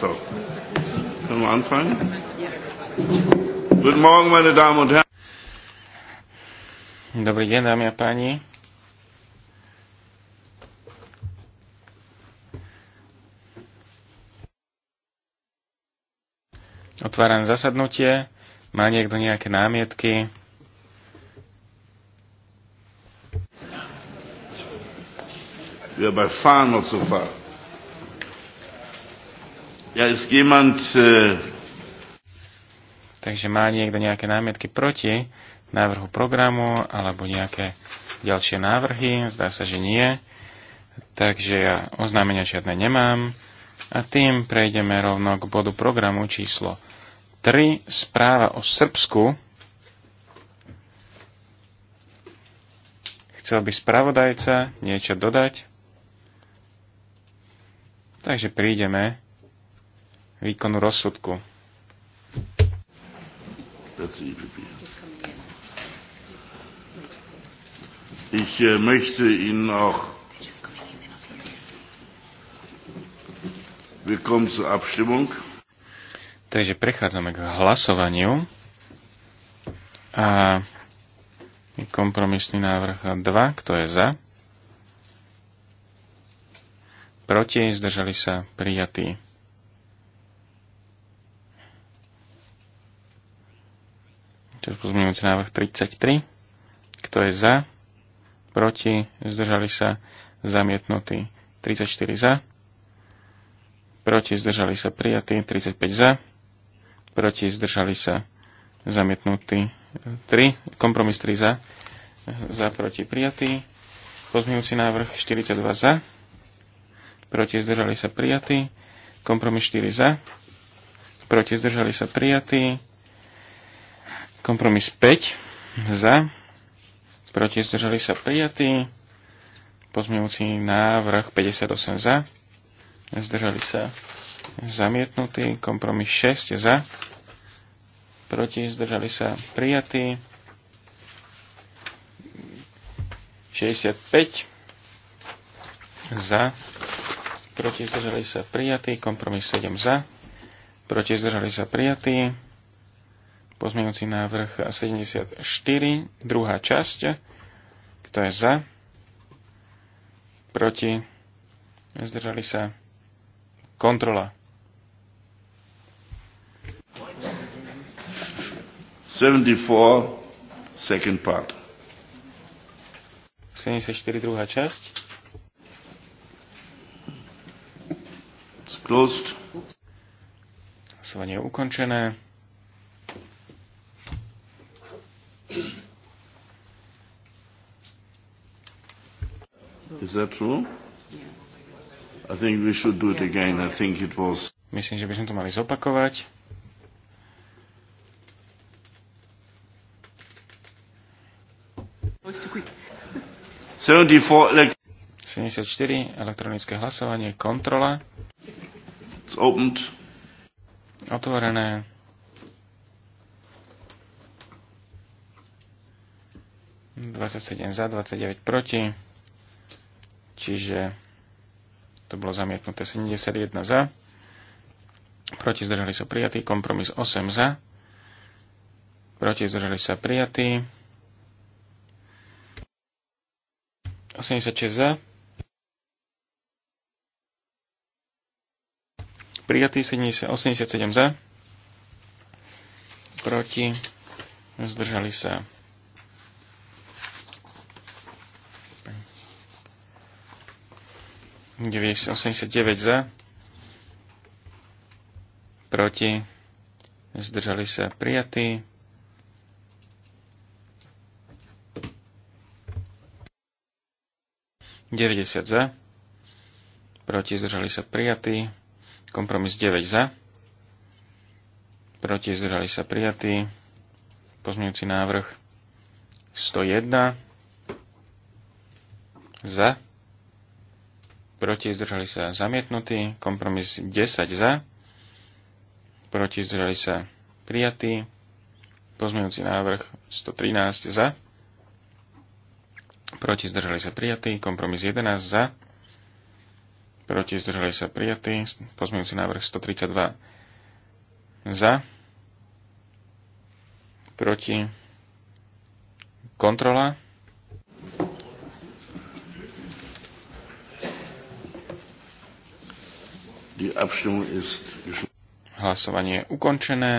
So, können wir anfangen? Ja. Guten Morgen, meine Damen und Herren. Dobrý deň, dámy a páni. Otváram zasadnutie. Má niekto nejaké námietky? Wir bei Fahren noch zu fahren. Ja ist jemand, äh, Takže má niekto nejaké námietky proti návrhu programu alebo nejaké ďalšie návrhy? Zdá sa, že nie. Takže ja oznámenia žiadne nemám. A tým prejdeme rovno k bodu programu číslo 3, správa o Srbsku. Chcel by spravodajca niečo dodať? Takže prídeme výkonu rozsudku. Ich äh, möchte Ihnen auch willkommen zur Abstimmung. Takže prechádzame k hlasovaniu. A kompromisný návrh 2, kto je za? Proti, zdržali sa prijatí. Teraz pozmeňujúci návrh 33. Kto je za? Proti? Zdržali sa? Zamietnutí. 34 za. Proti? Zdržali sa? Prijatí. 35 za. Proti? Zdržali sa? Zamietnutí. 3. Kompromis 3 za. Za proti prijatý. Pozmeňujúci návrh 42 za. Proti? Zdržali sa? Prijatí. Kompromis 4 za. Proti? Zdržali sa? Prijatí. Kompromis 5 za, proti zdržali sa prijatí. Pozmejúci návrh 58 za, zdržali sa zamietnutí, Kompromis 6 za, proti zdržali sa prijatí. 65 za, proti zdržali sa prijatí, kompromis 7 za, proti zdržali sa prijatí, Pozmeňujúci návrh 74, druhá časť. Kto je za? Proti? Zdržali sa? Kontrola. 74, second part. 74, druhá časť. It's closed. Hlasovanie je ukončené Is that true? I think we should do it again. I think it was... Myslím, že by sme to mali zopakovať. Was too quick. 74 elektronické hlasovanie, kontrola. It's opened. Otvorené. 27 za, 29 proti. Čiže to bolo zamietnuté 71 za. Proti zdržali sa prijatý. Kompromis 8 za. Proti zdržali sa prijatý. 86 za. Prijatý 87 za. Proti. Zdržali sa 89 za, proti, zdržali sa prijatí. Deväťdesiat za, proti zdržali sa prijatí, kompromis 9 za, proti zdržali sa prijatí, pozmeňujúci návrh 101 za, proti zdržali sa zamietnutí, kompromis 10 za, proti zdržali sa prijatí, pozmeňujúci návrh 113 za, proti zdržali sa prijatí, kompromis 11 za, proti zdržali sa prijatí, pozmeňujúci návrh 132 za, proti kontrola Hlasovanie je ukončené.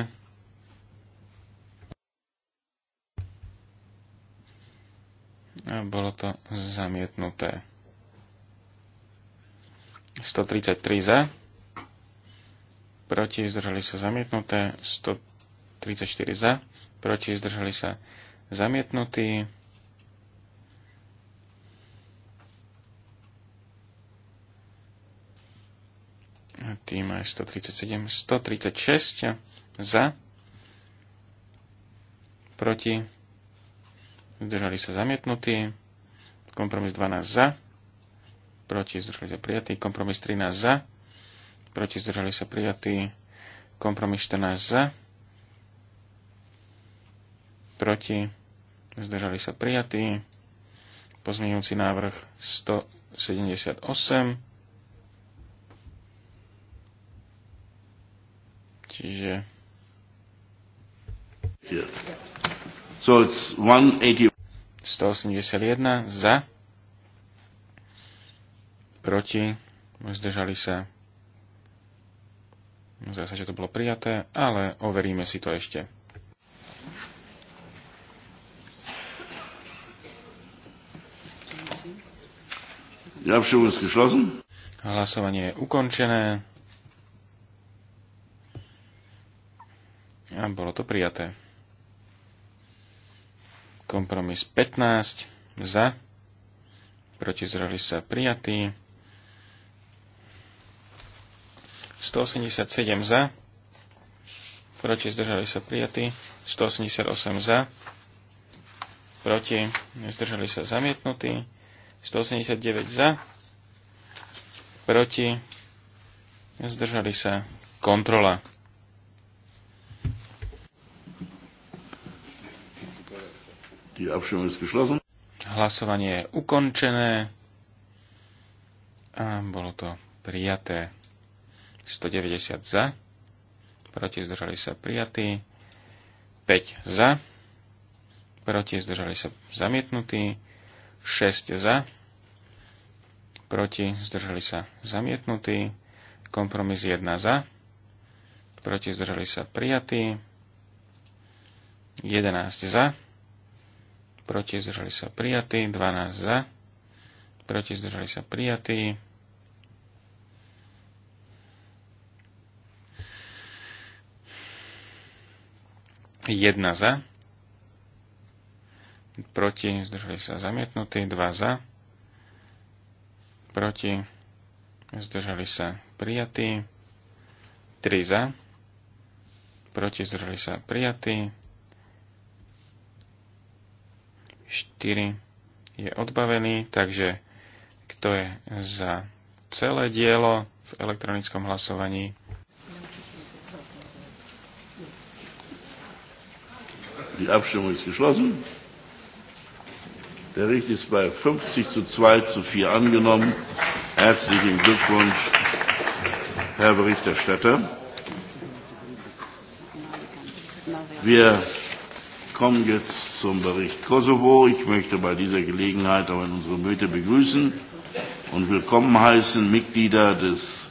A bolo to zamietnuté. 133 za. Proti zdržali sa zamietnuté. 134 za. Proti zdržali sa zamietnutí. tým aj 137, 136 za, proti, zdržali sa zamietnutí, kompromis 12 za, proti, zdržali sa prijatí, kompromis 13 za, proti, zdržali sa prijatí, kompromis 14 za, proti, zdržali sa prijatí, pozmeňujúci návrh 178, Čiže... So it's 181 za, proti, zdržali sa. Zase, že to bolo prijaté, ale overíme si to ešte. Hlasovanie je ukončené. A bolo to prijaté. Kompromis 15 za, proti zrali sa prijatí. 187 za, proti zdržali sa prijatí. 188 za, proti zdržali sa zamietnutí. 189 za, proti zdržali sa kontrola. Hlasovanie je ukončené a bolo to prijaté 190 za, proti zdržali sa prijatí, 5 za, proti zdržali sa zamietnutí, 6 za, proti zdržali sa zamietnutí, kompromis 1 za, proti zdržali sa prijatí, 11 za, proti zdržali sa prijatí, 12 za, proti zdržali sa prijatí. Jedna za, proti zdržali sa zamietnutí, dva za, proti zdržali sa prijatí, 3 za, proti zdržali sa prijatí, 4 je odbavený, takže kto je za celé dielo v elektronickom hlasovaní? Die Abstimmung ist geschlossen. Der Bericht ist bei 50 zu 2 zu 4 angenommen. Herzlichen Glückwunsch, Herr Berichterstatter. Wir kommen jetzt zum Bericht Kosovo. Ich möchte bei dieser Gelegenheit auch in unserer Mitte begrüßen und willkommen heißen Mitglieder des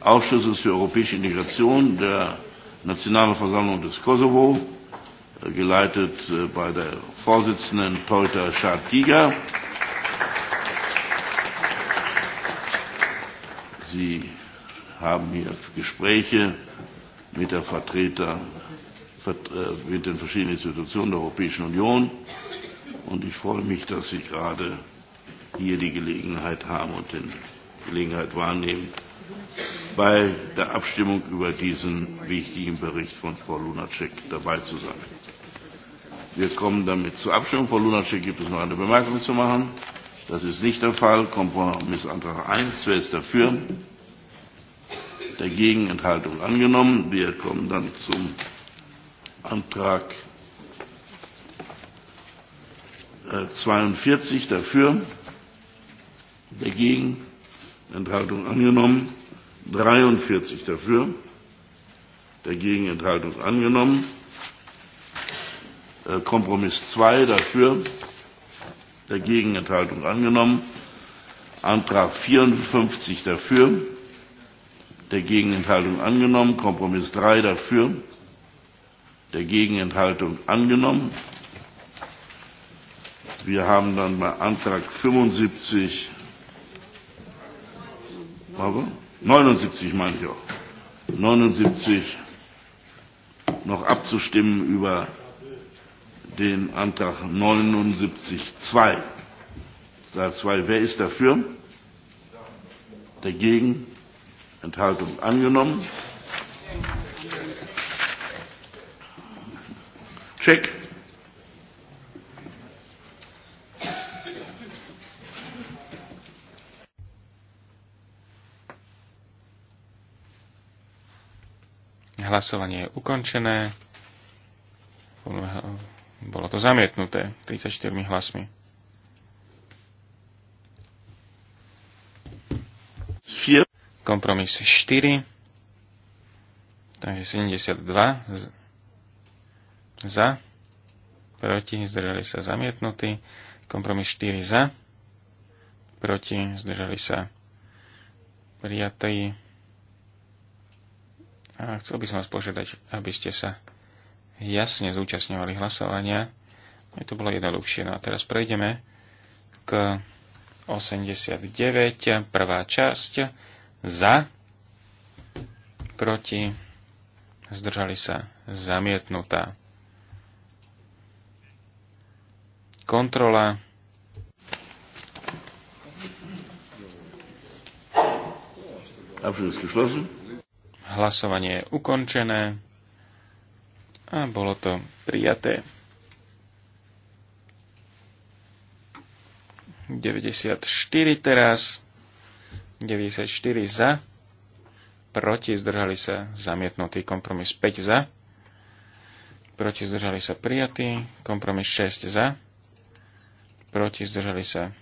Ausschusses für europäische Integration der Nationalen Versammlung des Kosovo, äh, geleitet äh, bei der Vorsitzenden Schad tiger Sie haben hier Gespräche mit der Vertreter Äh, mit den verschiedenen Institutionen der Europäischen Union. Und ich freue mich, dass Sie gerade hier die Gelegenheit haben und die Gelegenheit wahrnehmen, bei der Abstimmung über diesen wichtigen Bericht von Frau Lunacek dabei zu sein. Wir kommen damit zur Abstimmung. Frau Lunacek, gibt es noch eine Bemerkung zu machen? Das ist nicht der Fall. Kompromissantrag 1. Wer ist dafür? Dagegen Enthaltung angenommen. Wir kommen dann zum Antrag 42 äh, dafür, dagegen, Enthaltung angenommen, 43 äh, dafür, dagegen, Enthaltung angenommen, Kompromiss 2 dafür, dagegen, Enthaltung angenommen, Antrag 54 dafür, dagegen, Enthaltung angenommen, Kompromiss 3 dafür, der Gegenenthaltung angenommen. Wir haben dann bei Antrag 75, 79 meine ich auch, 79 noch abzustimmen über den Antrag 79.2. Wer ist dafür? Dagegen? Enthaltung angenommen. Check. Hlasovanie je ukončené. Bolo to zamietnuté 34 hlasmi. Kompromis 4. Takže 72 za, proti, zdržali sa zamietnutí, kompromis 4 za, proti, zdržali sa prijatí. A chcel by som vás požiadať, aby ste sa jasne zúčastňovali hlasovania. Mne to bolo jednoduchšie. No a teraz prejdeme k 89, prvá časť, za, proti, zdržali sa, zamietnutá. kontrola. Hlasovanie je ukončené a bolo to prijaté. 94 teraz, 94 za, proti zdržali sa zamietnutý kompromis 5 za, proti zdržali sa prijatý, kompromis 6 za, proti, zdržali sa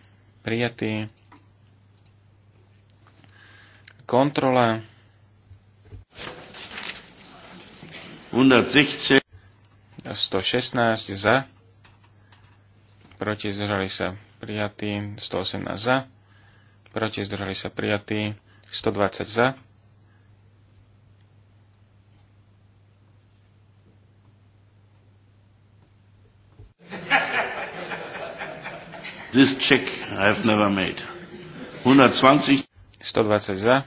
prijatí. Kontrola 116 za, proti zdržali sa prijatí, 118 za, proti zdržali sa prijatí, 120 za This check I have never made. 120. 120 za.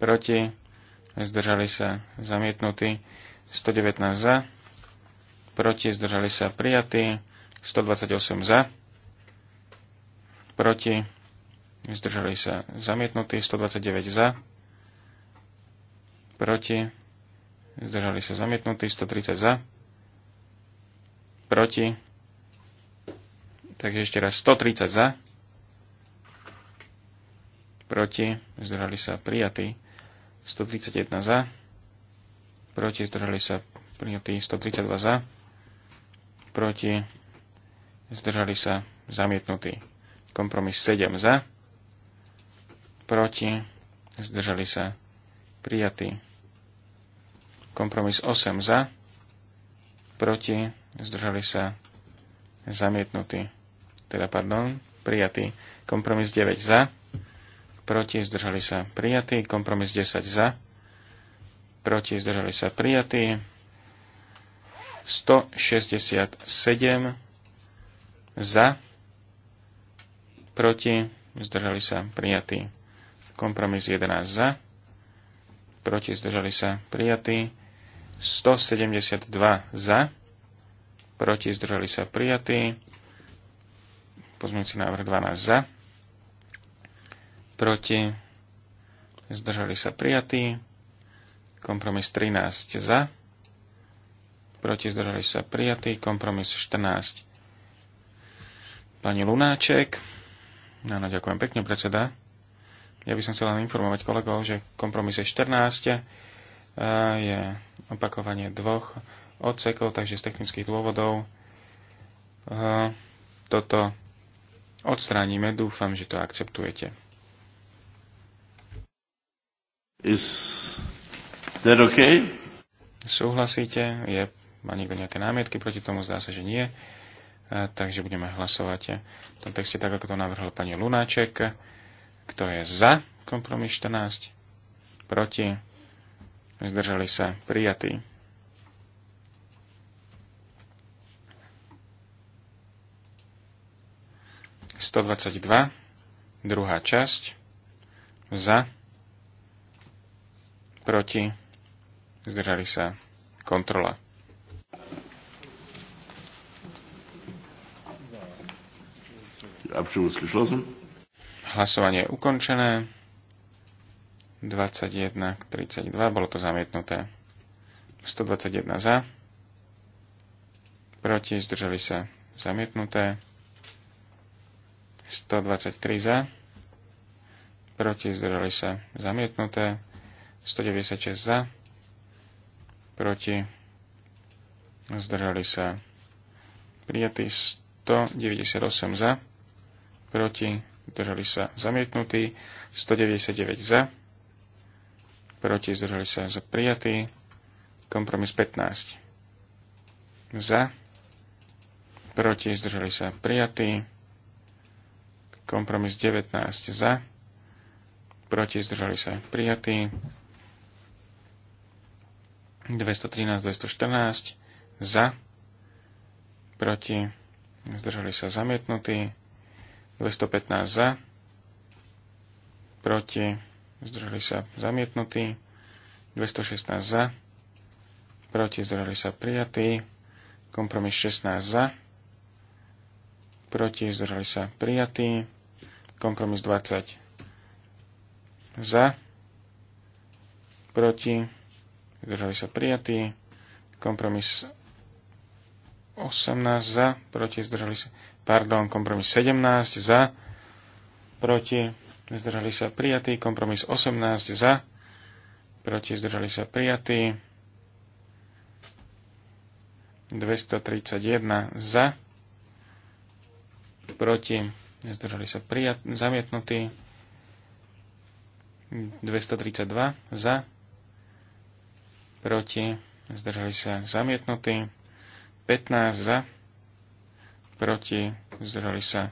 Proti. Zdržali sa zamietnutí. 119 za. Proti. Zdržali sa prijatí. 128 za. Proti. Zdržali sa zamietnutí. 129 za. Proti. Zdržali sa zamietnutí. 130 za. Proti Takže ešte raz 130 za. Proti. Zdržali sa prijatí. 131 za. Proti. Zdržali sa prijatí. 132 za. Proti. Zdržali sa zamietnutí. Kompromis 7 za. Proti. Zdržali sa prijatí. Kompromis 8 za. Proti. Zdržali sa zamietnutí teda pardon, prijatý. Kompromis 9 za, proti, zdržali sa prijatý. Kompromis 10 za, proti, zdržali sa prijatý. 167 za, proti, zdržali sa prijatý. Kompromis 11 za, proti, zdržali sa prijatý. 172 za, proti, zdržali sa prijatý. Pozmeňujúci návrh 12 za. Proti. Zdržali sa prijatí. Kompromis 13 za. Proti zdržali sa prijatí. Kompromis 14. Pani Lunáček. Áno, no, ďakujem pekne, predseda. Ja by som chcel len informovať kolegov, že kompromis je 14 je opakovanie dvoch odsekov, takže z technických dôvodov e, toto odstránime. Dúfam, že to akceptujete. Is that okay? Súhlasíte? Je, má niekto nejaké námietky proti tomu? Zdá sa, že nie. A, takže budeme hlasovať v tom texte tak, ako to navrhol pani Lunáček. Kto je za kompromis 14? Proti? Zdržali sa prijatí. 122, druhá časť, za, proti, zdržali sa, kontrola. Hlasovanie je ukončené. 21 k 32, bolo to zamietnuté. 121 za, proti, zdržali sa, zamietnuté. 123 za, proti zdržali sa zamietnuté, 196 za, proti zdržali sa prijatí 198 za, proti zdržali sa zamietnutí 199 za, proti zdržali sa za prijatí, kompromis 15 za, proti zdržali sa prijatí, Kompromis 19 za. Proti zdržali sa prijatí. 213, 214 za. Proti zdržali sa zamietnutí. 215 za. Proti zdržali sa zamietnutí. 216 za. Proti zdržali sa prijatí. Kompromis 16 za proti, zdržali sa prijatí. Kompromis 20 za, proti, zdržali sa prijatí. Kompromis 18 za, proti, zdržali sa, pardon, kompromis 17 za, proti, zdržali sa prijatí. Kompromis 18 za, proti, zdržali sa prijatí. 231 za, proti, zdržali sa prijat, zamietnutí, 232 za, proti, zdržali sa zamietnutí, 15 za, proti, zdržali sa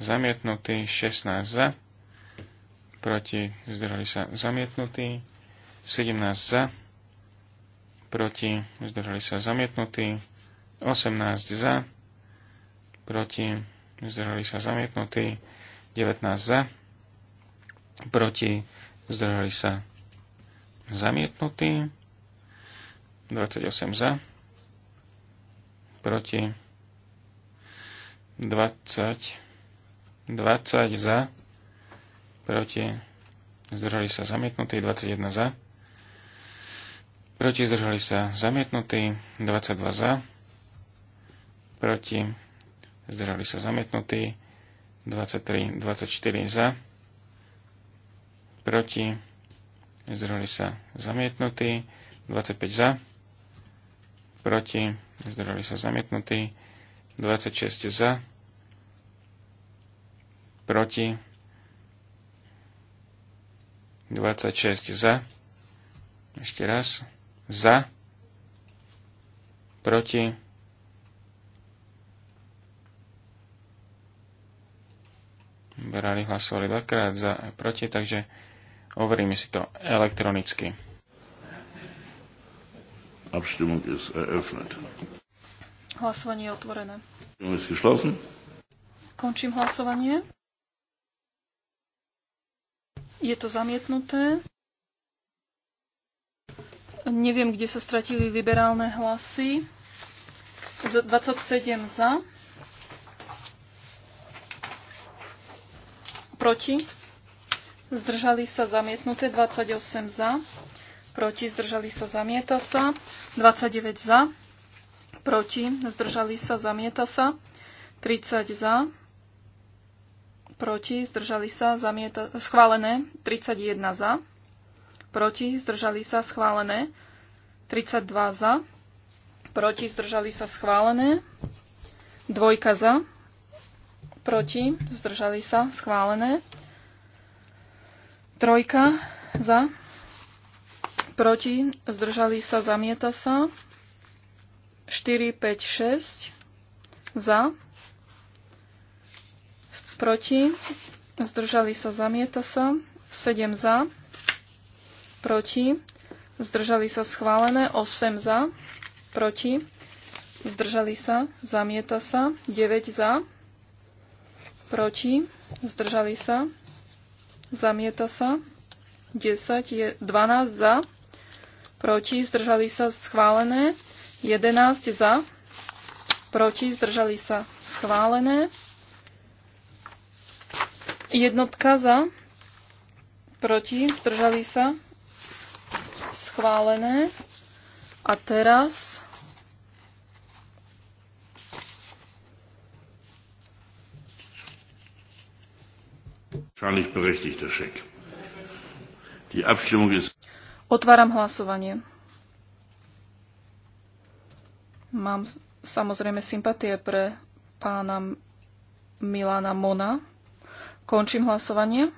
zamietnutí, 16 za, proti, zdržali sa zamietnutí, 17 za, proti, zdržali sa zamietnutí, 18 za, proti, zdržali sa zamietnutí, 19 za, proti, zdržali sa zamietnutí, 28 za, proti, 20, 20 za, proti, zdržali sa zamietnutí, 21 za, proti, zdržali sa zamietnutí, 22 za, proti, zdržali sa zamietnutí, 23, 24 za, proti, zdržali sa zamietnutí, 25 za, proti, zdržali sa zamietnutí, 26 za, proti, 26 za, ešte raz, za, proti, liberáli hlasovali dvakrát za a proti, takže overíme si to elektronicky. Abstimmung ist eröffnet. Hlasovanie je otvorené. Ist geschlossen. Končím hlasovanie. Je to zamietnuté. Neviem, kde sa stratili liberálne hlasy. 27 za. proti, zdržali sa zamietnuté, 28 za, proti, zdržali sa, zamieta sa, 29 za, proti, zdržali sa, zamieta sa, 30 za, proti, zdržali sa, zamieta, schválené, 31 za, proti, zdržali sa, schválené, 32 za, proti, zdržali sa, schválené, dvojka za, proti, zdržali sa, schválené. Trojka za, proti, zdržali sa, zamieta sa. 4, 5, 6 za, proti, zdržali sa, zamieta sa. 7 za, proti, zdržali sa, schválené. 8 za, proti, zdržali sa, zamieta sa. 9 za, proti, zdržali sa, zamieta sa, 10 je 12 za, proti, zdržali sa, schválené, 11 za, proti, zdržali sa, schválené, jednotka za, proti, zdržali sa, schválené. A teraz Otváram hlasovanie. Mám samozrejme sympatie pre pána Milana Mona. Končím hlasovanie.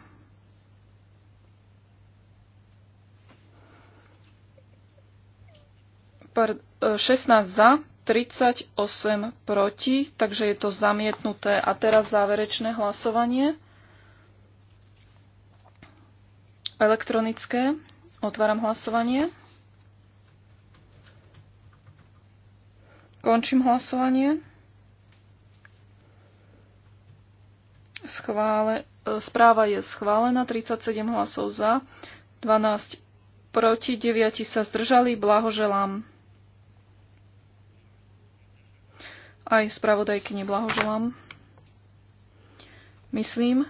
Par, 16 e, za, 38 proti, takže je to zamietnuté. A teraz záverečné hlasovanie. Elektronické. Otváram hlasovanie. Končím hlasovanie. Schvále, správa je schválená. 37 hlasov za, 12 proti, 9 sa zdržali. Blahoželám. Aj spravodajky neblahoželám. Myslím,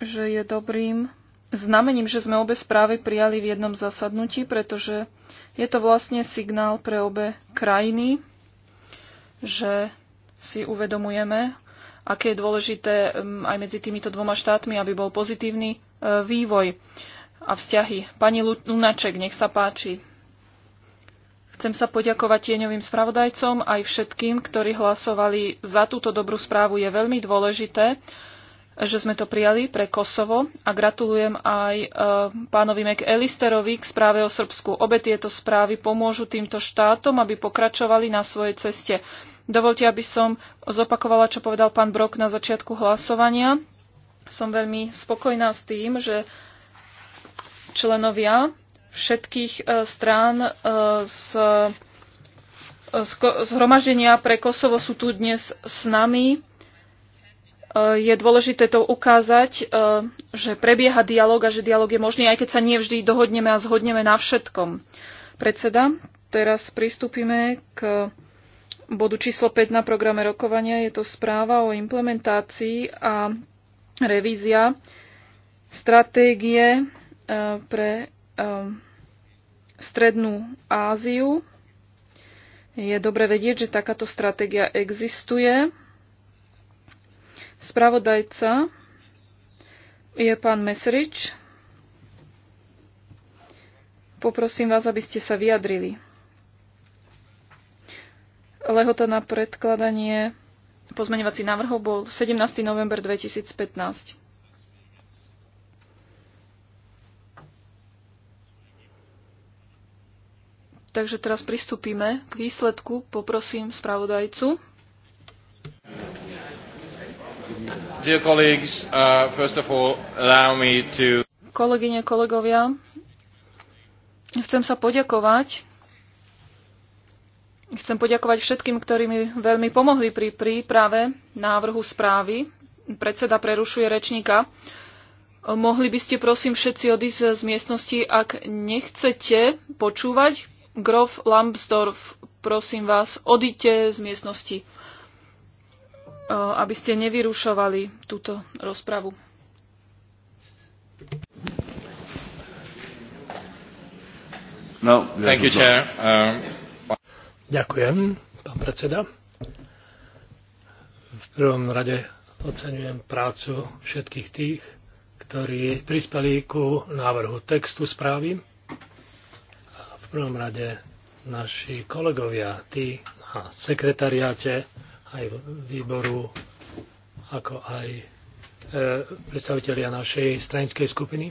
že je dobrým znamením, že sme obe správy prijali v jednom zasadnutí, pretože je to vlastne signál pre obe krajiny, že si uvedomujeme, aké je dôležité mm, aj medzi týmito dvoma štátmi, aby bol pozitívny e, vývoj a vzťahy. Pani Lunaček, nech sa páči. Chcem sa poďakovať tieňovým spravodajcom aj všetkým, ktorí hlasovali za túto dobrú správu. Je veľmi dôležité, že sme to prijali pre Kosovo a gratulujem aj e, pánovi Elisterovi k správe o Srbsku. Obe tieto správy pomôžu týmto štátom, aby pokračovali na svojej ceste. Dovolte, aby som zopakovala, čo povedal pán Brok na začiatku hlasovania. Som veľmi spokojná s tým, že členovia všetkých e, strán e, z zhromaždenia pre Kosovo sú tu dnes s nami Eh, je dôležité to ukázať, eh, že prebieha dialog a že dialog je možný, aj keď sa nie vždy dohodneme a zhodneme na všetkom. Predseda, teraz pristúpime k bodu číslo 5 na programe rokovania. Je to správa o implementácii a revízia stratégie eh, pre Strednú Áziu. Je dobre vedieť, že takáto stratégia existuje Spravodajca je pán Mesrič. Poprosím vás, aby ste sa vyjadrili. Lehota na predkladanie pozmeňovací návrhov bol 17. november 2015. Takže teraz pristúpime k výsledku. Poprosím spravodajcu. Dear colleagues, uh, first of all, allow me to... Kolegyne, kolegovia, chcem sa poďakovať. Chcem poďakovať všetkým, ktorí mi veľmi pomohli pri príprave návrhu správy. Predseda prerušuje rečníka. Mohli by ste prosím všetci odísť z miestnosti, ak nechcete počúvať. Grof Lambsdorff, prosím vás, odíďte z miestnosti. E, aby ste nevyrušovali túto rozpravu. No, Thank you, chair. Um... Ďakujem, pán predseda. V prvom rade oceňujem prácu všetkých tých, ktorí prispeli ku návrhu textu správy. V prvom rade naši kolegovia, tí na sekretariáte, aj výboru, ako aj e, predstavitelia našej stranickej skupiny.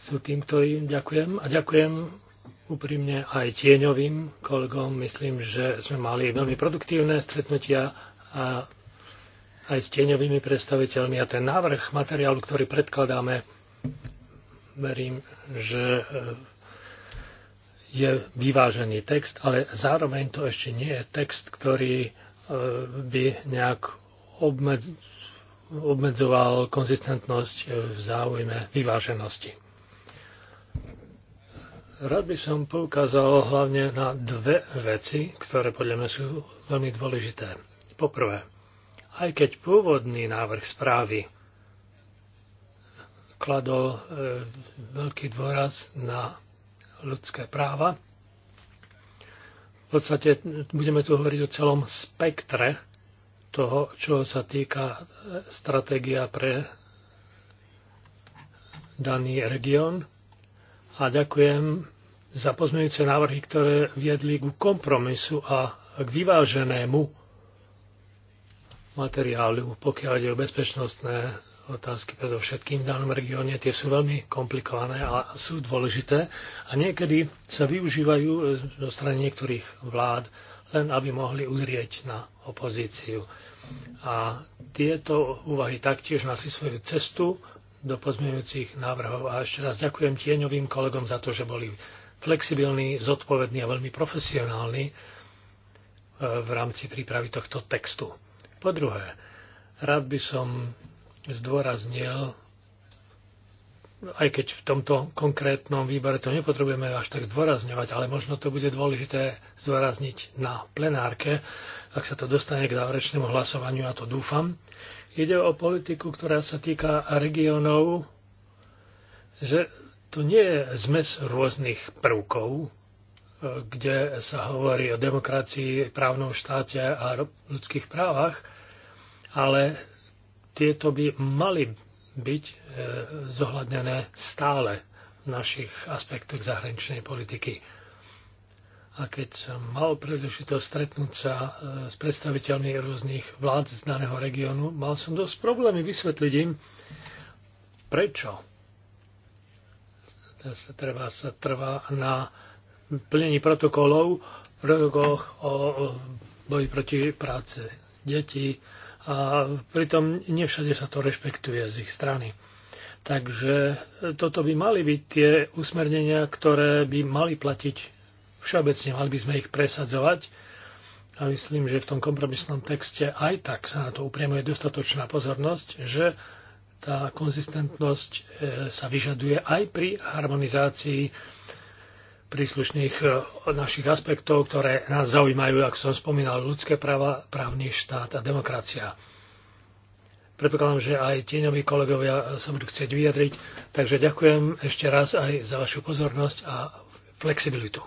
Sú tým, ktorým ďakujem. A ďakujem úprimne aj tieňovým kolegom. Myslím, že sme mali veľmi produktívne stretnutia a aj s tieňovými predstaviteľmi. A ten návrh materiálu, ktorý predkladáme, verím, že e, je vyvážený text, ale zároveň to ešte nie je text, ktorý by nejak obmedzoval konzistentnosť e, v záujme vyváženosti. Rád by som poukázal hlavne na dve veci, ktoré podľa mňa sú veľmi dôležité. Poprvé, aj keď pôvodný návrh správy kladol e, veľký dôraz na ľudské práva, v podstate budeme tu hovoriť o celom spektre toho, čo sa týka e, stratégia pre daný región. A ďakujem za pozmeňujúce návrhy, ktoré viedli ku kompromisu a k vyváženému materiálu, pokiaľ ide o bezpečnostné otázky predovšetkým v danom regióne, tie sú veľmi komplikované a sú dôležité a niekedy sa využívajú e, zo strany niektorých vlád, len aby mohli uzrieť na opozíciu. A tieto úvahy taktiež nási svoju cestu do pozmeňujúcich návrhov. A ešte raz ďakujem tieňovým kolegom za to, že boli flexibilní, zodpovední a veľmi profesionálni e, v rámci prípravy tohto textu. Po druhé, rád by som zdôraznil, aj keď v tomto konkrétnom výbore to nepotrebujeme až tak zdôrazňovať, ale možno to bude dôležité zdôrazniť na plenárke, ak sa to dostane k záverečnému hlasovaniu, a to dúfam. Ide o politiku, ktorá sa týka regionov. že to nie je zmes rôznych prvkov, e, kde sa hovorí o demokracii, právnom štáte a ľudských právach, ale tieto by mali byť e, zohľadnené stále v našich aspektoch zahraničnej politiky. A keď som mal príležitosť stretnúť sa e, s predstaviteľmi rôznych vlád z daného regiónu, mal som dosť problémy vysvetliť im, prečo sa treba sa trvá na plnení protokolov, v protokoloch o boji proti práce detí, a pritom nevšade sa to rešpektuje z ich strany. Takže e, toto by mali byť tie usmernenia, ktoré by mali platiť všeobecne, mali by sme ich presadzovať. A myslím, že v tom kompromisnom texte aj tak sa na to upriamuje dostatočná pozornosť, že tá konzistentnosť e, sa vyžaduje aj pri harmonizácii príslušných e, našich aspektov, ktoré nás zaujímajú, ako som spomínal, ľudské práva, právny štát a demokracia. Predpokladám, že aj tieňoví kolegovia e, sa budú chcieť vyjadriť, takže ďakujem ešte raz aj za vašu pozornosť a flexibilitu.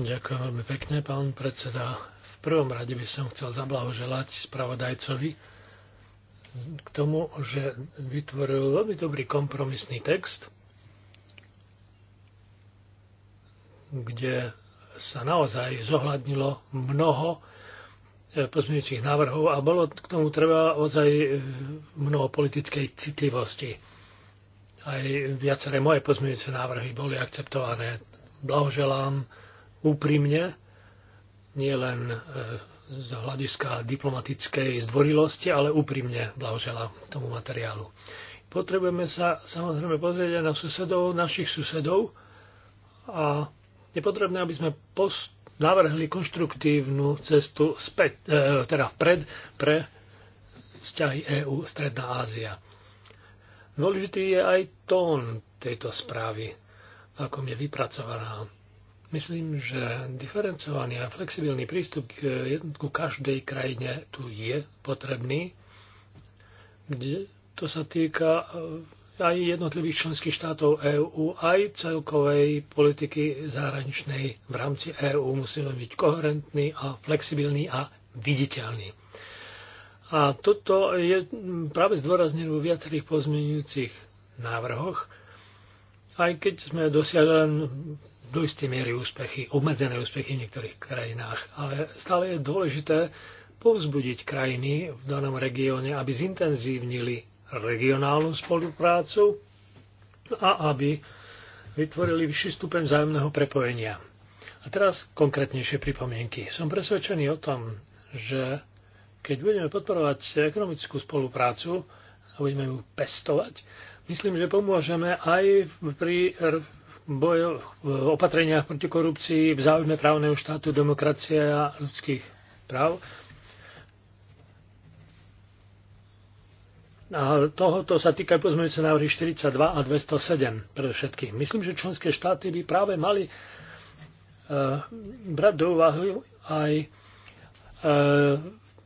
Ďakujem veľmi pekne, pán predseda. V prvom rade by som chcel zablahoželať spravodajcovi k tomu, že vytvoril veľmi dobrý kompromisný text, kde sa naozaj zohľadnilo mnoho e, pozmeňujúcich návrhov a bolo k tomu treba ozaj mnoho politickej citlivosti. Aj viaceré moje pozmeňujúce návrhy boli akceptované. Blahoželám úprimne, nielen e, z hľadiska diplomatickej zdvorilosti, ale úprimne blahoželám tomu materiálu. Potrebujeme sa samozrejme pozrieť aj na susedov, našich susedov a je potrebné, aby sme post- navrhli konštruktívnu cestu späť, e, teda vpred pre vzťahy EÚ Stredná Ázia. Dôležitý je aj tón tejto správy, ako je vypracovaná Myslím, že diferencovaný a flexibilný prístup k jednotku každej krajine tu je potrebný, kde to sa týka eh, aj jednotlivých členských štátov EÚ, aj celkovej politiky zahraničnej v rámci EÚ. Musíme byť koherentní a flexibilní a viditeľní. A toto je hm, práve zdôraznené vo viacerých pozmeňujúcich návrhoch, aj keď sme dosiahli len do istej miery úspechy, obmedzené úspechy v niektorých krajinách, ale stále je dôležité povzbudiť krajiny v danom regióne, aby zintenzívnili regionálnu spoluprácu a aby vytvorili vyšší stupeň vzájomného prepojenia. A teraz konkrétnejšie pripomienky. Som presvedčený o tom, že keď budeme podporovať ekonomickú spoluprácu a budeme ju pestovať, myslím, že pomôžeme aj pri bojo, v eh, opatreniach proti korupcii, v záujme právneho štátu, demokracie a ľudských práv. A tohoto sa týkajú pozmeňujúce návrhy 42 a 207 predovšetkým. Myslím, že členské štáty by práve mali e, brať do úvahy aj e,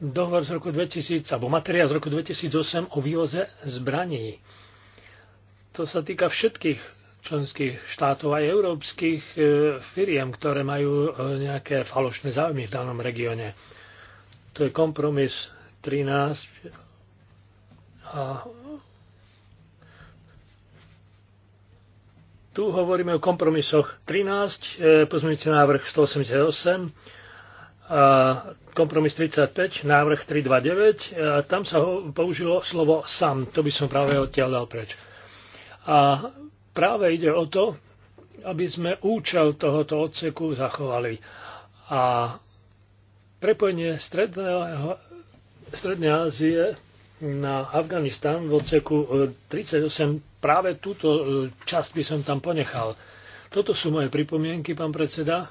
dohovor z roku 2000, alebo materiál z roku 2008 o vývoze zbraní. To sa týka všetkých členských štátov aj európskych e, firiem, ktoré majú e, nejaké falošné záujmy v danom regióne. To je kompromis 13 a tu hovoríme o kompromisoch 13, e, pozmeňujúci návrh 188, a kompromis 35, návrh 329, a tam sa použilo slovo sam, to by som práve odtiaľ dal preč. A práve ide o to, aby sme účel tohoto odseku zachovali. A prepojenie stredného, Strednej Ázie na Afganistan v odseku 38, eh, práve túto eh, časť by som tam ponechal. Toto sú moje pripomienky, pán predseda,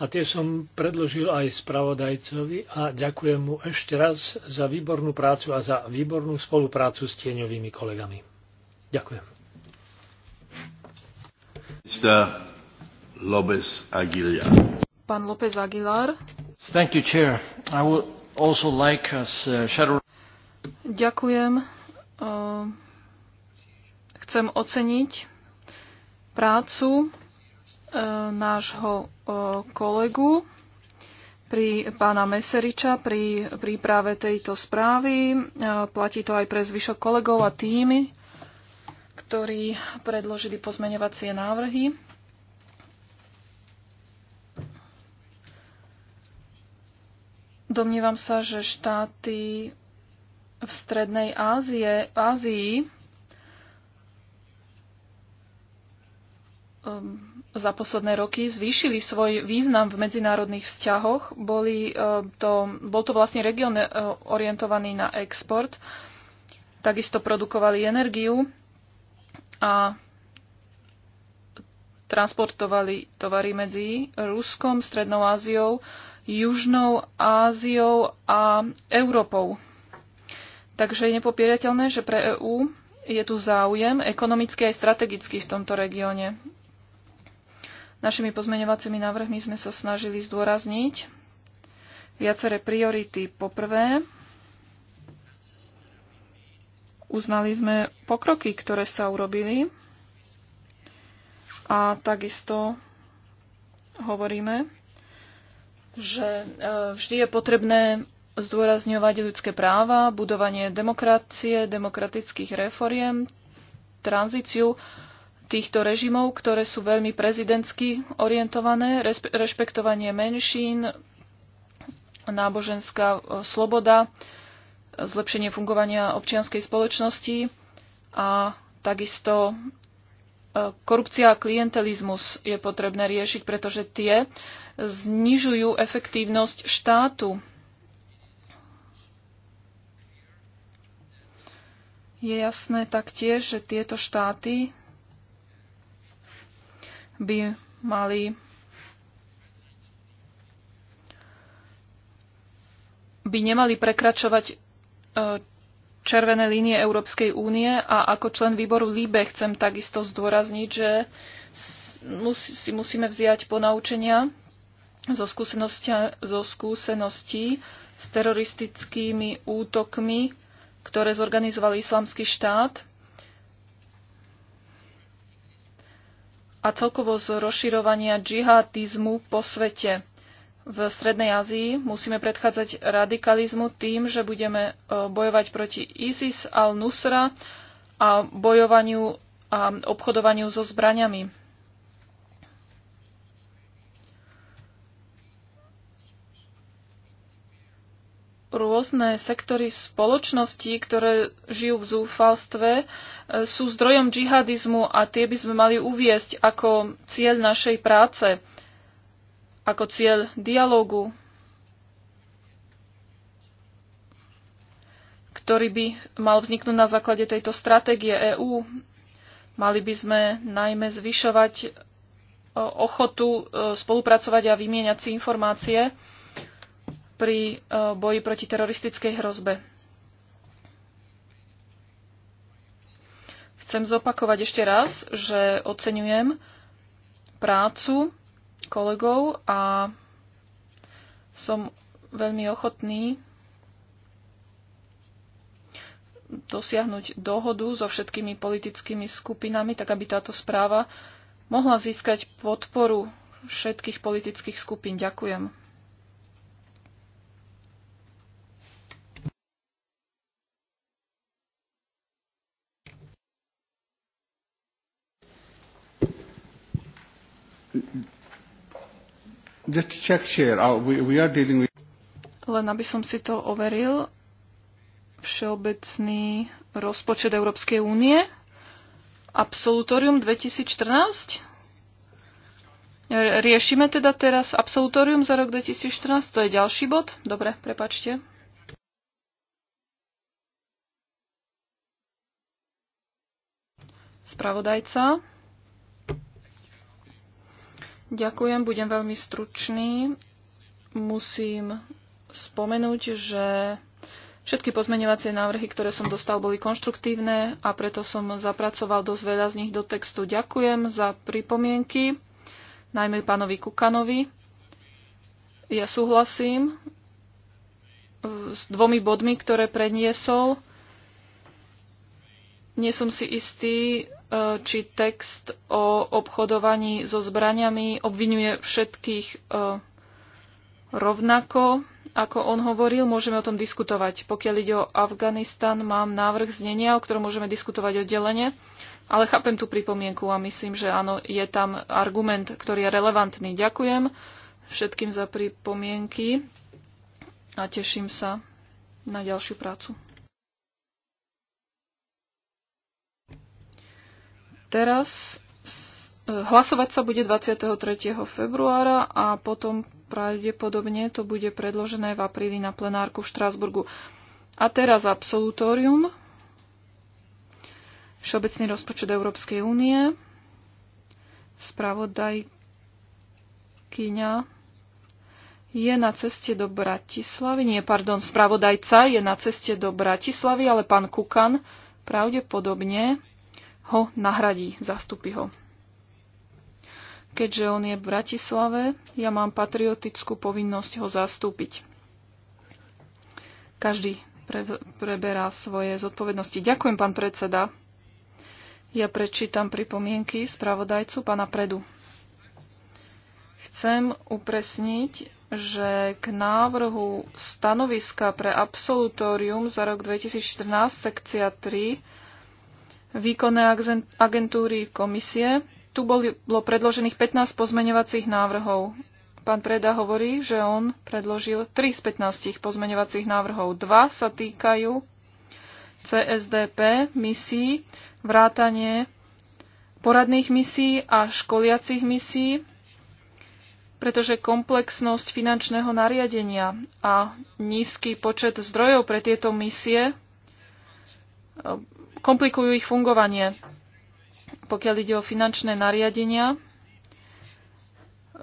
a tie som predložil aj spravodajcovi a ďakujem mu ešte raz za výbornú prácu a za výbornú spoluprácu s tieňovými kolegami. Ďakujem. López Aguilar. Pán López Aguilar. Thank you, Chair. I would also like as uh, shadow... Ďakujem. Uh, chcem oceniť prácu uh, nášho uh, kolegu pri pána Meseriča pri príprave tejto správy. Uh, platí to aj pre zvyšok kolegov a týmy, ktorí predložili pozmeňovacie návrhy. Domnívam sa, že štáty v Strednej Ázie, Ázii um, za posledné roky zvýšili svoj význam v medzinárodných vzťahoch. Boli uh, to, bol to vlastne región uh, orientovaný na export. Takisto produkovali energiu a transportovali tovary medzi Ruskom, Strednou Áziou, Južnou Áziou a Európou. Takže je nepopierateľné, že pre EÚ je tu záujem ekonomický aj strategický v tomto regióne. Našimi pozmeňovacími návrhmi sme sa snažili zdôrazniť viaceré priority. Poprvé, Uznali sme pokroky, ktoré sa urobili a takisto hovoríme, že e, vždy je potrebné zdôrazňovať ľudské práva, budovanie demokracie, demokratických reforiem, tranzíciu týchto režimov, ktoré sú veľmi prezidentsky orientované, rešpektovanie menšín, náboženská e, sloboda, zlepšenie fungovania občianskej spoločnosti a takisto e, korupcia a klientelizmus je potrebné riešiť, pretože tie znižujú efektívnosť štátu. Je jasné taktiež, že tieto štáty by mali by nemali prekračovať červené línie Európskej únie a ako člen výboru LIBE chcem takisto zdôrazniť, že si musíme vziať ponaučenia zo, zo skúseností s teroristickými útokmi, ktoré zorganizoval Islamský štát a celkovo z rozširovania džihadizmu po svete v Strednej Ázii. Musíme predchádzať radikalizmu tým, že budeme e, bojovať proti ISIS, al-Nusra a bojovaniu a obchodovaniu so zbraniami. rôzne sektory spoločnosti, ktoré žijú v zúfalstve, e, sú zdrojom džihadizmu a tie by sme mali uviesť ako cieľ našej práce ako cieľ dialógu, ktorý by mal vzniknúť na základe tejto stratégie EÚ. Mali by sme najmä zvyšovať e, ochotu e, spolupracovať a vymieňať si informácie pri e, boji proti teroristickej hrozbe. Chcem zopakovať ešte raz, že oceňujem prácu kolegov a som veľmi ochotný dosiahnuť dohodu so všetkými politickými skupinami, tak aby táto správa mohla získať podporu všetkých politických skupín. Ďakujem. Mm-hmm. Just check share. Uh, we, are dealing with... Len aby som si to overil, všeobecný rozpočet Európskej únie, absolutorium 2014. Riešime teda teraz absolutorium za rok 2014, to je ďalší bod. Dobre, prepačte. Spravodajca. Ďakujem, budem veľmi stručný. Musím spomenúť, že všetky pozmeňovacie návrhy, ktoré som dostal, boli konštruktívne a preto som zapracoval dosť veľa z nich do textu. Ďakujem za pripomienky, najmä pánovi Kukanovi. Ja súhlasím eh, s dvomi bodmi, ktoré predniesol. Nie som si istý, E, či text o obchodovaní so zbraniami obvinuje všetkých e, rovnako, ako on hovoril, môžeme o tom diskutovať. Pokiaľ ide o Afganistan, mám návrh znenia, o ktorom môžeme diskutovať oddelenie, ale chápem tú pripomienku a myslím, že áno, je tam argument, ktorý je relevantný. Ďakujem všetkým za pripomienky a teším sa na ďalšiu prácu. Teraz e, hlasovať sa bude 23. februára a potom pravdepodobne to bude predložené v apríli na plenárku v Štrásburgu. A teraz absolutórium. Všeobecný rozpočet Európskej únie. Spravodajkyňa je na ceste do Bratislavy. Nie, pardon, spravodajca je na ceste do Bratislavy, ale pán Kukan pravdepodobne ho nahradí, zastupí ho. Keďže on je v Bratislave, ja mám patriotickú povinnosť ho zastúpiť. Každý pre, preberá svoje zodpovednosti. Ďakujem, pán predseda. Ja prečítam pripomienky spravodajcu pána Predu. Chcem upresniť, že k návrhu stanoviska pre absolutórium za rok 2014 sekcia 3 výkonné agentúry komisie. Tu bolo predložených 15 pozmeňovacích návrhov. Pán Preda hovorí, že on predložil 3 z 15 pozmeňovacích návrhov. Dva sa týkajú CSDP misií, vrátanie poradných misií a školiacich misií, pretože komplexnosť finančného nariadenia a nízky počet zdrojov pre tieto misie komplikujú ich fungovanie. Pokiaľ ide o finančné nariadenia,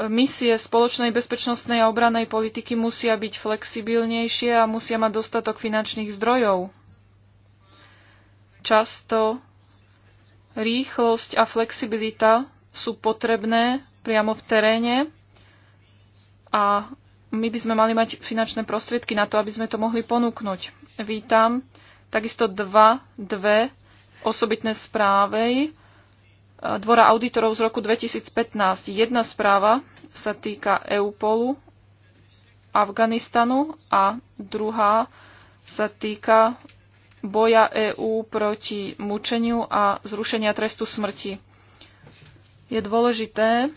misie spoločnej bezpečnostnej a obranej politiky musia byť flexibilnejšie a musia mať dostatok finančných zdrojov. Často rýchlosť a flexibilita sú potrebné priamo v teréne a my by sme mali mať finančné prostriedky na to, aby sme to mohli ponúknuť. Vítam takisto dva, dve osobitné správy e, Dvora auditorov z roku 2015. Jedna správa sa týka EUPOLu, Afganistanu a druhá sa týka boja EÚ proti mučeniu a zrušenia trestu smrti. Je dôležité,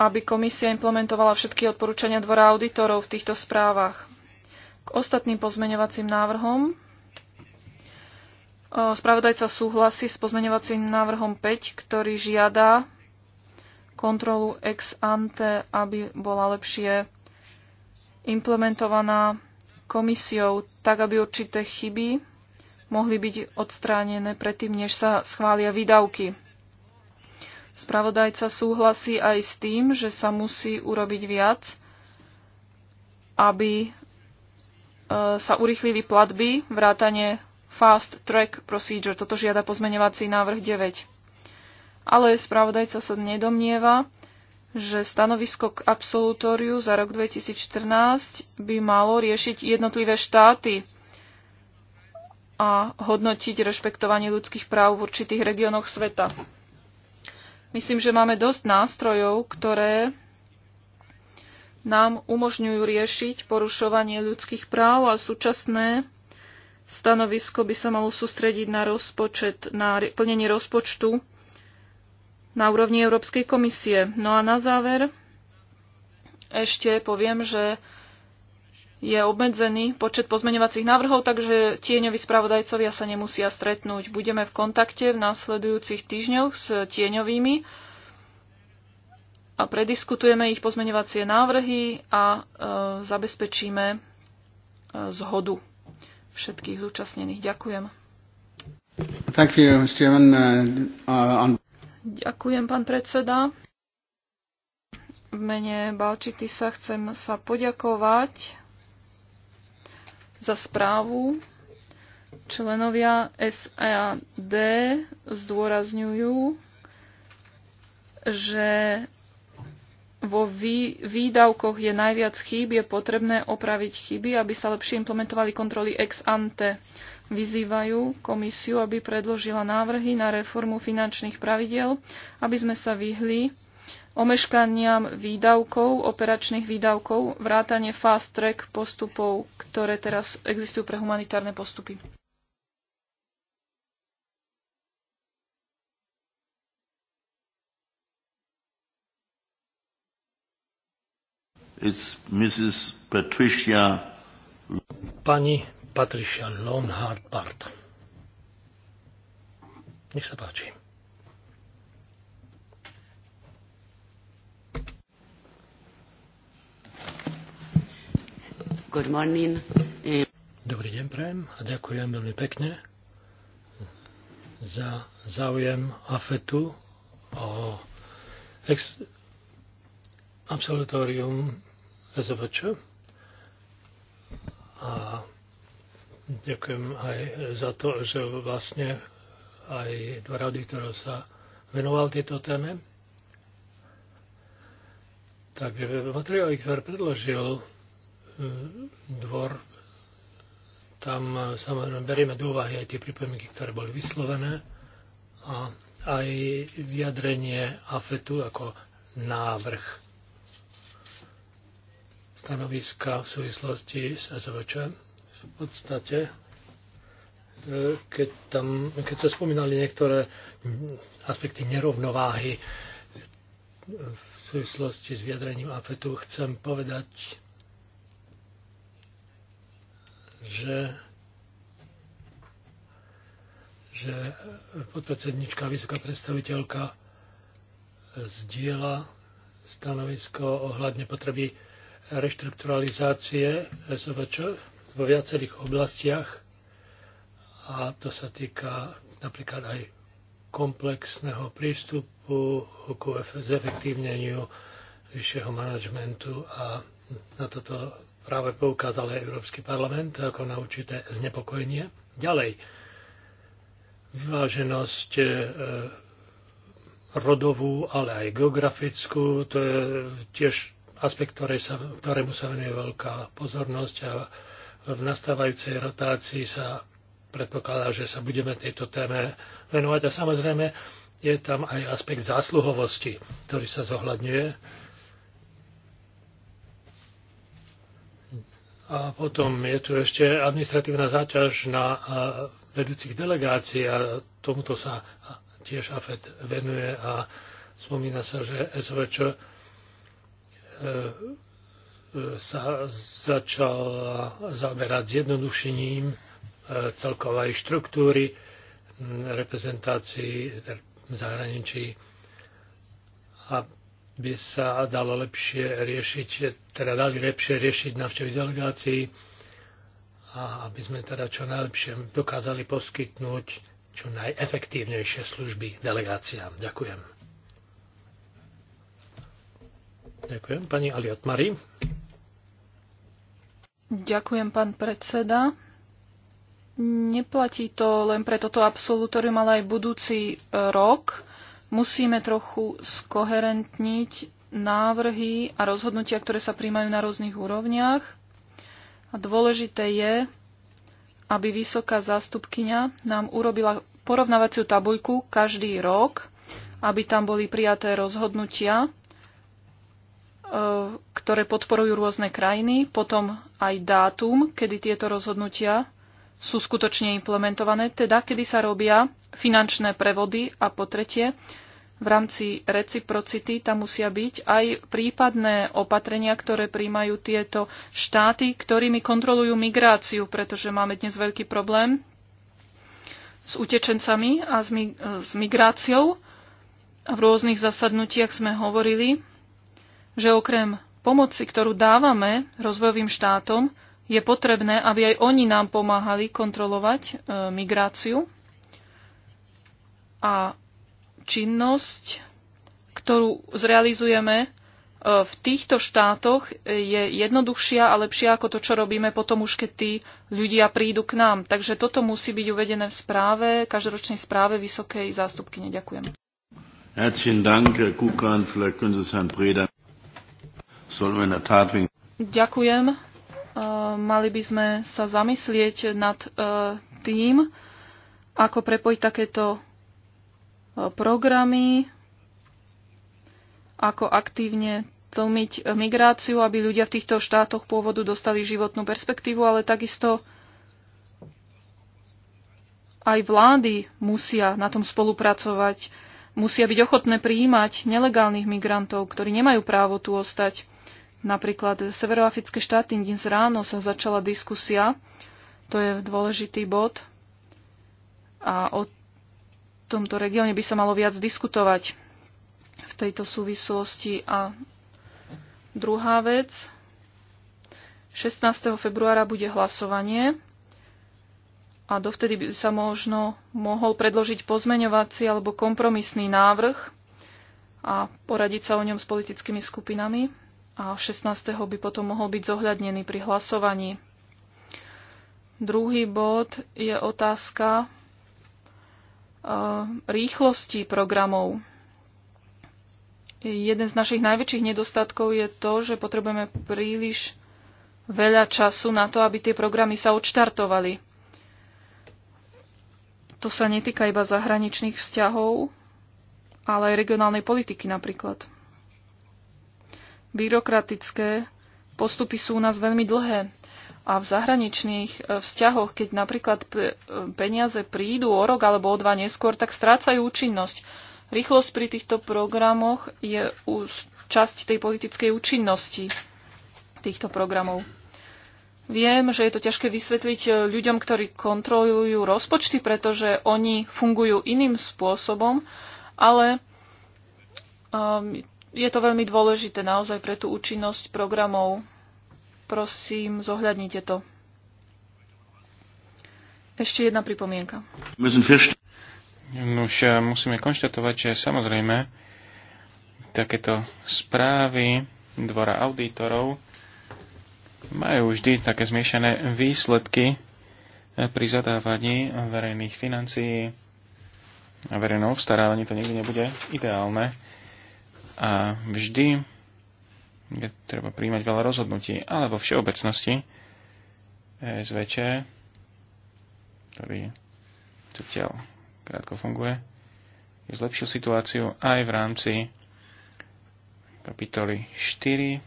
aby komisia implementovala všetky odporúčania dvora auditorov v týchto správach. K ostatným pozmeňovacím návrhom Spravodajca súhlasí s pozmeňovacím návrhom 5, ktorý žiada kontrolu ex ante, aby bola lepšie implementovaná komisiou, tak aby určité chyby mohli byť odstránené predtým, než sa schvália výdavky. Spravodajca súhlasí aj s tým, že sa musí urobiť viac, aby E, sa urychlili platby, vrátanie Fast Track Procedure. Toto žiada pozmeňovací návrh 9. Ale spravodajca sa nedomnieva, že stanovisko k absolutóriu za rok 2014 by malo riešiť jednotlivé štáty a hodnotiť rešpektovanie ľudských práv v určitých regiónoch sveta. Myslím, že máme dosť nástrojov, ktoré nám umožňujú riešiť porušovanie ľudských práv a súčasné stanovisko by sa malo sústrediť na, rozpočet, na plnenie rozpočtu na úrovni Európskej komisie. No a na záver ešte poviem, že je obmedzený počet pozmeňovacích návrhov, takže tieňoví spravodajcovia sa nemusia stretnúť. Budeme v kontakte v následujúcich týždňoch s tieňovými a prediskutujeme ich pozmeňovacie návrhy a e, zabezpečíme e, zhodu všetkých zúčastnených. Ďakujem. Thank you, Mr. Uh, uh, on... Ďakujem, pán predseda. V mene Balčity sa chcem sa poďakovať za správu. Členovia SAD e zdôrazňujú, že vo výdavkoch je najviac chýb, je potrebné opraviť chyby, aby sa lepšie implementovali kontroly ex ante. Vyzývajú komisiu, aby predložila návrhy na reformu finančných pravidiel, aby sme sa vyhli omeškaniam výdavkov, operačných výdavkov, vrátanie fast track postupov, ktoré teraz existujú pre humanitárne postupy. Pani Patricia Lonhard-Bart. Nech sa páči. Good morning. Dobrý deň prejem a ďakujem veľmi pekne za záujem AFETu o ex- absolutórium SVČ. A ďakujem aj za to, že vlastne aj dva rady, ktoré sa venoval tieto téme. Takže materiály, ktoré predložil dvor, tam samozrejme berieme do úvahy aj tie pripomienky, ktoré boli vyslovené a aj vyjadrenie AFETu ako návrh stanoviska v súvislosti s SVČ. V podstate, e, keď, tam, keď sa spomínali niektoré mm, aspekty nerovnováhy v súvislosti s vyjadrením AFETu, chcem povedať, že že podpredsednička vysoká predstaviteľka e, zdieľa stanovisko ohľadne potreby reštrukturalizácie SVČ vo viacerých oblastiach a to sa týka napríklad aj komplexného prístupu k zefektívneniu vyššieho manažmentu a na toto práve poukázal aj Európsky parlament ako na určité znepokojenie. Ďalej, vyváženosť e, rodovú, ale aj geografickú, to je tiež aspekt, ktoré sa, ktorému sa venuje veľká pozornosť a v nastávajúcej rotácii sa predpokladá, že sa budeme tejto téme venovať. A samozrejme je tam aj aspekt zásluhovosti, ktorý sa zohľadňuje. A potom je tu ešte administratívna záťaž na vedúcich delegácií a tomuto sa tiež AFED venuje a spomína sa, že SVČ E, e, sa začala zaoberať zjednodušením e, celkovej štruktúry reprezentácií v zahraničí, aby sa dalo lepšie riešiť, teda dali lepšie riešiť návštevy delegácií a aby sme teda čo najlepšie dokázali poskytnúť čo najefektívnejšie služby delegáciám. Ďakujem. Ďakujem. Pani Aliot Ďakujem, pán predseda. Neplatí to len pre toto absolutorium, ale aj budúci e, rok. Musíme trochu skoherentniť návrhy a rozhodnutia, ktoré sa príjmajú na rôznych úrovniach. A dôležité je, aby vysoká zástupkyňa nám urobila porovnávaciu tabuľku každý rok, aby tam boli prijaté rozhodnutia E, ktoré podporujú rôzne krajiny, potom aj dátum, kedy tieto rozhodnutia sú skutočne implementované, teda kedy sa robia finančné prevody a po tretie, v rámci reciprocity tam musia byť aj prípadné opatrenia, ktoré príjmajú tieto štáty, ktorými kontrolujú migráciu, pretože máme dnes veľký problém s utečencami a s, mi- s migráciou. V rôznych zasadnutiach sme hovorili že okrem pomoci, ktorú dávame rozvojovým štátom, je potrebné, aby aj oni nám pomáhali kontrolovať e, migráciu a činnosť, ktorú zrealizujeme e, v týchto štátoch, je jednoduchšia a lepšia ako to, čo robíme potom už, keď tí ľudia prídu k nám. Takže toto musí byť uvedené v správe, každoročnej správe Vysokej zástupkyne. Ďakujem. Herzlichen Dank, Herr Kukan. Vielleicht können Sie es Herrn Breda. Ďakujem. Mali by sme sa zamyslieť nad tým, ako prepojiť takéto programy, ako aktívne tlmiť migráciu, aby ľudia v týchto štátoch pôvodu dostali životnú perspektívu, ale takisto aj vlády musia na tom spolupracovať, musia byť ochotné prijímať nelegálnych migrantov, ktorí nemajú právo tu ostať. Napríklad severoafrické štáty dnes ráno sa začala diskusia, to je dôležitý bod a o tomto regióne by sa malo viac diskutovať v tejto súvislosti. A druhá vec, 16. februára bude hlasovanie a dovtedy by sa možno mohol predložiť pozmeňovací alebo kompromisný návrh a poradiť sa o ňom s politickými skupinami a 16. by potom mohol byť zohľadnený pri hlasovaní. Druhý bod je otázka e, rýchlosti programov. Jeden z našich najväčších nedostatkov je to, že potrebujeme príliš veľa času na to, aby tie programy sa odštartovali. To sa netýka iba zahraničných vzťahov, ale aj regionálnej politiky napríklad byrokratické postupy sú u nás veľmi dlhé. A v zahraničných e, vzťahoch, keď napríklad e, peniaze prídu o rok alebo o dva neskôr, tak strácajú účinnosť. Rýchlosť pri týchto programoch je časť tej politickej účinnosti týchto programov. Viem, že je to ťažké vysvetliť e, ľuďom, ktorí kontrolujú rozpočty, pretože oni fungujú iným spôsobom, ale um, je to veľmi dôležité naozaj pre tú účinnosť programov. Prosím, zohľadnite to. Ešte jedna pripomienka. Už musíme konštatovať, že samozrejme takéto správy dvora auditorov majú vždy také zmiešané výsledky pri zadávaní verejných financií a verejnom obstarávaní. To nikdy nebude ideálne a vždy je treba príjmať veľa rozhodnutí, ale vo všeobecnosti SVČ, ktorý zatiaľ krátko funguje, je zlepšil situáciu aj v rámci kapitoly 4,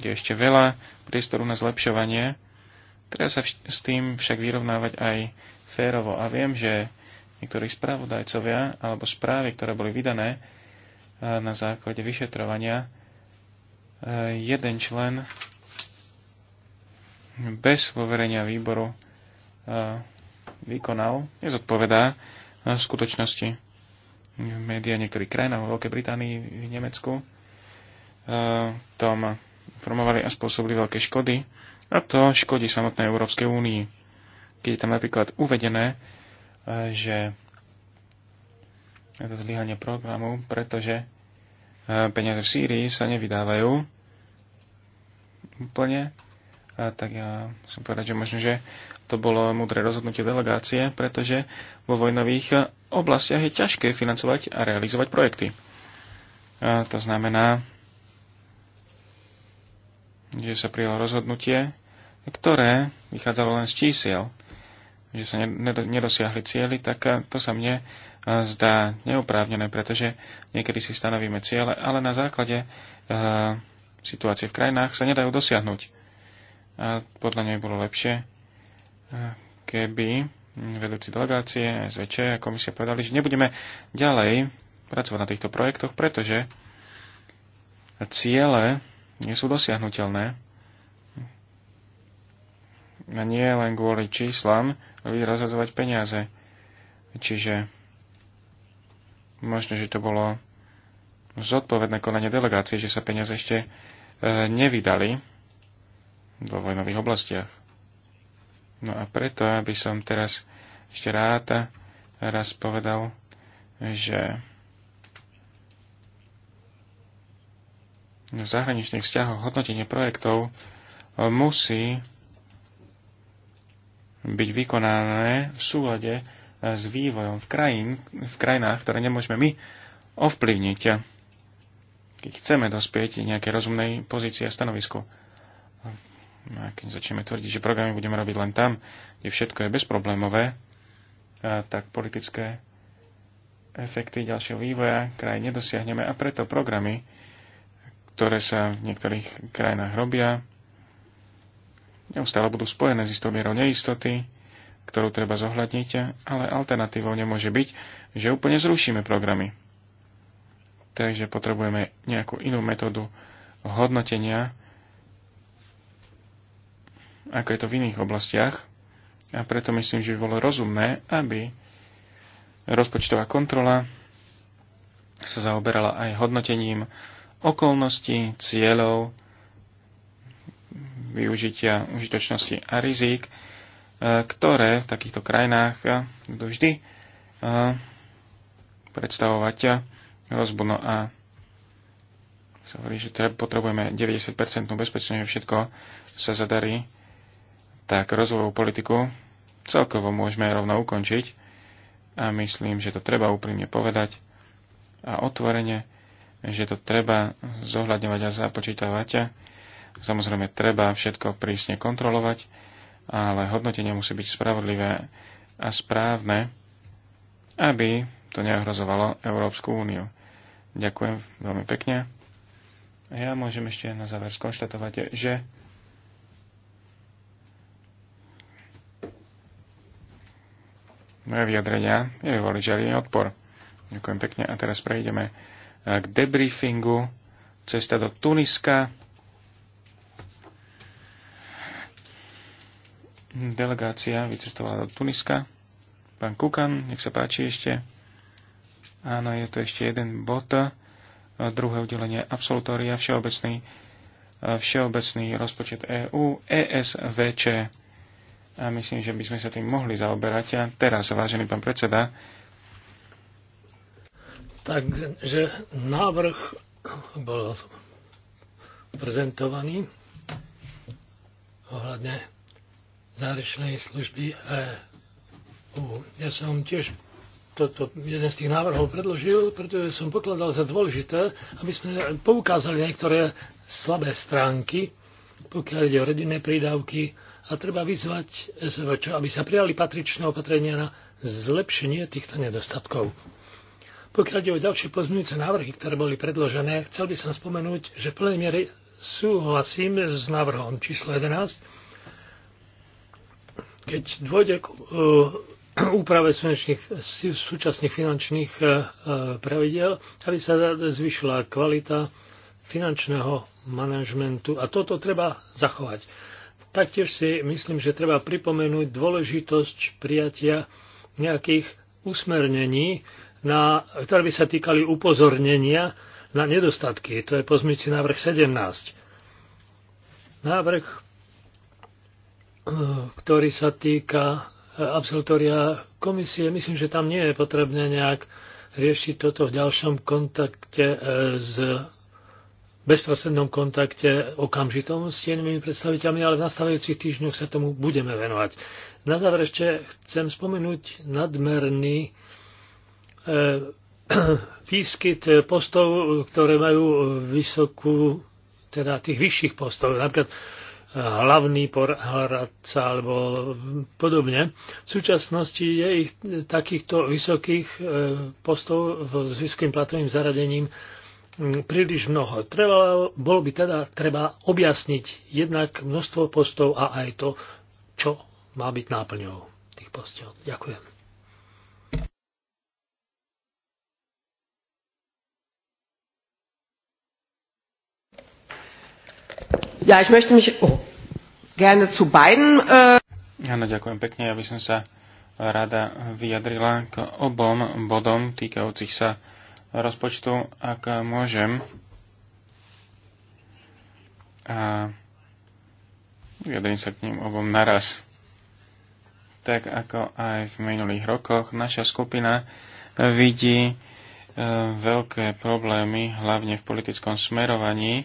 kde je ešte veľa priestoru na zlepšovanie. Treba sa s tým však vyrovnávať aj férovo. A viem, že niektorí spravodajcovia alebo správy, ktoré boli vydané, na základe vyšetrovania e, jeden člen bez poverenia výboru e, vykonal, nezodpovedá e, v skutočnosti. V médiá niektorých krajinách, vo Veľkej Británii, v Nemecku, tom formovali a spôsobili veľké škody. A to škodí samotnej Európskej únii. Keď je tam napríklad uvedené, že je to zlyhanie programu, pretože e, peniaze v Sýrii sa nevydávajú úplne. A tak ja som povedať, že možno, že to bolo múdre rozhodnutie delegácie, pretože vo vojnových oblastiach je ťažké financovať a realizovať projekty. A to znamená, že sa prijalo rozhodnutie, ktoré vychádzalo len z čísiel že sa nedosiahli cieľy, tak eh, to sa mne eh, zdá neoprávnené, pretože niekedy si stanovíme ciele, ale na základe eh, situácie v krajinách sa nedajú dosiahnuť. A podľa nej bolo lepšie, keby vedúci delegácie, SVČ a komisia povedali, že nebudeme ďalej pracovať na týchto projektoch, pretože ciele nie sú dosiahnutelné a nie len kvôli číslam vyrazazovať peniaze. Čiže možno, že to bolo zodpovedné konanie delegácie, že sa peniaze ešte e, nevydali vo vojnových oblastiach. No a preto, aby som teraz ešte rád raz povedal, že v zahraničných vzťahoch hodnotenie projektov musí byť vykonané v súlade eh, s vývojom v, krajín, v krajinách, ktoré nemôžeme my ovplyvniť, keď chceme dospieť nejaké rozumnej pozície a stanovisku. No a keď začneme tvrdiť, že programy budeme robiť len tam, kde všetko je bezproblémové, eh, tak politické efekty ďalšieho vývoja kraj nedosiahneme a preto programy, ktoré sa v niektorých krajinách robia, neustále budú spojené s istou mierou neistoty, ktorú treba zohľadniť, ale alternatívou nemôže byť, že úplne zrušíme programy. Takže potrebujeme nejakú inú metódu hodnotenia, ako je to v iných oblastiach. A preto myslím, že by bolo rozumné, aby rozpočtová kontrola sa zaoberala aj hodnotením okolností, cieľov, využitia užitočnosti a rizik, e, ktoré v takýchto krajinách e, budú vždy e, predstavovať hrozbu. No a sa hovorí, že potrebujeme 90% bezpečnosť, že všetko sa zadarí, tak rozvojovú politiku celkovo môžeme rovno ukončiť a myslím, že to treba úprimne povedať a otvorene, že to treba zohľadňovať a započítavať Samozrejme, treba všetko prísne kontrolovať, ale hodnotenie musí byť spravodlivé a správne, aby to neohrozovalo Európsku úniu. Ďakujem veľmi pekne. A ja môžem ešte na záver skonštatovať, že moje vyjadrenia nevyvolili odpor. Ďakujem pekne a teraz prejdeme k debriefingu. Cesta do Tuniska. Delegácia vycestovala do Tuniska. Pán Kukan, nech sa páči ešte. Áno, je to ešte jeden bod. Eh, druhé udelenie absolutória, všeobecný, eh, všeobecný rozpočet EÚ, ESVČ. A myslím, že by sme sa tým mohli zaoberať. A teraz, vážený pán predseda. Takže návrh bol prezentovaný ohľadne zahraničnej služby EU. Ja som tiež toto, jeden z tých návrhov predložil, pretože som pokladal za dôležité, aby sme poukázali niektoré slabé stránky, pokiaľ ide o rodinné prídavky a treba vyzvať SVČ, aby sa prijali patričné opatrenia na zlepšenie týchto nedostatkov. Pokiaľ ide o ďalšie pozmeňujúce návrhy, ktoré boli predložené, chcel by som spomenúť, že v plnej miere súhlasím s návrhom číslo 11, keď dôjde k eh, úprave súčasných finančných eh, eh, pravidel, aby sa zvyšila kvalita finančného manažmentu. A toto treba zachovať. Taktiež si myslím, že treba pripomenúť dôležitosť prijatia nejakých usmernení, na, ktoré by sa týkali upozornenia na nedostatky. To je pozmíci návrh 17. Návrh Eh, ktorý sa týka eh, absolutória komisie. Myslím, že tam nie je potrebné nejak riešiť toto v ďalšom kontakte eh, s bezprostrednom kontakte okamžitom s tienými predstaviteľmi, ale v nastavujúcich týždňoch sa tomu budeme venovať. Na záver ešte chcem spomenúť nadmerný výskyt postov, ktoré majú vysokú, teda tých vyšších postov. Napríklad hlavný poradca alebo podobne. V súčasnosti je ich takýchto vysokých e, postov s vysokým platovým zaradením príliš mnoho. Treba, bolo by teda treba objasniť jednak množstvo postov a aj to, čo má byť náplňou tých postov. Ďakujem. Ja, ich möchte mich oh, gerne zu beiden... Äh... Áno, ďakujem pekne. Ja by som sa rada vyjadrila k obom bodom týkajúcich sa rozpočtu, ak môžem. A vyjadrím sa k ním obom naraz. Tak ako aj v minulých rokoch, naša skupina vidí e, veľké problémy, hlavne v politickom smerovaní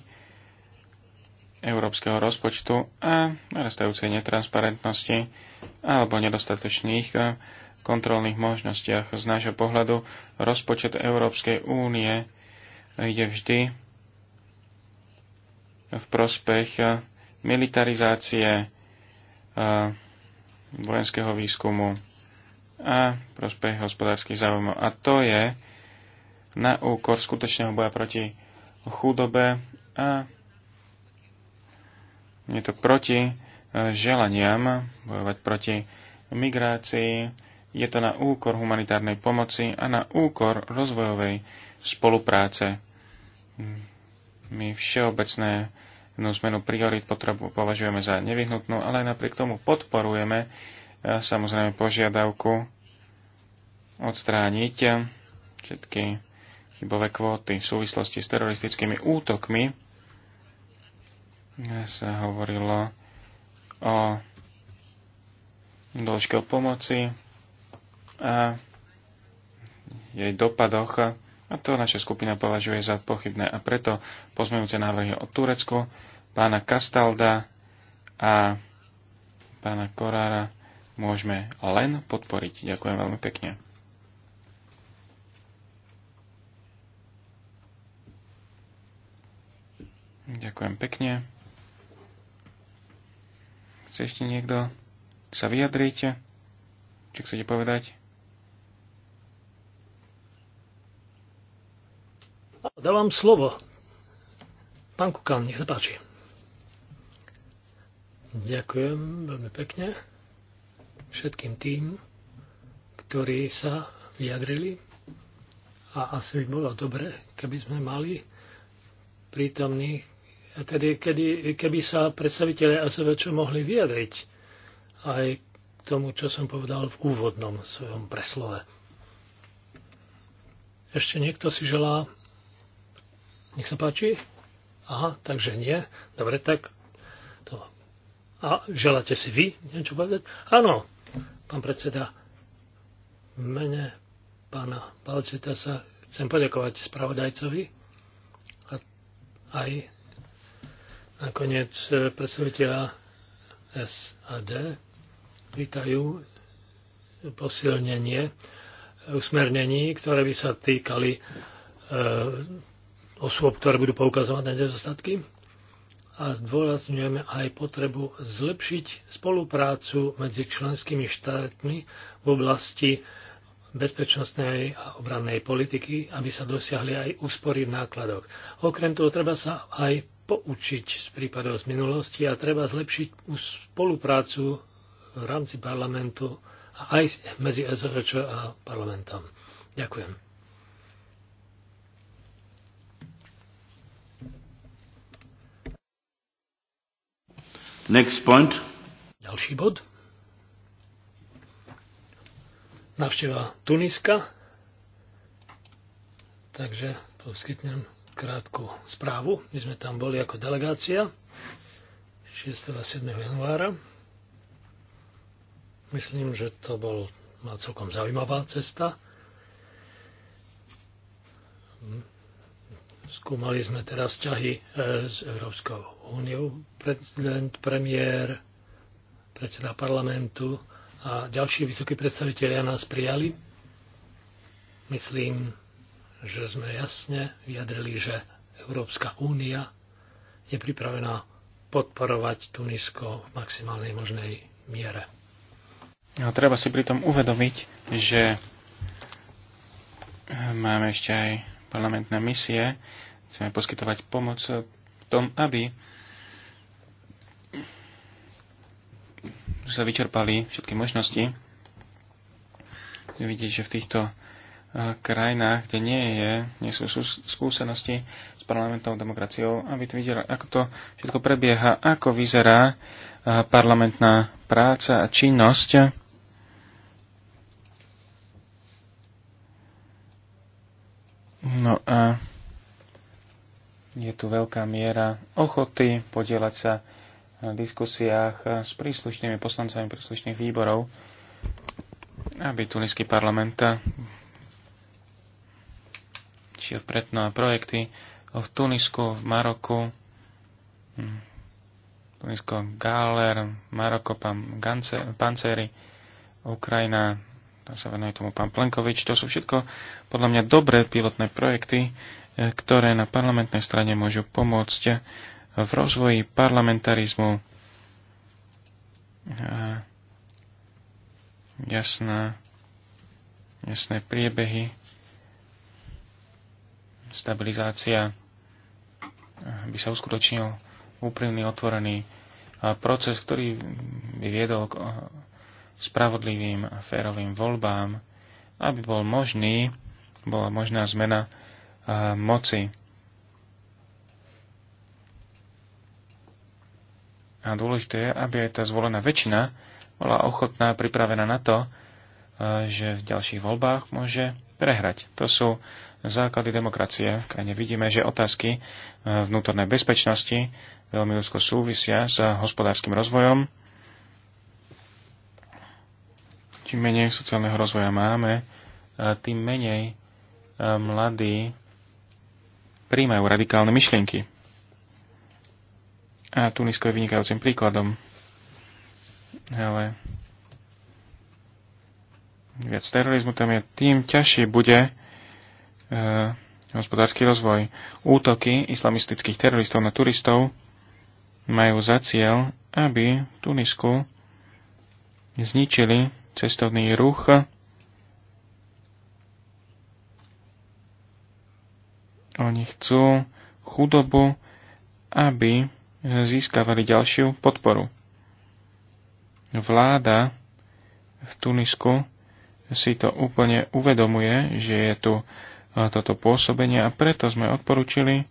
európskeho rozpočtu a narastajúcej netransparentnosti alebo nedostatočných eh, kontrolných možnostiach. Z nášho pohľadu rozpočet Európskej únie ide vždy v prospech eh, militarizácie eh, vojenského výskumu a prospech hospodárskych záujmov. A to je na úkor skutočného boja proti chudobe a je to proti e, želaniam bojovať proti migrácii, je to na úkor humanitárnej pomoci a na úkor rozvojovej spolupráce. My všeobecné no zmenu priorit potrebu považujeme za nevyhnutnú, ale aj napriek tomu podporujeme e, samozrejme požiadavku odstrániť všetky chybové kvóty v súvislosti s teroristickými útokmi sa hovorilo o dĺžke pomoci a jej dopadoch a to naša skupina považuje za pochybné a preto pozmejúce návrhy od Turecku, pána Kastalda a pána Korára môžeme len podporiť. Ďakujem veľmi pekne. Ďakujem pekne. Chce ešte niekto sa vyjadriť? Čo chcete povedať? Dávam slovo. Pán Kukan, nech sa páči. Ďakujem veľmi pekne všetkým tým, ktorí sa vyjadrili. A asi by bolo dobre, keby sme mali prítomných tedy kedy, keby sa predstaviteľe ASVČ mohli vyjadriť aj k tomu, čo som povedal v úvodnom svojom preslove. Ešte niekto si želá? Nech sa páči? Aha, takže nie. Dobre, tak to. A želáte si vy niečo povedať? Áno, pán predseda, v mene pána Balceta sa chcem poďakovať spravodajcovi a aj Nakoniec e, predstaviteľa SAD vítajú posilnenie usmernení, ktoré by sa týkali e, osôb, ktoré budú poukazovať na nedostatky. A zdôrazňujeme aj potrebu zlepšiť spoluprácu medzi členskými štátmi v oblasti bezpečnostnej a obrannej politiky, aby sa dosiahli aj úspory v nákladoch. Okrem toho treba sa aj poučiť z prípadov z minulosti a treba zlepšiť spoluprácu v rámci parlamentu a aj medzi SRČ a parlamentom. Ďakujem. Next point. Ďalší bod. Navšteva Tuniska. Takže poskytnem krátku správu. My sme tam boli ako delegácia 6. a 7. januára. Myslím, že to bol, má celkom zaujímavá cesta. Skúmali sme teraz vzťahy e, s Európskou úniou, prezident, premiér, predseda parlamentu a ďalší vysokí predstavitelia nás prijali. Myslím, že sme jasne vyjadrili, že Európska únia je pripravená podporovať Tunisko v maximálnej možnej miere. No, treba si pritom uvedomiť, že máme ešte aj parlamentné misie, chceme poskytovať pomoc v tom, aby sa vyčerpali všetky možnosti. Vidíte, že v týchto krajinách, kde nie, je, nie sú skúsenosti s parlamentnou demokraciou, aby to videla, ako to všetko prebieha, ako vyzerá parlamentná práca a činnosť. No a je tu veľká miera ochoty podielať sa na diskusiách s príslušnými poslancami príslušných výborov, aby tuniský parlament či vpred projekty v Tunisku, v Maroku, hm. Tunisko Galer, Maroko, pán Gance, Pancery, Ukrajina, tam sa venuje tomu pán Plenkovič. To sú všetko podľa mňa dobré pilotné projekty, e, ktoré na parlamentnej strane môžu pomôcť v rozvoji parlamentarizmu. jasná, jasné priebehy stabilizácia by sa uskutočnil úprimný, otvorený proces, ktorý by viedol k spravodlivým a férovým voľbám, aby bol možný, bola možná zmena moci. A dôležité je, aby aj tá zvolená väčšina bola ochotná, pripravená na to, že v ďalších voľbách môže prehrať. To sú základy demokracie v krajine. Vidíme, že otázky e, vnútornej bezpečnosti veľmi úzko súvisia s hospodárskym rozvojom. Čím menej sociálneho rozvoja máme, e, tým menej e, mladí príjmajú radikálne myšlienky. A Tunisko je vynikajúcim príkladom. Ale viac terorizmu tam je, tým ťažšie bude e, hospodársky rozvoj. Útoky islamistických teroristov na turistov majú za cieľ, aby v Tunisku zničili cestovný ruch Oni chcú chudobu, aby získavali ďalšiu podporu. Vláda v Tunisku si to úplne uvedomuje, že je tu e, toto pôsobenie a preto sme odporučili,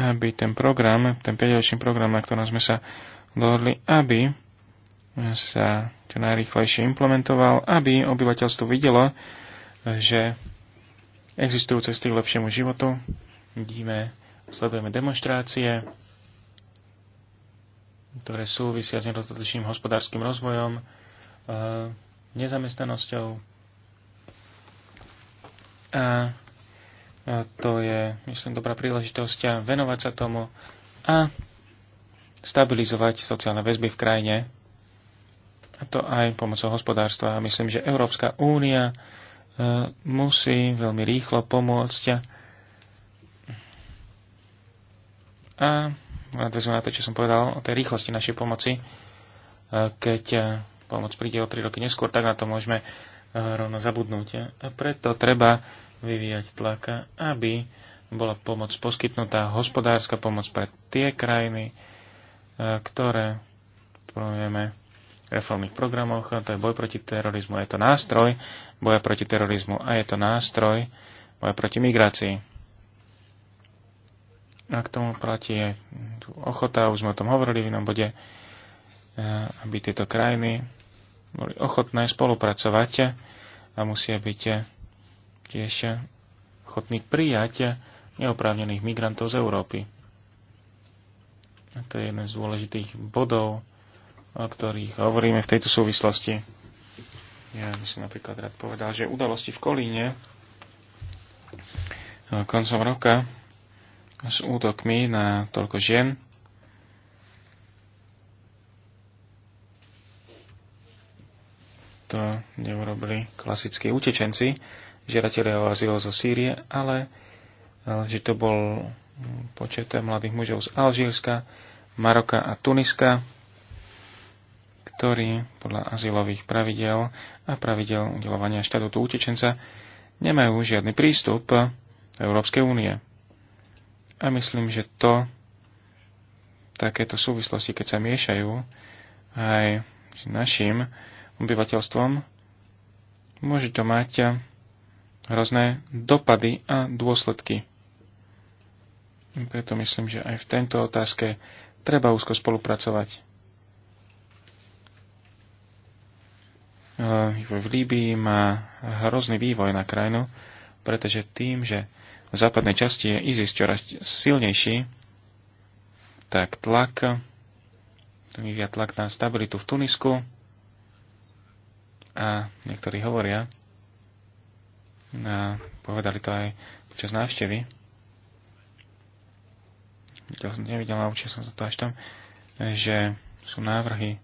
aby ten program, ten 5 program, na ktorom sme sa dohodli, aby sa čo najrychlejšie implementoval, aby obyvateľstvo videlo, že existujú cesty k lepšiemu životu. Vidíme, sledujeme demonstrácie, ktoré súvisia s nedostatočným hospodárskym rozvojom, e, nezamestnanosťou. A to je, myslím, dobrá príležitosť venovať sa tomu a stabilizovať sociálne väzby v krajine. A to aj pomocou hospodárstva. A myslím, že Európska únia e, musí veľmi rýchlo pomôcť a nadvezujem na to, čo som povedal o tej rýchlosti našej pomoci, e, keď e, pomoc príde o 3 roky neskôr, tak na to môžeme eh, rovno zabudnúť. A preto treba vyvíjať tlak, aby bola pomoc poskytnutá, hospodárska pomoc pre tie krajiny, eh, ktoré plánujeme v reformných programoch. to je boj proti terorizmu, je to nástroj boja proti terorizmu a je to nástroj boja proti migrácii. A k tomu platí ochota, už sme o tom hovorili v inom bode, eh, aby tieto krajiny boli ochotné spolupracovať a musia byť tiež ochotní prijať neoprávnených migrantov z Európy. A to je jeden z dôležitých bodov, o ktorých hovoríme v tejto súvislosti. Ja by som napríklad rád povedal, že udalosti v Kolíne koncom roka s útokmi na toľko žien to neurobili klasickí utečenci, žiadatelia o azyl zo Sýrie, ale eh, že to bol hm, počet mladých mužov z Alžírska, Maroka a Tuniska, ktorí podľa azylových pravidel a pravidel udelovania štatútu utečenca nemajú žiadny prístup Európskej únie. A myslím, že to takéto súvislosti, keď sa miešajú aj s našim obyvateľstvom, môže to mať hrozné dopady a dôsledky. Preto myslím, že aj v tejto otázke treba úzko spolupracovať. Eh, v Líbii má hrozný vývoj na krajinu, pretože tým, že v západnej časti je ISIS čoraz silnejší, tak tlak, tu vyvia tlak na stabilitu v Tunisku, a niektorí hovoria, a povedali to aj počas návštevy, videl som, nevidel, ale určite som sa to až tam, že sú návrhy,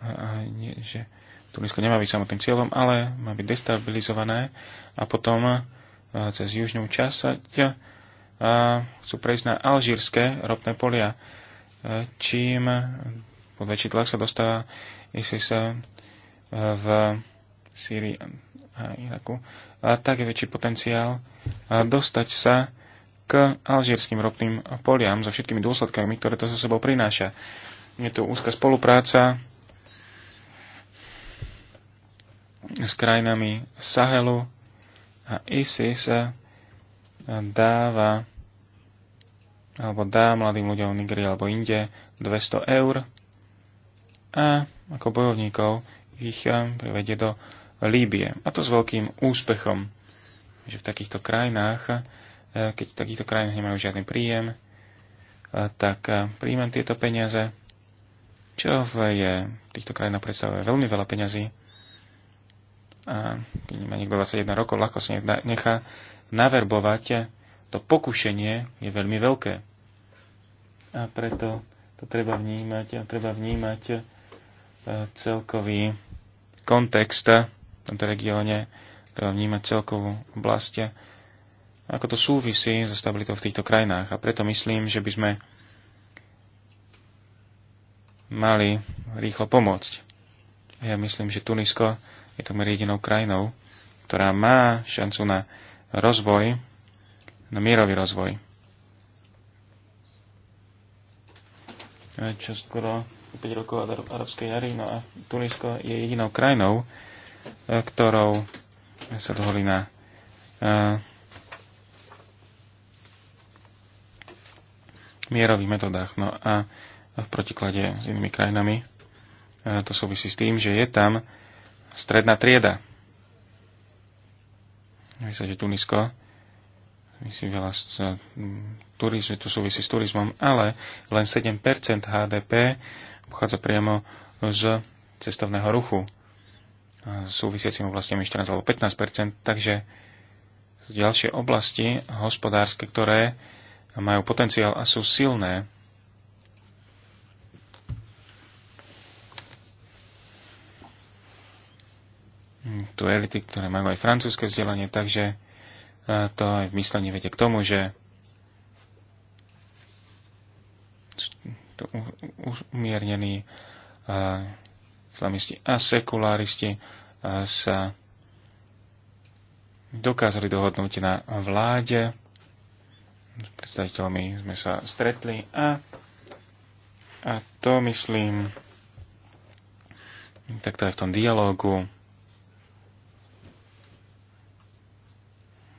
a nie, že Tunisko nemá byť samotným cieľom, ale má byť destabilizované a potom cez južnú časť chcú prejsť na alžírske ropné polia, čím pod väčší tlak sa dostáva ISIS eh, v Sýrii a Iraku, a tak je väčší potenciál eh, dostať sa k alžírským ropným poliam so všetkými dôsledkami, ktoré to so sebou prináša. Je tu úzka spolupráca s krajinami Sahelu a ISIS eh, dáva alebo dá mladým ľuďom v Nigerii alebo inde 200 eur a ako bojovníkov ich eh, privedie do Líbie. A to s veľkým úspechom, že v takýchto krajinách, eh, keď v takýchto krajinách nemajú žiadny príjem, eh, tak príjmem tieto peniaze, čo je v týchto krajinách predstavuje veľmi veľa peňazí. A keď má niekto 21 rokov, ľahko sa nechá naverbovať, to pokušenie je veľmi veľké. A preto to treba vnímať, a treba vnímať celkový kontext v tomto regióne, treba vnímať celkovú oblasť, ako to súvisí so stabilitou v týchto krajinách. A preto myslím, že by sme mali rýchlo pomôcť. Ja myslím, že Tunisko je tomu jedinou krajinou, ktorá má šancu na rozvoj, na mierový rozvoj. Čo skoro 5 rokov od arabskej jary. No a Tunisko je jedinou krajinou, e, ktorou sa dohodli na e, mierových metodách. No a v protiklade s inými krajinami e, to súvisí s tým, že je tam stredná trieda. Myslím, že Tunisko myslím veľa to súvisí s turizmom, ale len 7% HDP pochádza priamo z cestovného ruchu súvisiacimi oblastiami 14 alebo 15 takže sú ďalšie oblasti hospodárske, ktoré majú potenciál a sú silné. Tu elity, ktoré majú aj francúzske vzdelanie, takže e, to aj v myslení vedie k tomu, že to umiernení e, islamisti a sekuláristi e, sa dokázali dohodnúť na vláde. S predstaviteľmi sme sa stretli a, a to myslím takto aj v tom dialógu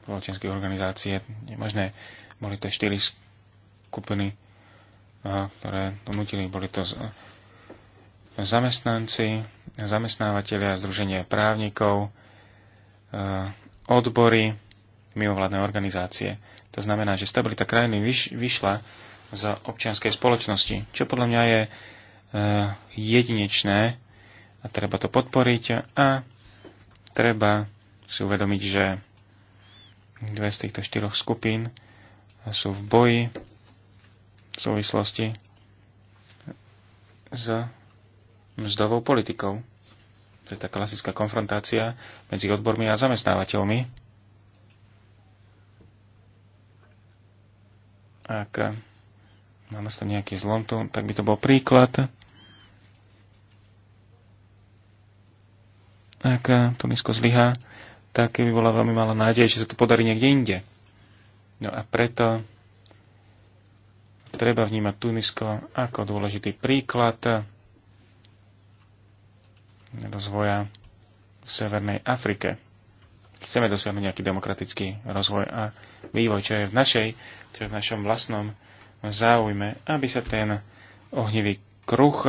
spoločenskej organizácie je možné. Boli to štyri skupiny ktoré nutili, boli to zamestnanci, zamestnávateľia, združenie právnikov, e, odbory, mimovládne organizácie. To znamená, že stabilita krajiny vyš, vyšla z občianskej spoločnosti, čo podľa mňa je e, jedinečné a treba to podporiť a treba si uvedomiť, že dve z týchto štyroch skupín sú v boji v súvislosti s mzdovou politikou. To je tá klasická konfrontácia medzi odbormi a zamestnávateľmi. Ak má nastať nejaký zlom, tu, tak by to bol príklad. Ak Tunisko zlyhá, tak by bola veľmi malá nádej, že sa to podarí niekde inde. No a preto Treba vnímať Tunisko ako dôležitý príklad rozvoja v Severnej Afrike. Chceme dosiahnuť nejaký demokratický rozvoj a vývoj, čo je v našej, čo je v našom vlastnom záujme, aby sa ten ohnivý kruh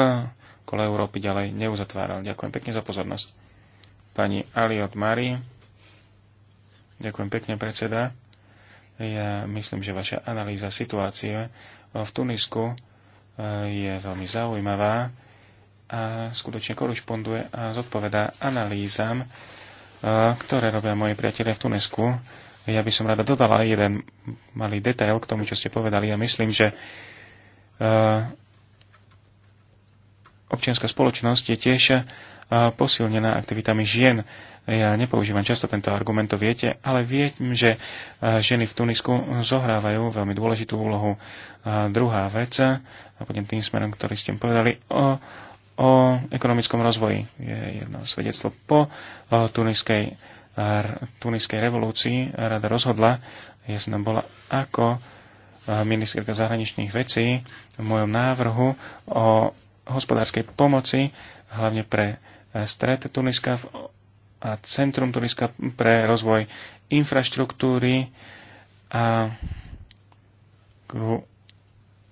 kole Európy ďalej neuzatváral. Ďakujem pekne za pozornosť. Pani Aliot Mari. Ďakujem pekne, predseda. Ja myslím, že vaša analýza situácie v Tunisku e, je veľmi zaujímavá a skutočne korešponduje a zodpovedá analýzam, e, ktoré robia moji priatelia v Tunisku. Ja by som rada dodala jeden malý detail k tomu, čo ste povedali. Ja myslím, že e, občianská spoločnosť je tiež eh, posilnená aktivitami žien. Ja nepoužívam často tento argument, to viete, ale viem, že eh, ženy v Tunisku zohrávajú veľmi dôležitú úlohu. A druhá vec, a pôjdem tým smerom, ktorý ste povedali, o, o ekonomickom rozvoji. Je jedno svedectvo po eh, tuniskej, tuniskej revolúcii. Rada rozhodla, ja som bola ako ministerka zahraničných vecí v mojom návrhu o hospodárskej pomoci, hlavne pre e, stred Tuniska a centrum Tuniska pre rozvoj infraštruktúry a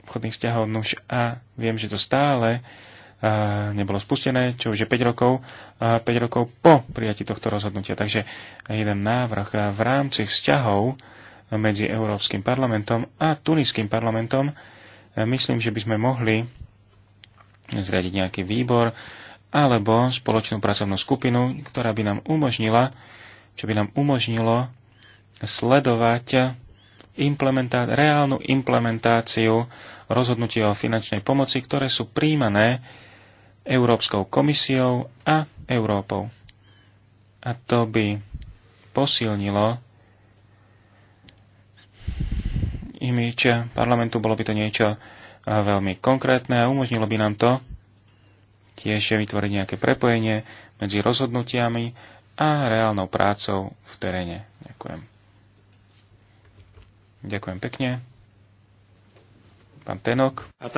obchodných vzťahov. Nuž a viem, že to stále e, nebolo spustené, čo už je 5 rokov, 5 rokov po prijati tohto rozhodnutia. Takže jeden návrh e, v rámci vzťahov medzi Európskym parlamentom a Tuniským parlamentom myslím, že by sme mohli zriadiť nejaký výbor alebo spoločnú pracovnú skupinu, ktorá by nám umožnila, čo by nám umožnilo sledovať implementá- reálnu implementáciu rozhodnutia o finančnej pomoci, ktoré sú príjmané Európskou komisiou a Európou. A to by posilnilo imič parlamentu, bolo by to niečo veľmi konkrétne a umožnilo by nám to tiež vytvoriť nejaké prepojenie medzi rozhodnutiami a reálnou prácou v teréne. Ďakujem. Ďakujem pekne. Pán Tenok. Uh,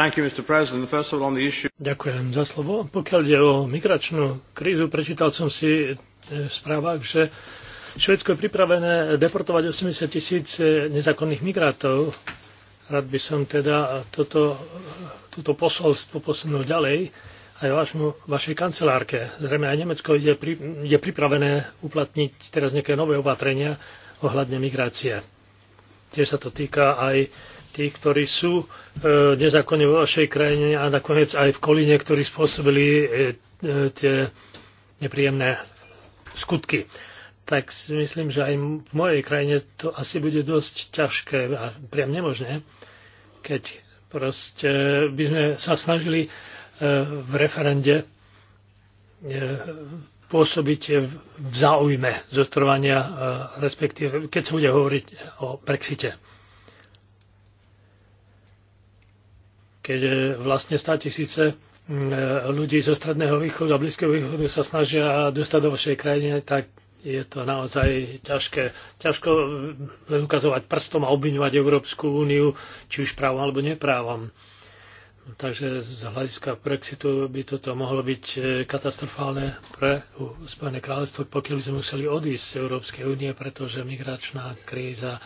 Ďakujem za slovo. Pokiaľ ide o migračnú krízu, prečítal som si eh, v správach, že Švedsko je pripravené deportovať 80 tisíc eh, nezákonných migrátov Rád by som teda toto, túto posolstvo posunul ďalej aj vašmu, vašej kancelárke. Zrejme aj Nemecko je, pri, je pripravené uplatniť teraz nejaké nové opatrenia ohľadne migrácie. Tiež sa to týka aj tých, ktorí sú e, nezákonne vo vašej krajine a nakoniec aj v Kolíne, ktorí spôsobili e, e, tie nepríjemné skutky tak si myslím, že aj v mojej krajine to asi bude dosť ťažké a priam nemožné, keď proste by sme sa snažili e, v referende e, pôsobiť v záujme zotrvania, e, respektíve keď sa bude hovoriť o Brexite. Keď vlastne stá tisíce ľudí zo Stredného východu a Blízkeho východu sa snažia dostať do vašej krajiny, tak je to naozaj ťažké, ťažko eh, ukazovať prstom a obviňovať Európsku úniu, či už právom alebo neprávom. Takže z hľadiska Brexitu by toto mohlo byť eh, katastrofálne pre Spojené kráľovstvo, pokiaľ by sme museli odísť z Európskej únie, pretože migračná kríza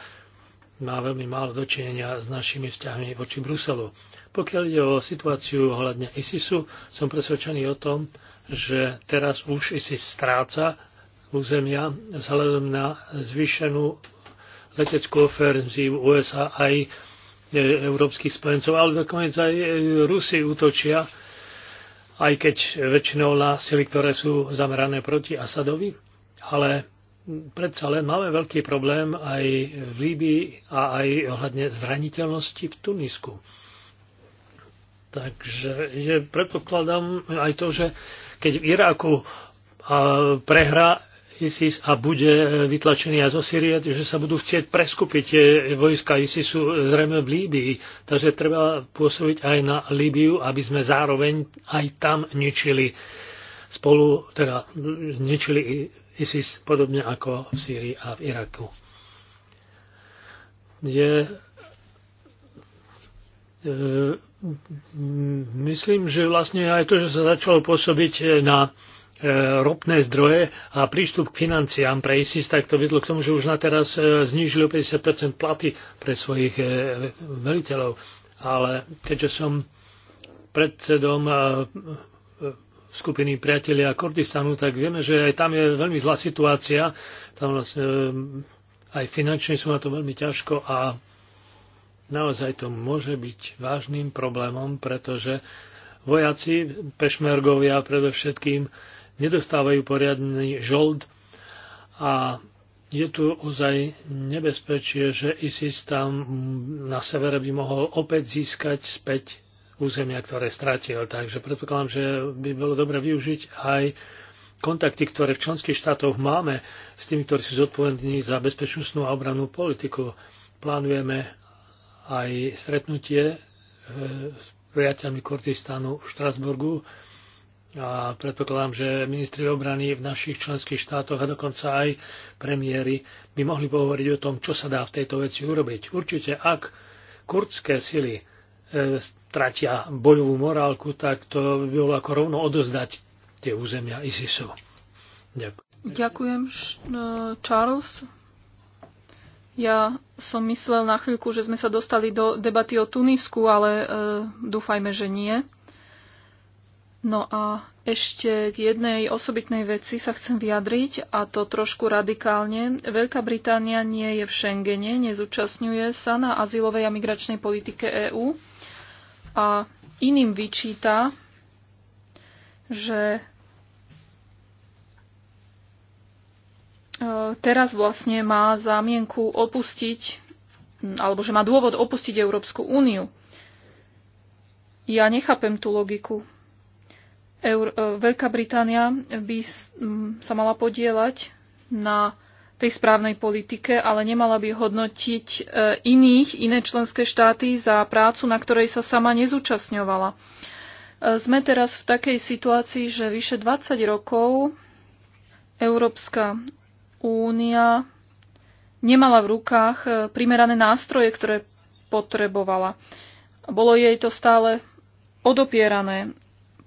má veľmi málo dočinenia s našimi vzťahmi voči Bruselu. Pokiaľ ide o situáciu ohľadne ISISu, som presvedčený o tom, že teraz už ISIS stráca územia vzhľadom na zvýšenú leteckú ofenzívu USA aj e, európskych spojencov, ale dokonca aj e, Rusi útočia, aj keď väčšinou na sily, ktoré sú zamerané proti Asadovi, ale predsa len máme veľký problém aj v Líbii a aj ohľadne zraniteľnosti v Tunisku. Takže že predpokladám aj to, že keď v Iráku prehra ISIS a bude e, vytlačený aj zo Syrie, že sa budú chcieť preskupiť tie vojska ISISu e, zrejme v Líbii. Takže treba pôsobiť aj na Líbiu, aby sme zároveň aj tam ničili spolu, teda ničili ISIS podobne ako v Sýrii a v Iraku. Je e, Myslím, že vlastne aj to, že sa začalo pôsobiť na E, ropné zdroje a prístup k financiám pre ISIS, tak to vedlo k tomu, že už na teraz e, znížili o 50% platy pre svojich e, veliteľov. Ale keďže som predsedom skupiny priatelia Kurdistanu, tak vieme, že aj tam je veľmi zlá situácia. Tam vlastne aj finančne sú na to veľmi ťažko a naozaj to môže byť vážnym problémom, pretože vojaci, pešmergovia predovšetkým, nedostávajú poriadny žold a je tu ozaj nebezpečie, že ISIS tam na severe by mohol opäť získať späť územia, ktoré stratil. Takže predpokladám, že by bolo dobre využiť aj kontakty, ktoré v členských štátoch máme s tými, ktorí sú zodpovední za bezpečnostnú a obrannú politiku. Plánujeme aj stretnutie e, s priateľmi Kurdistanu v Štrasburgu a predpokladám, že ministri obrany v našich členských štátoch a dokonca aj premiéry by mohli pohovoriť o tom, čo sa dá v tejto veci urobiť. Určite, ak kurdské sily e, stratia bojovú morálku, tak to by bolo ako rovno odozdať tie územia ISISu. Ďakujem. Ďakujem, e, Charles. Ja som myslel na chvíľku, že sme sa dostali do debaty o Tunisku, ale e, dúfajme, že nie. No a ešte k jednej osobitnej veci sa chcem vyjadriť, a to trošku radikálne. Veľká Británia nie je v Schengene, nezúčastňuje sa na azylovej a migračnej politike EÚ a iným vyčíta, že e, teraz vlastne má zámienku opustiť, alebo že má dôvod opustiť Európsku úniu. Ja nechápem tú logiku. Eur- e, Veľká Británia by sa mala podielať na tej správnej politike, ale nemala by hodnotiť e, iných, iné členské štáty za prácu, na ktorej sa sama nezúčastňovala. E, sme teraz v takej situácii, že vyše 20 rokov Európska únia nemala v rukách primerané nástroje, ktoré potrebovala. Bolo jej to stále odopierané.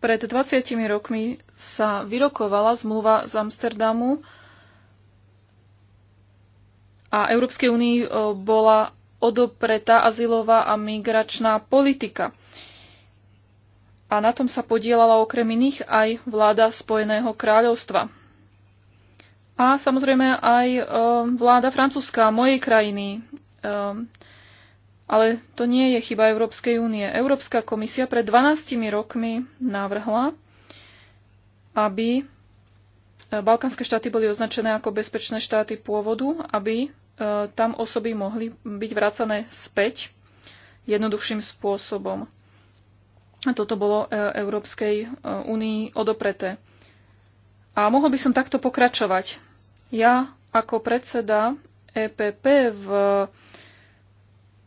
Pred 20 rokmi sa vyrokovala zmluva z Amsterdamu a Európskej únii e, bola odopretá azylová a migračná politika. A na tom sa podielala okrem iných aj vláda Spojeného kráľovstva. A samozrejme aj e, vláda francúzska mojej krajiny e, ale to nie je chyba Európskej únie. Európska komisia pred 12 rokmi navrhla, aby e, balkánske štáty boli označené ako bezpečné štáty pôvodu, aby e, tam osoby mohli byť vracané späť jednoduchším spôsobom. A toto bolo e, Európskej únii odopreté. A mohol by som takto pokračovať. Ja ako predseda EPP v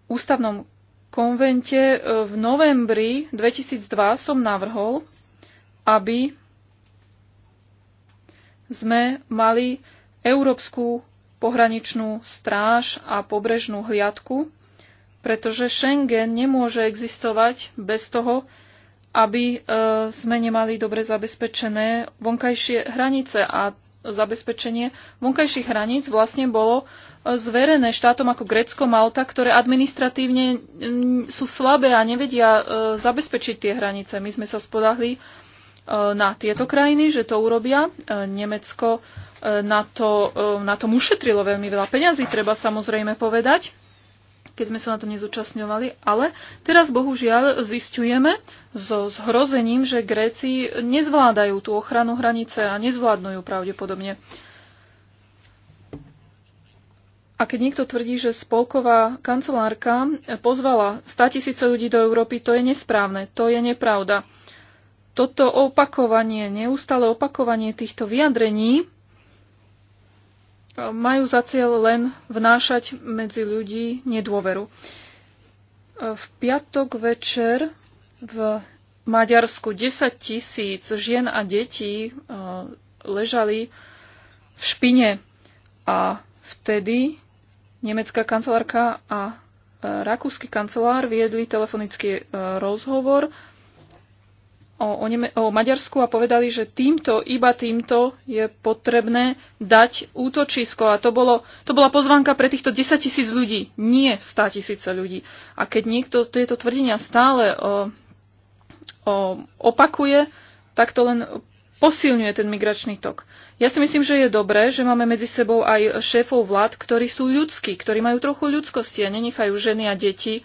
ústavnom konvente e, v novembri 2002 som navrhol, aby sme mali Európsku pohraničnú stráž a pobrežnú hliadku, pretože Schengen nemôže existovať bez toho, aby e, sme nemali dobre zabezpečené vonkajšie hranice a zabezpečenie vonkajších hraníc vlastne bolo e, zverené štátom ako Grécko, Malta, ktoré administratívne sú slabé a nevedia e, zabezpečiť tie hranice. My sme sa spodahli e, na tieto krajiny, že to urobia. Nemecko na to, na tom ušetrilo veľmi veľa peňazí, treba samozrejme povedať keď sme sa na to nezúčastňovali, ale teraz bohužiaľ zistujeme so zhrozením, že Gréci nezvládajú tú ochranu hranice a nezvládnu ju pravdepodobne. A keď niekto tvrdí, že spolková kancelárka pozvala 100 tisíce ľudí do Európy, to je nesprávne, to je nepravda. Toto opakovanie, neustále opakovanie týchto vyjadrení majú za cieľ len vnášať medzi ľudí nedôveru. V piatok večer v Maďarsku 10 tisíc žien a detí e, ležali v špine a vtedy nemecká kancelárka a e, rakúsky kancelár viedli telefonický e, rozhovor o, o, Neme- o Maďarsku a povedali, že týmto, iba týmto je potrebné dať útočisko. A to, bolo, to bola pozvanka pre týchto 10 tisíc ľudí, nie 100 tisíce ľudí. A keď niekto tieto tvrdenia stále o, o, opakuje, tak to len posilňuje ten migračný tok. Ja si myslím, že je dobré, že máme medzi sebou aj šéfov vlád, ktorí sú ľudskí, ktorí majú trochu ľudskosti a nenechajú ženy a deti uh,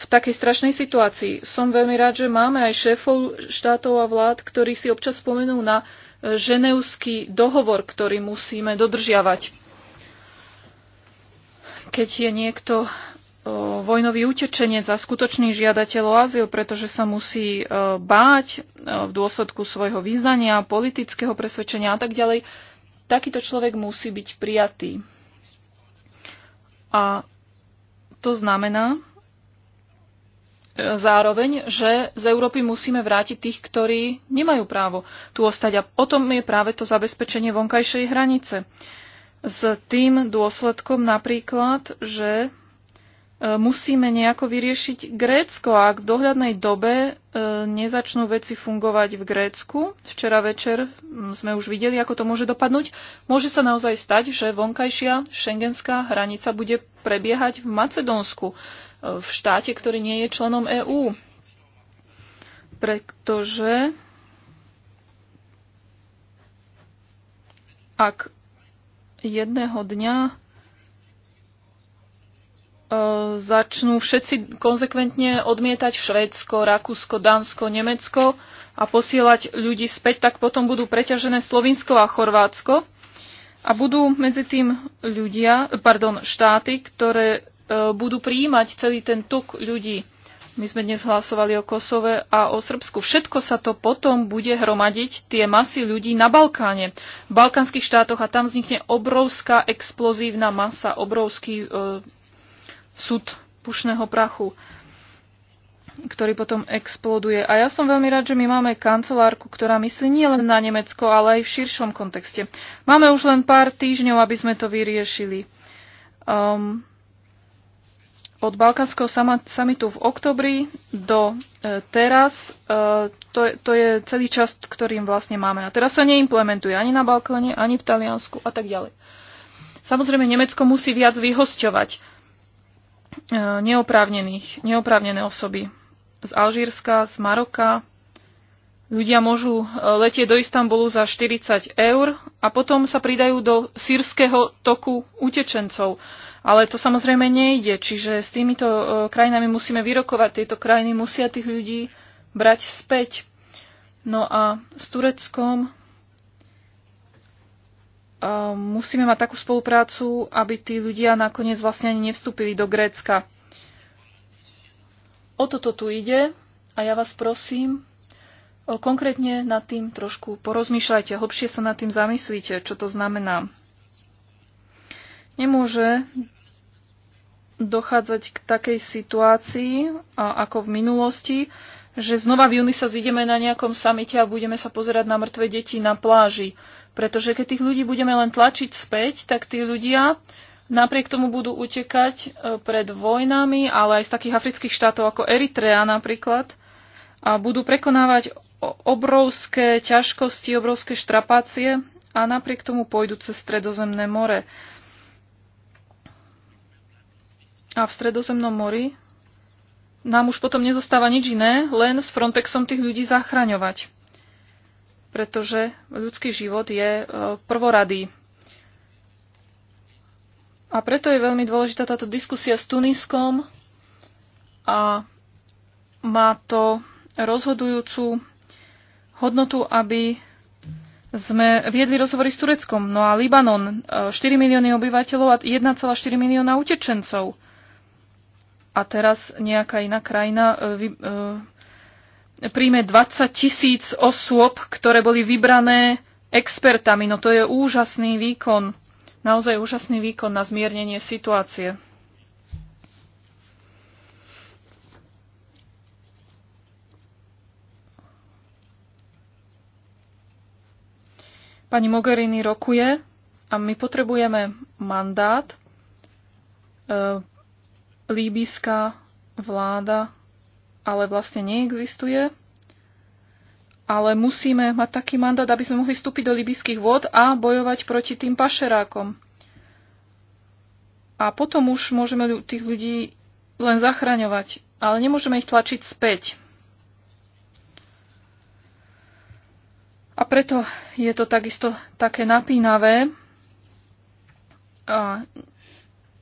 v takej strašnej situácii. Som veľmi rád, že máme aj šéfov štátov a vlád, ktorí si občas spomenú na e, ženevský dohovor, ktorý musíme dodržiavať. Keď je niekto e, vojnový utečenec a skutočný žiadateľ o azyl, pretože sa musí e, báť v dôsledku svojho význania, politického presvedčenia a tak ďalej, takýto človek musí byť prijatý. A to znamená, zároveň, že z Európy musíme vrátiť tých, ktorí nemajú právo tu ostať. A o tom je práve to zabezpečenie vonkajšej hranice. S tým dôsledkom napríklad, že e, musíme nejako vyriešiť Grécko. ak v dohľadnej dobe e, nezačnú veci fungovať v Grécku, včera večer sme už videli, ako to môže dopadnúť, môže sa naozaj stať, že vonkajšia šengenská hranica bude prebiehať v Macedónsku v štáte, ktorý nie je členom EÚ. Pretože ak jedného dňa e, začnú všetci konzekventne odmietať Švédsko, Rakúsko, Dánsko, Nemecko a posielať ľudí späť, tak potom budú preťažené Slovinsko a Chorvátsko a budú medzi tým ľudia, pardon, štáty, ktoré E, budú prijímať celý ten tok ľudí. My sme dnes hlasovali o Kosove a o Srbsku. Všetko sa to potom bude hromadiť, tie masy ľudí na Balkáne, v balkánskych štátoch a tam vznikne obrovská explozívna masa, obrovský e, súd pušného prachu, ktorý potom exploduje. A ja som veľmi rád, že my máme kancelárku, ktorá myslí nielen na Nemecko, ale aj v širšom kontexte. Máme už len pár týždňov, aby sme to vyriešili. Um, od Balkánskeho samitu v oktobri do e, teraz, e, to, je, to je celý čas, ktorým vlastne máme. A teraz sa neimplementuje ani na Balkáne, ani v Taliansku a tak ďalej. Samozrejme, Nemecko musí viac vyhosťovať e, neoprávnených, neoprávnené osoby z Alžírska, z Maroka. Ľudia môžu letieť do Istanbulu za 40 eur a potom sa pridajú do sírskeho toku utečencov. Ale to samozrejme nejde, čiže s týmito e, krajinami musíme vyrokovať. Tieto krajiny musia tých ľudí brať späť. No a s Tureckom e, musíme mať takú spoluprácu, aby tí ľudia nakoniec vlastne ani nevstúpili do Grécka. O toto tu ide a ja vás prosím, e, konkrétne nad tým trošku porozmýšľajte, hlbšie sa nad tým zamyslíte, čo to znamená. Nemôže dochádzať k takej situácii ako v minulosti, že znova v júni sa zídeme na nejakom samite a budeme sa pozerať na mŕtve deti na pláži. Pretože keď tých ľudí budeme len tlačiť späť, tak tí ľudia napriek tomu budú utekať e, pred vojnami, ale aj z takých afrických štátov ako Eritrea napríklad, a budú prekonávať obrovské ťažkosti, obrovské štrapácie a napriek tomu pôjdu cez Stredozemné more a v Stredozemnom mori, nám už potom nezostáva nič iné, len s Frontexom tých ľudí zachraňovať. Pretože ľudský život je e, prvoradý. A preto je veľmi dôležitá táto diskusia s Tuniskom a má to rozhodujúcu hodnotu, aby sme viedli rozhovory s Tureckom. No a Libanon, 4 e, milióny obyvateľov a 1,4 milióna utečencov – a teraz nejaká iná krajina e, vy, e, príjme 20 tisíc osôb, ktoré boli vybrané expertami. No to je úžasný výkon, naozaj úžasný výkon na zmiernenie situácie. Pani Mogherini rokuje a my potrebujeme mandát e, líbyská vláda ale vlastne neexistuje. Ale musíme mať taký mandát, aby sme mohli vstúpiť do libyských vôd a bojovať proti tým pašerákom. A potom už môžeme tých ľudí len zachraňovať, ale nemôžeme ich tlačiť späť. A preto je to takisto také napínavé. A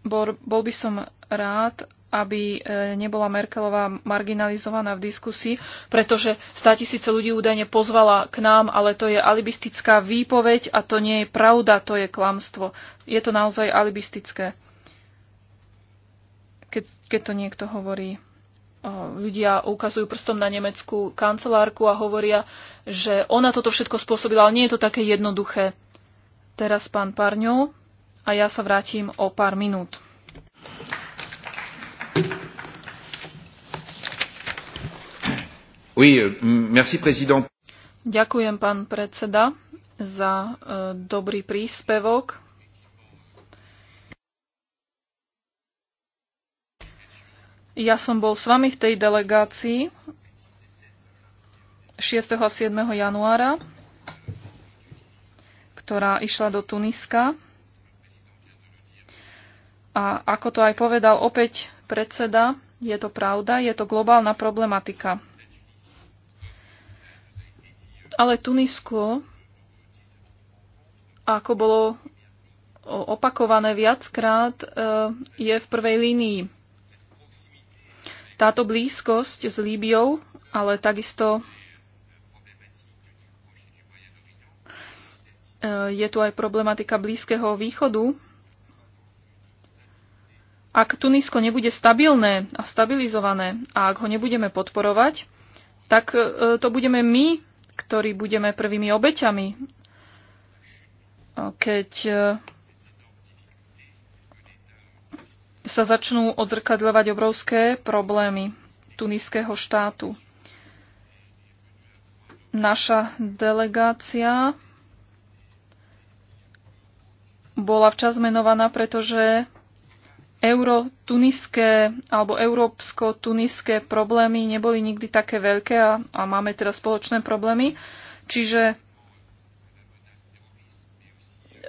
bol, bol by som rád, aby e, nebola Merkelová marginalizovaná v diskusii, pretože 100 tisíce ľudí údajne pozvala k nám, ale to je alibistická výpoveď a to nie je pravda, to je klamstvo. Je to naozaj alibistické, keď, keď to niekto hovorí. Ľudia ukazujú prstom na nemeckú kancelárku a hovoria, že ona toto všetko spôsobila, ale nie je to také jednoduché. Teraz pán Parňov a ja sa vrátim o pár minút. Oui, euh, merci, président. Ďakujem, pán predseda, za e, dobrý príspevok. Ja som bol s vami v tej delegácii 6. a 7. januára, ktorá išla do Tuniska. A ako to aj povedal opäť predseda, je to pravda, je to globálna problematika. Ale Tunisko, ako bolo opakované viackrát, e, je v prvej línii. Táto blízkosť s Líbiou, ale takisto e, je tu aj problematika Blízkeho východu, ak Tunisko nebude stabilné a stabilizované a ak ho nebudeme podporovať, tak e, to budeme my, ktorí budeme prvými obeťami. E, keď e, sa začnú odzrkadľovať obrovské problémy tuniského štátu. Naša delegácia bola včas menovaná, pretože eurotuniské alebo európsko-tuniské problémy neboli nikdy také veľké a, a máme teraz spoločné problémy. Čiže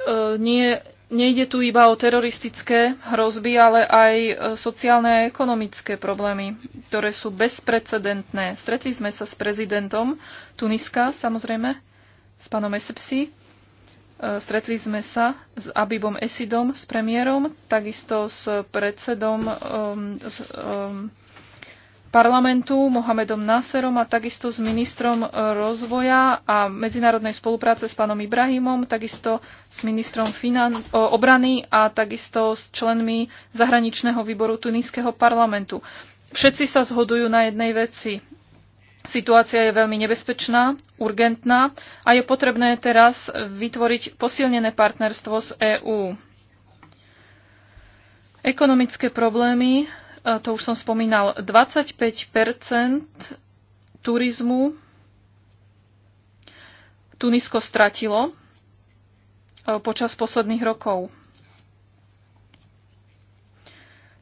e, nie, nejde tu iba o teroristické hrozby, ale aj e, sociálne a ekonomické problémy, ktoré sú bezprecedentné. Stretli sme sa s prezidentom Tuniska, samozrejme, s pánom Esepsi E, stretli sme sa s Abibom Esidom, s premiérom, takisto s predsedom um, z, um, parlamentu Mohamedom Naserom a takisto s ministrom e, rozvoja a medzinárodnej spolupráce s pánom Ibrahimom, takisto s ministrom finan- obrany a takisto s členmi zahraničného výboru tunískeho parlamentu. Všetci sa zhodujú na jednej veci Situácia je veľmi nebezpečná, urgentná a je potrebné teraz vytvoriť posilnené partnerstvo s EÚ. Ekonomické problémy, to už som spomínal, 25 turizmu Tunisko stratilo e, počas posledných rokov.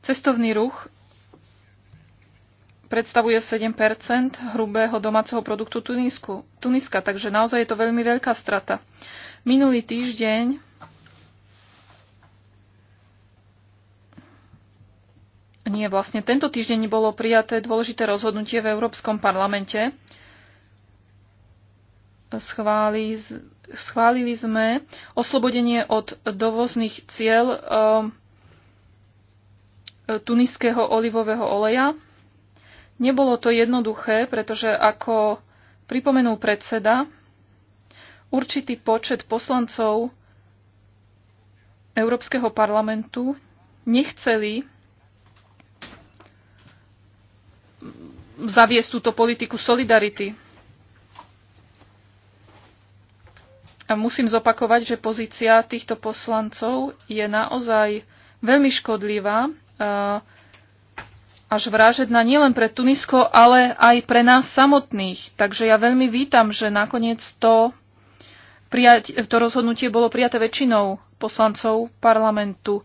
Cestovný ruch predstavuje 7 hrubého domáceho produktu Tunisku, Tuniska, takže naozaj je to veľmi veľká strata. Minulý týždeň Nie, vlastne tento týždeň bolo prijaté dôležité rozhodnutie v Európskom parlamente. Schváli, schválili sme oslobodenie od dovozných cieľ e, tuniského olivového oleja Nebolo to jednoduché, pretože ako pripomenul predseda, určitý počet poslancov Európskeho parlamentu nechceli zaviesť túto politiku solidarity. A musím zopakovať, že pozícia týchto poslancov je naozaj veľmi škodlivá. Uh, až vražedná nielen pre Tunisko, ale aj pre nás samotných. Takže ja veľmi vítam, že nakoniec to, prijať, to rozhodnutie bolo prijaté väčšinou poslancov parlamentu.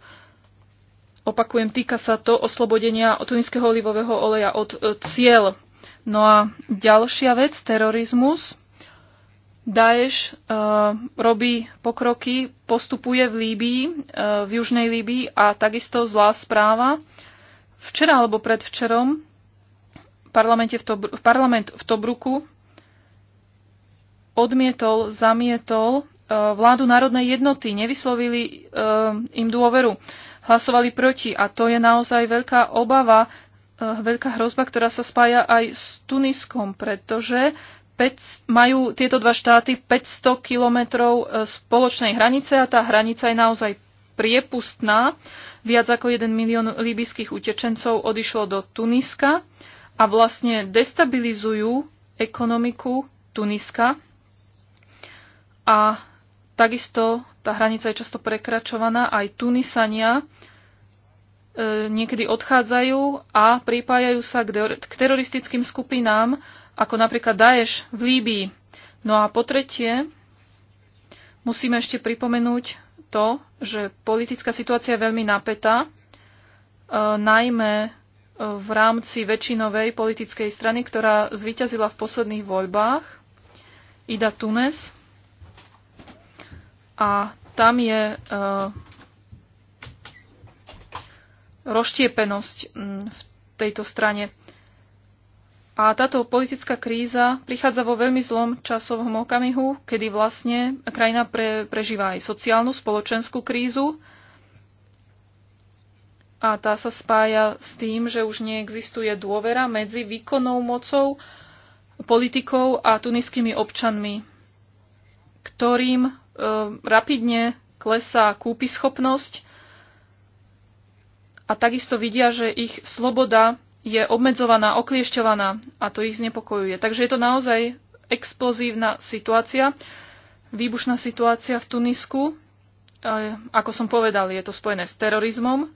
Opakujem, týka sa to oslobodenia tuniského olivového oleja od e, cieľ. No a ďalšia vec, terorizmus. Daesh uh, robí pokroky, postupuje v Líbii, uh, v južnej Líbii a takisto zlá správa. Uh, Včera alebo predvčerom parlamente v parlament v Tobruku odmietol, zamietol e, vládu národnej jednoty, nevyslovili e, im dôveru, hlasovali proti a to je naozaj veľká obava, e, veľká hrozba, ktorá sa spája aj s Tuniskom, pretože majú tieto dva štáty 500 kilometrov spoločnej hranice a tá hranica je naozaj priepustná. Viac ako 1 milión líbyských utečencov odišlo do Tuniska a vlastne destabilizujú ekonomiku Tuniska. A takisto tá hranica je často prekračovaná. Aj Tunisania e, niekedy odchádzajú a pripájajú sa k teroristickým skupinám, ako napríklad Daesh v Líbii. No a po tretie, musíme ešte pripomenúť to, že politická situácia je veľmi napätá, e, najmä e, v rámci väčšinovej politickej strany, ktorá zvíťazila v posledných voľbách, Ida Tunes. A tam je e, roštiepenosť v tejto strane. A táto politická kríza prichádza vo veľmi zlom časovom okamihu, kedy vlastne krajina pre, prežíva aj sociálnu, spoločenskú krízu. A tá sa spája s tým, že už neexistuje dôvera medzi výkonnou mocou, politikou a tuniskými občanmi, ktorým e, rapidne klesá kúpyschopnosť a takisto vidia, že ich sloboda je obmedzovaná, okliešťovaná a to ich znepokojuje. Takže je to naozaj explozívna situácia, výbušná situácia v Tunisku. E, ako som povedal, je to spojené s terorizmom,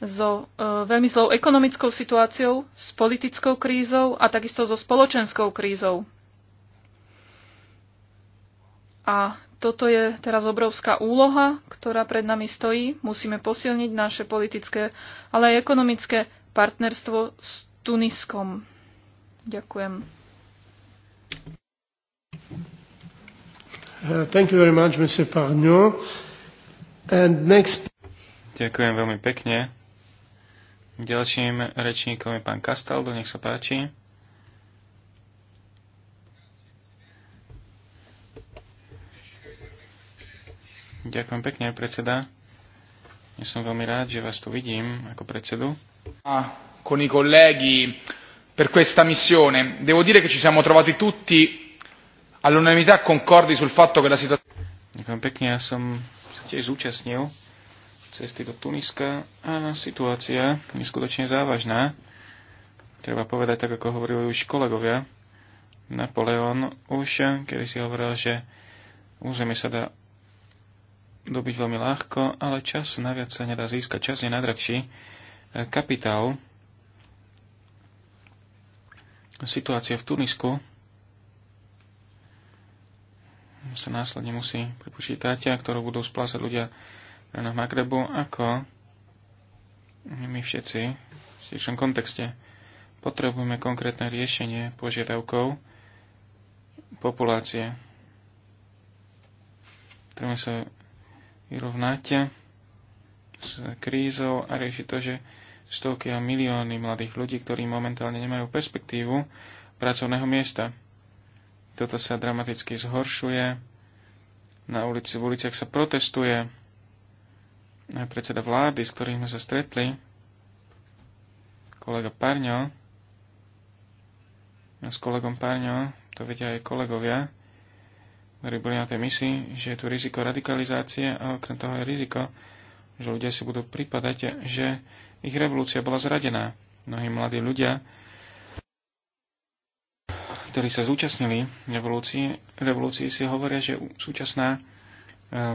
so e, veľmi zlou ekonomickou situáciou, s politickou krízou a takisto so spoločenskou krízou. A toto je teraz obrovská úloha, ktorá pred nami stojí. Musíme posilniť naše politické, ale aj ekonomické partnerstvo s Tuniskom. Ďakujem. Uh, thank you very much, Mr. And next... Ďakujem veľmi pekne. Ďalším rečníkom je pán Kastaldo, nech sa páči. Ďakujem pekne, predseda. Ja som veľmi rád, že vás tu vidím ako predsedu. Ah, con i colleghi per questa missione. Devo dire che ci siamo trovati tutti all'unanimità concordi sul fatto che la situazione... tiež zúčastnil cesty do Tuniska a situácia je skutočne závažná. Treba povedať tak, ako hovorili už kolegovia. Napoleon už, kedy si hovoril, že územie sa dá dobiť veľmi ľahko, ale čas naviac sa nedá získať. Čas je najdrahší kapitál. Situácia v Tunisku sa následne musí pripočítať, a ktorú budú splácať ľudia na Magrebu, ako my všetci v širšom kontexte. Potrebujeme konkrétne riešenie požiadavkov populácie. Treba sa vyrovnať s krízou a riešiť to, že stovky a milióny mladých ľudí, ktorí momentálne nemajú perspektívu pracovného miesta. Toto sa dramaticky zhoršuje, na ulici, v uliciach sa protestuje, aj predseda vlády, s ktorým sme sa stretli, kolega Parňo, s kolegom Parňo, to vedia aj kolegovia, ktorí boli na tej misii, že je tu riziko radikalizácie a okrem toho je riziko, že ľudia si budú pripadať, že ich revolúcia bola zradená. Mnohí mladí ľudia, ktorí sa zúčastnili revolúcii, revolúcii si hovoria, že súčasná e,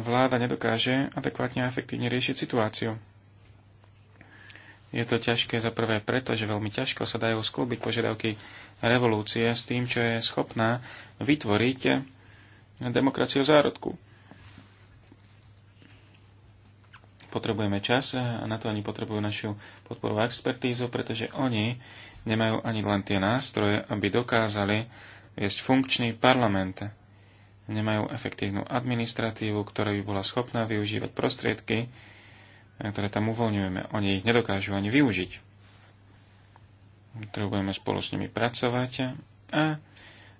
vláda nedokáže adekvátne a efektívne riešiť situáciu. Je to ťažké za prvé preto, že veľmi ťažko sa dajú sklúbiť požiadavky revolúcie s tým, čo je schopná vytvoriť demokraciu zárodku. potrebujeme čas a na to ani potrebujú našu podporu a expertízu, pretože oni nemajú ani len tie nástroje, aby dokázali viesť funkčný parlament. Nemajú efektívnu administratívu, ktorá by bola schopná využívať prostriedky, ktoré tam uvoľňujeme. Oni ich nedokážu ani využiť. Potrebujeme spolu s nimi pracovať a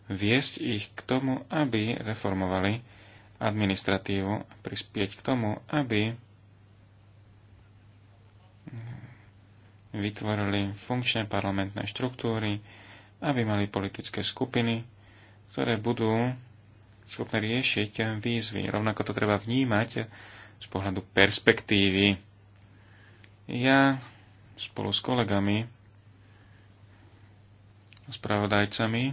viesť ich k tomu, aby reformovali administratívu a prispieť k tomu, aby vytvorili funkčné parlamentné štruktúry, aby mali politické skupiny, ktoré budú schopné riešiť výzvy. Rovnako to treba vnímať z pohľadu perspektívy. Ja spolu s kolegami, spravodajcami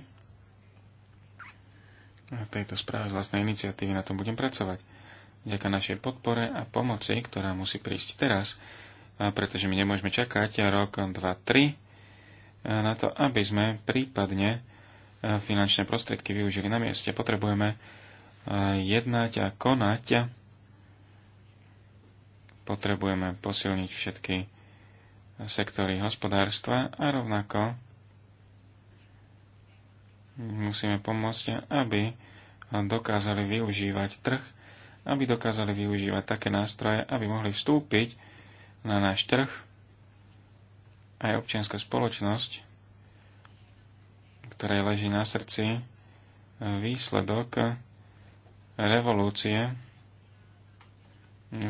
na tejto správe z vlastnej iniciatívy na tom budem pracovať. Vďaka našej podpore a pomoci, ktorá musí prísť teraz, pretože my nemôžeme čakať rok, dva, tri e, na to, aby sme prípadne e, finančné prostriedky využili na mieste. Potrebujeme e, jednať a konať. Potrebujeme posilniť všetky sektory hospodárstva a rovnako musíme pomôcť, aby dokázali využívať trh, aby dokázali využívať také nástroje, aby mohli vstúpiť na náš trh, aj občianská spoločnosť, ktorej leží na srdci výsledok revolúcie,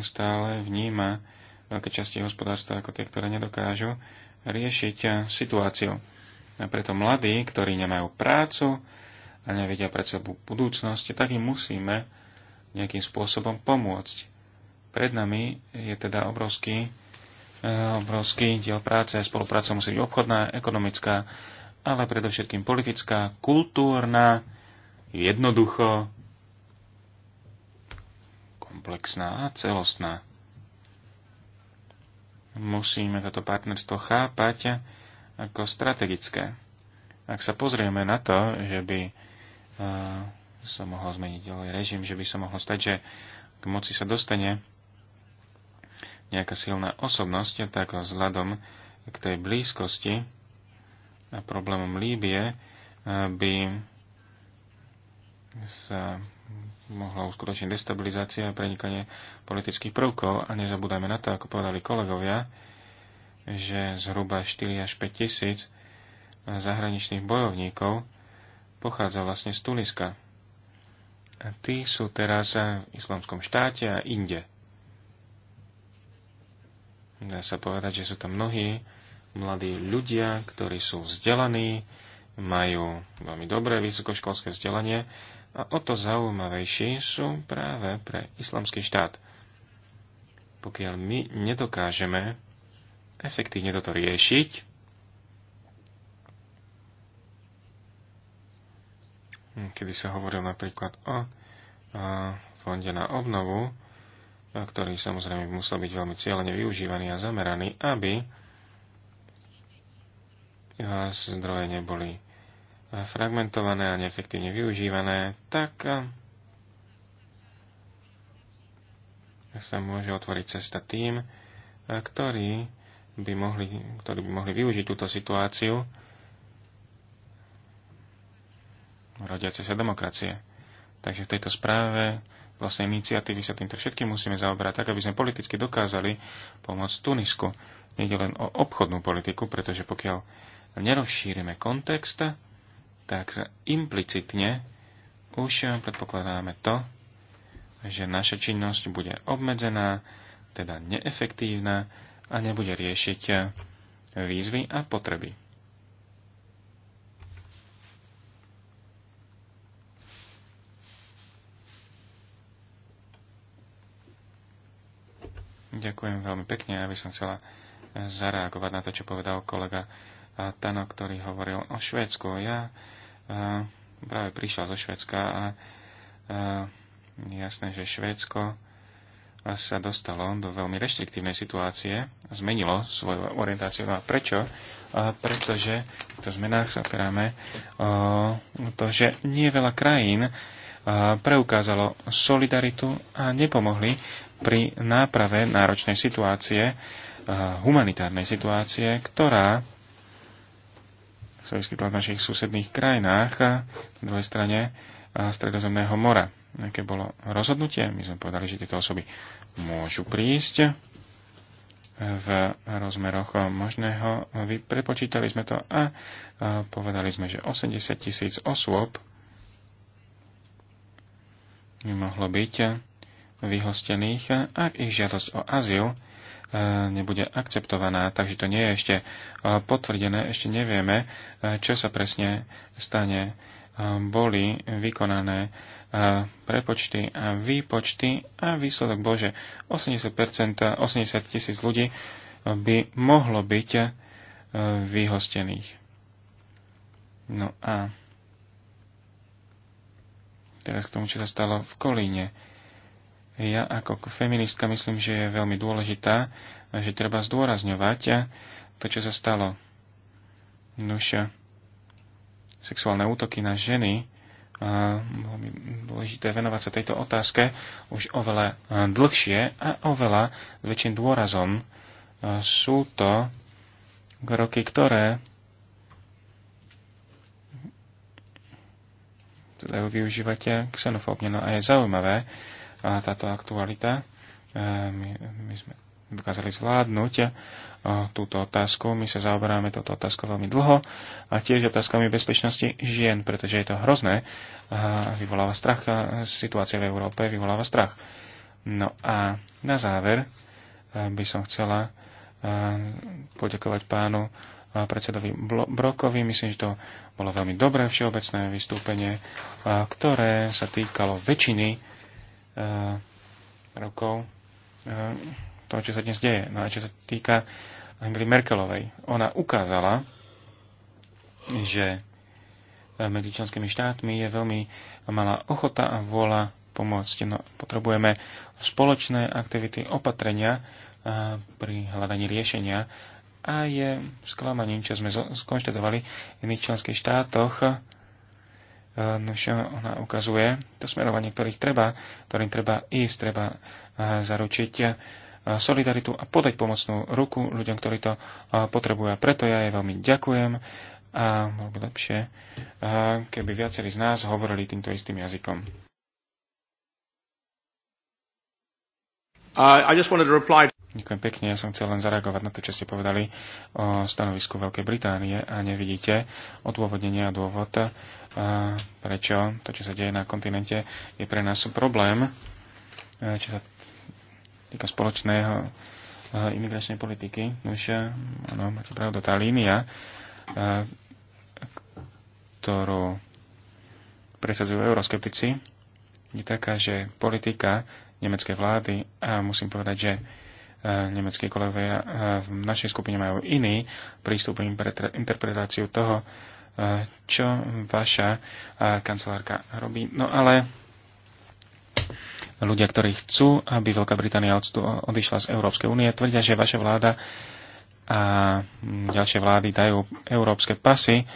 stále vníma veľké časti hospodárstva ako tie, ktoré nedokážu riešiť situáciu. A preto mladí, ktorí nemajú prácu a nevedia pred sebou budúcnosť, tak im musíme nejakým spôsobom pomôcť. Pred nami je teda obrovský E, obrovský diel práce. Spolupráca musí byť obchodná, ekonomická, ale predovšetkým politická, kultúrna, jednoducho, komplexná a celostná. Musíme toto partnerstvo chápať ako strategické. Ak sa pozrieme na to, že by e, sa mohol zmeniť ďalej režim, že by sa mohlo stať, že k moci sa dostane nejaká silná osobnosť, tak vzhľadom k tej blízkosti a problémom Líbie eh, by sa mohla uskutočniť destabilizácia a prenikanie politických prvkov a nezabúdajme na to, ako povedali kolegovia, že zhruba 4 až 5 tisíc eh, zahraničných bojovníkov pochádza vlastne z Tuniska. A tí sú teraz eh, v islamskom štáte a inde. Dá sa povedať, že sú tam mnohí mladí ľudia, ktorí sú vzdelaní, majú veľmi dobré vysokoškolské vzdelanie a o to zaujímavejší sú práve pre islamský štát. Pokiaľ my nedokážeme efektívne toto riešiť, kedy sa hovoril napríklad o fonde na obnovu, ktorý samozrejme musel byť veľmi cieľne využívaný a zameraný, aby zdroje neboli fragmentované a neefektívne využívané, tak sa môže otvoriť cesta tým, ktorí by mohli, ktorí by mohli využiť túto situáciu rodiace sa demokracie. Takže v tejto správe vlastne iniciatívy sa týmto všetkým musíme zaoberať tak, aby sme politicky dokázali pomôcť Tunisku. Nejde len o obchodnú politiku, pretože pokiaľ nerozšírime kontext, tak implicitne už predpokladáme to, že naša činnosť bude obmedzená, teda neefektívna a nebude riešiť výzvy a potreby. Ďakujem veľmi pekne. Ja by som chcela eh, zareagovať na to, čo povedal kolega eh, Tano, ktorý hovoril o Švédsku. Ja eh, práve prišla zo Švédska a, a jasné, že Švédsko sa dostalo do veľmi reštriktívnej situácie, zmenilo svoju orientáciu. No a prečo? A pretože v týchto zmenách sa operáme o to, že nie je veľa krajín, preukázalo solidaritu a nepomohli pri náprave náročnej situácie, humanitárnej situácie, ktorá sa vyskytla v našich susedných krajinách a na druhej strane Stredozemného mora. Aké bolo rozhodnutie? My sme povedali, že tieto osoby môžu prísť v rozmeroch možného. Prepočítali sme to a povedali sme, že 80 tisíc osôb mohlo byť eh, vyhostených, eh, ak ich žiadosť o azyl eh, nebude akceptovaná, takže to nie je ešte potvrdené, ešte nevieme, čo sa presne stane. Boli vykonané prepočty a výpočty a výsledok bože 80%, 80 tisíc ľudí by mohlo byť vyhostených. No a teraz k tomu, čo sa stalo v Kolíne. Ja ako feministka myslím, že je veľmi dôležitá, že treba zdôrazňovať eh, to, čo sa stalo. Nuša, eh, sexuálne útoky na ženy, a eh, bolo mi dôležité venovať sa tejto otázke už oveľa dlhšie a oveľa väčším dôrazom. Sú to kroky, ktoré dajú využívať xenofóbne. No a je zaujímavé a táto aktualita. E, my, my sme dokázali zvládnuť e, túto otázku. My sa zaoberáme touto otázkou veľmi dlho a tiež otázkami bezpečnosti žien, pretože je to hrozné. A vyvoláva strach, situácia v Európe vyvoláva strach. No a na záver e, by som chcela poďakovať pánu predsedovi Brokovi. Myslím, že to bolo veľmi dobré všeobecné vystúpenie, ktoré sa týkalo väčšiny e, rokov e, toho, čo sa dnes deje. No a čo sa týka Angely Merkelovej, ona ukázala, že e, medzi členskými štátmi je veľmi malá ochota a vôľa pomôcť. No, potrebujeme spoločné aktivity, opatrenia pri hľadaní riešenia a je sklamaním, čo sme skonštatovali v iných členských štátoch. čo e, no ona ukazuje to smerovanie, ktorých treba, ktorým treba ísť, treba e, zaručiť e, solidaritu a podať pomocnú ruku ľuďom, ktorí to potrebujú. A preto ja jej veľmi ďakujem a bolo by lepšie, keby viacerí z nás hovorili týmto istým jazykom. Uh, I just wanted to reply Ďakujem pekne, ja som chcel len zareagovať na to, čo ste povedali o stanovisku Veľkej Británie a nevidíte odôvodnenie a dôvod, prečo to, čo sa deje na kontinente, je pre nás problém, čo sa týka spoločného imigračnej politiky. Už, áno, máte pravdu, tá línia, ktorú presadzujú euroskeptici, je taká, že politika nemeckej vlády, a musím povedať, že E, nemeckí kolegovia e, v našej skupine majú iný prístup interpretáciu toho, e, čo vaša kancelárka robí. No ale ľudia, ktorí chcú, aby Veľká Británia odišla z Európskej únie, tvrdia, že vaša vláda a ďalšie vlády dajú európske pasy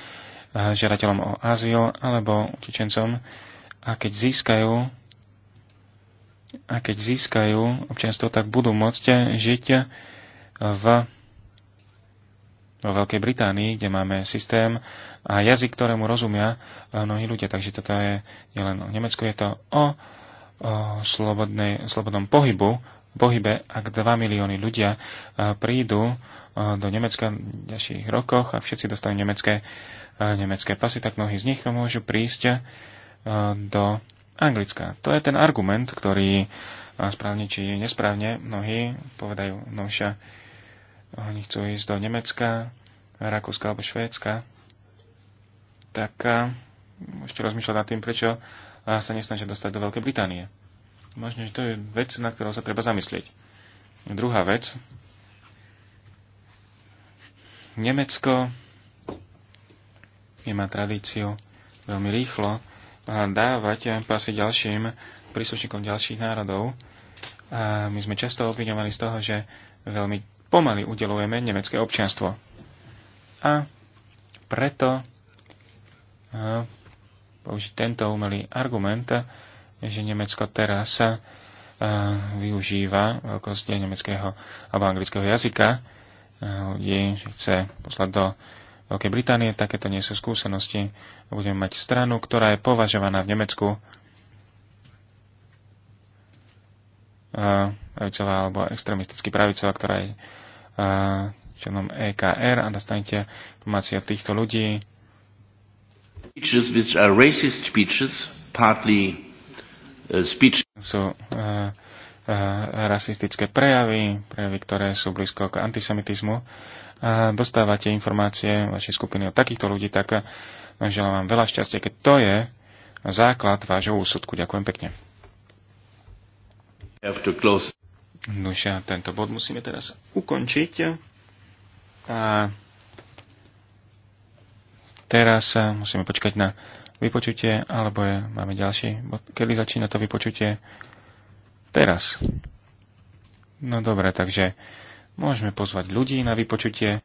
žiadateľom o azyl alebo utečencom a keď získajú a keď získajú občianstvo, tak budú môcť žiť v, vo Veľkej Británii, kde máme systém a jazyk, ktorému rozumia mnohí ľudia. Takže toto je, je len o Nemecku, je to o, o slobodnej, slobodnom pohybu, pohybe, ak 2 milióny ľudia e, prídu e, do Nemecka v ďalších rokoch a všetci dostanú nemecké, e, nemecké pasy, tak mnohí z nich môžu prísť do anglická. To je ten argument, ktorý správne či nesprávne mnohí povedajú, novšia. oni chcú ísť do Nemecka, Rakúska alebo Švédska, tak ešte rozmýšľať nad tým, prečo sa nesnažia dostať do Veľkej Británie. Možno, že to je vec, na ktorou sa treba zamyslieť. Druhá vec. Nemecko nemá tradíciu veľmi rýchlo dávať pasy ďalším príslušníkom ďalších národov. A my sme často obviňovali z toho, že veľmi pomaly udelujeme nemecké občianstvo. A preto použiť tento umelý argument, že Nemecko teraz sa využíva veľkosti nemeckého alebo anglického jazyka ľudí, že chce poslať do Veľkej Británie takéto nie sú skúsenosti. Budeme mať stranu, ktorá je považovaná v Nemecku pravicová uh, alebo extrémisticky pravicová, ktorá je uh, členom EKR a dostanete informácie od týchto ľudí. which are racist speeches, partly uh, speech. Sú uh, uh, rasistické prejavy, prejavy, ktoré sú blízko k antisemitizmu dostávate informácie vašej skupiny od takýchto ľudí, tak eh, želám vám veľa šťastia, keď to je základ vášho úsudku. Ďakujem pekne. Nuž, tento bod musíme teraz ukončiť. A teraz eh, musíme počkať na vypočutie, alebo je, máme ďalší bod. Kedy začína to vypočutie? Teraz. No dobre, takže Môžeme pozvať ľudí na vypočutie.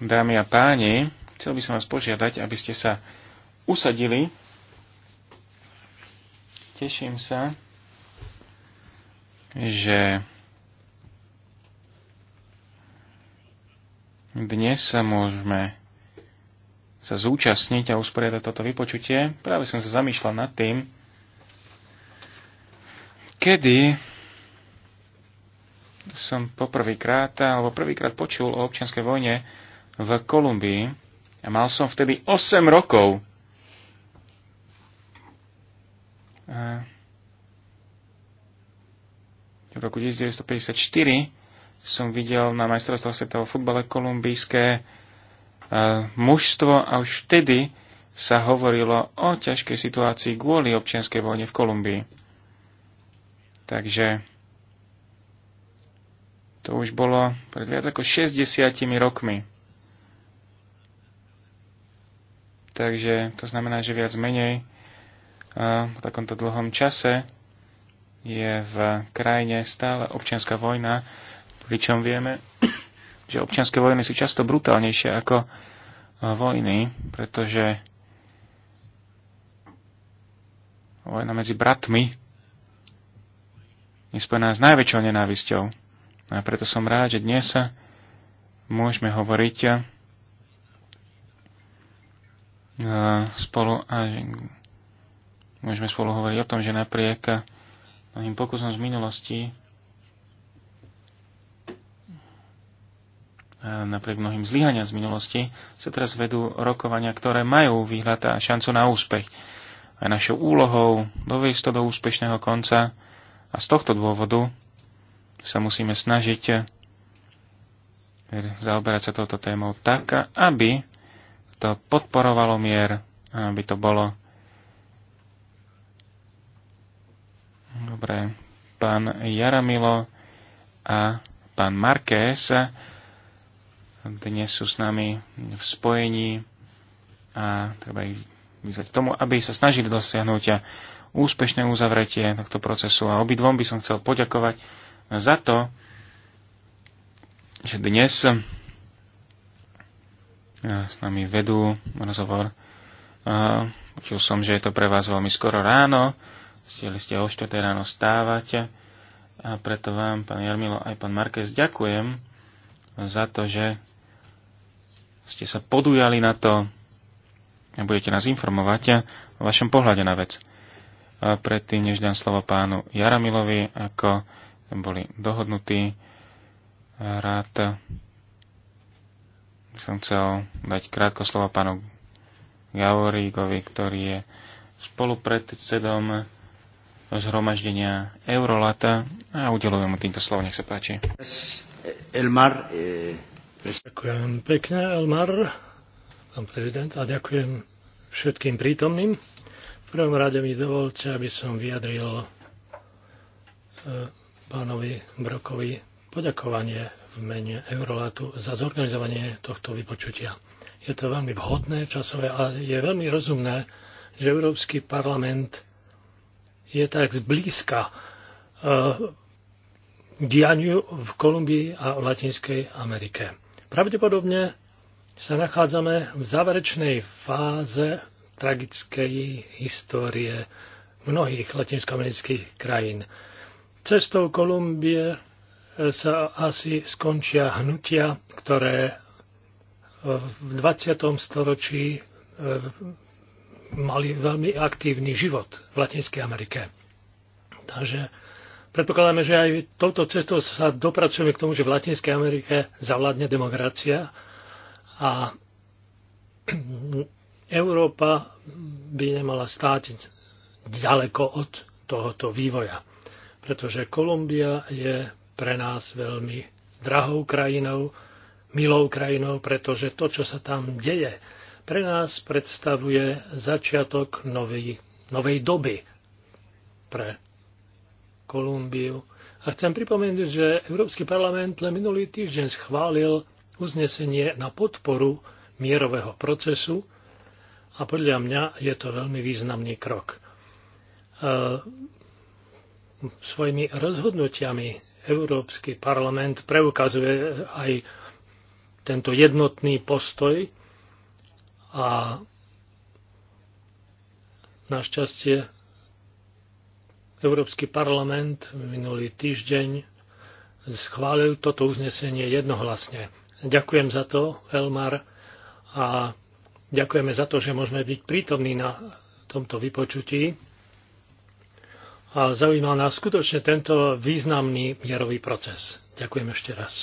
Dámy a páni, chcel by som vás požiadať, aby ste sa usadili. Teším sa, že dnes sa môžeme sa zúčastniť a usporiadať toto vypočutie. Práve som sa zamýšľal nad tým, kedy som poprvýkrát, alebo prvýkrát počul o občianskej vojne v Kolumbii a mal som vtedy 8 rokov. V roku 1954 som videl na majstrovstvách sveta o futbale kolumbijské e, mužstvo a už vtedy sa hovorilo o ťažkej situácii kvôli občianskej vojne v Kolumbii. Takže to už bolo pred viac ako 60 rokmi. Takže to znamená, že viac menej v takomto dlhom čase je v krajine stále občianská vojna, pričom vieme, že občianské vojny sú často brutálnejšie ako vojny, pretože vojna medzi bratmi je spojená s najväčšou nenávisťou. A preto som rád, že dnes môžeme hovoriť spolu a môžeme spolu hovoriť o tom, že napriek mnohým pokusom z minulosti napriek mnohým zlyhaniam z minulosti, sa teraz vedú rokovania, ktoré majú výhľad a šancu na úspech. A našou úlohou doviesť to do úspešného konca a z tohto dôvodu sa musíme snažiť zaoberať sa touto témou tak, aby to podporovalo mier, aby to bolo dobre. Pán Jaramilo a pán Markés dnes sú s nami v spojení a treba ich vyzvať k tomu, aby sa snažili dosiahnuť úspešné uzavretie tohto procesu a obidvom by som chcel poďakovať za to, že dnes s nami vedú rozhovor. Počul som, že je to pre vás veľmi skoro ráno, chceli ste o 4 ráno stávať a preto vám, pán Jarmilo, aj pán Markez, ďakujem za to, že ste sa podujali na to a budete nás informovať o vašom pohľade na vec. A predtým, než dám slovo pánu Jaramilovi, ako boli dohodnutí, rád som chcel dať krátko slovo pánu Gavoríkovi, ktorý je spolupredsedom zhromaždenia Eurolata a udelujem mu týmto slovom, nech sa páči. Elmar, e... Eh, ďakujem pekne, Elmar, pán prezident, a ďakujem všetkým prítomným. V prvom rade mi dovolte, aby som vyjadril eh, pánovi Brokovi poďakovanie v mene Eurolatu za zorganizovanie tohto vypočutia. Je to veľmi vhodné časové a je veľmi rozumné, že Európsky parlament je tak zblízka e, dianiu v Kolumbii a v Latinskej Amerike. Pravdepodobne sa nachádzame v záverečnej fáze tragickej histórie mnohých latinskoamerických krajín. Cestou Kolumbie sa asi skončia hnutia, ktoré v 20. storočí e, mali veľmi aktívny život v Latinskej Amerike. Takže predpokladáme, že aj touto cestou sa dopracujeme k tomu, že v Latinskej Amerike zavládne demokracia a Európa by nemala stáť ďaleko od tohoto vývoja, pretože Kolumbia je pre nás veľmi drahou krajinou, milou krajinou, pretože to, čo sa tam deje, pre nás predstavuje začiatok novej, novej doby pre Kolumbiu. A chcem pripomenúť, že Európsky parlament len minulý týždeň schválil uznesenie na podporu mierového procesu a podľa mňa je to veľmi významný krok. E, svojimi rozhodnutiami Európsky parlament preukazuje aj tento jednotný postoj a našťastie Európsky parlament minulý týždeň schválil toto uznesenie jednohlasne. Ďakujem za to, Elmar, a ďakujeme za to, že môžeme byť prítomní na tomto vypočutí a zaujímal nás skutočne tento významný mierový proces. Ďakujem ešte raz.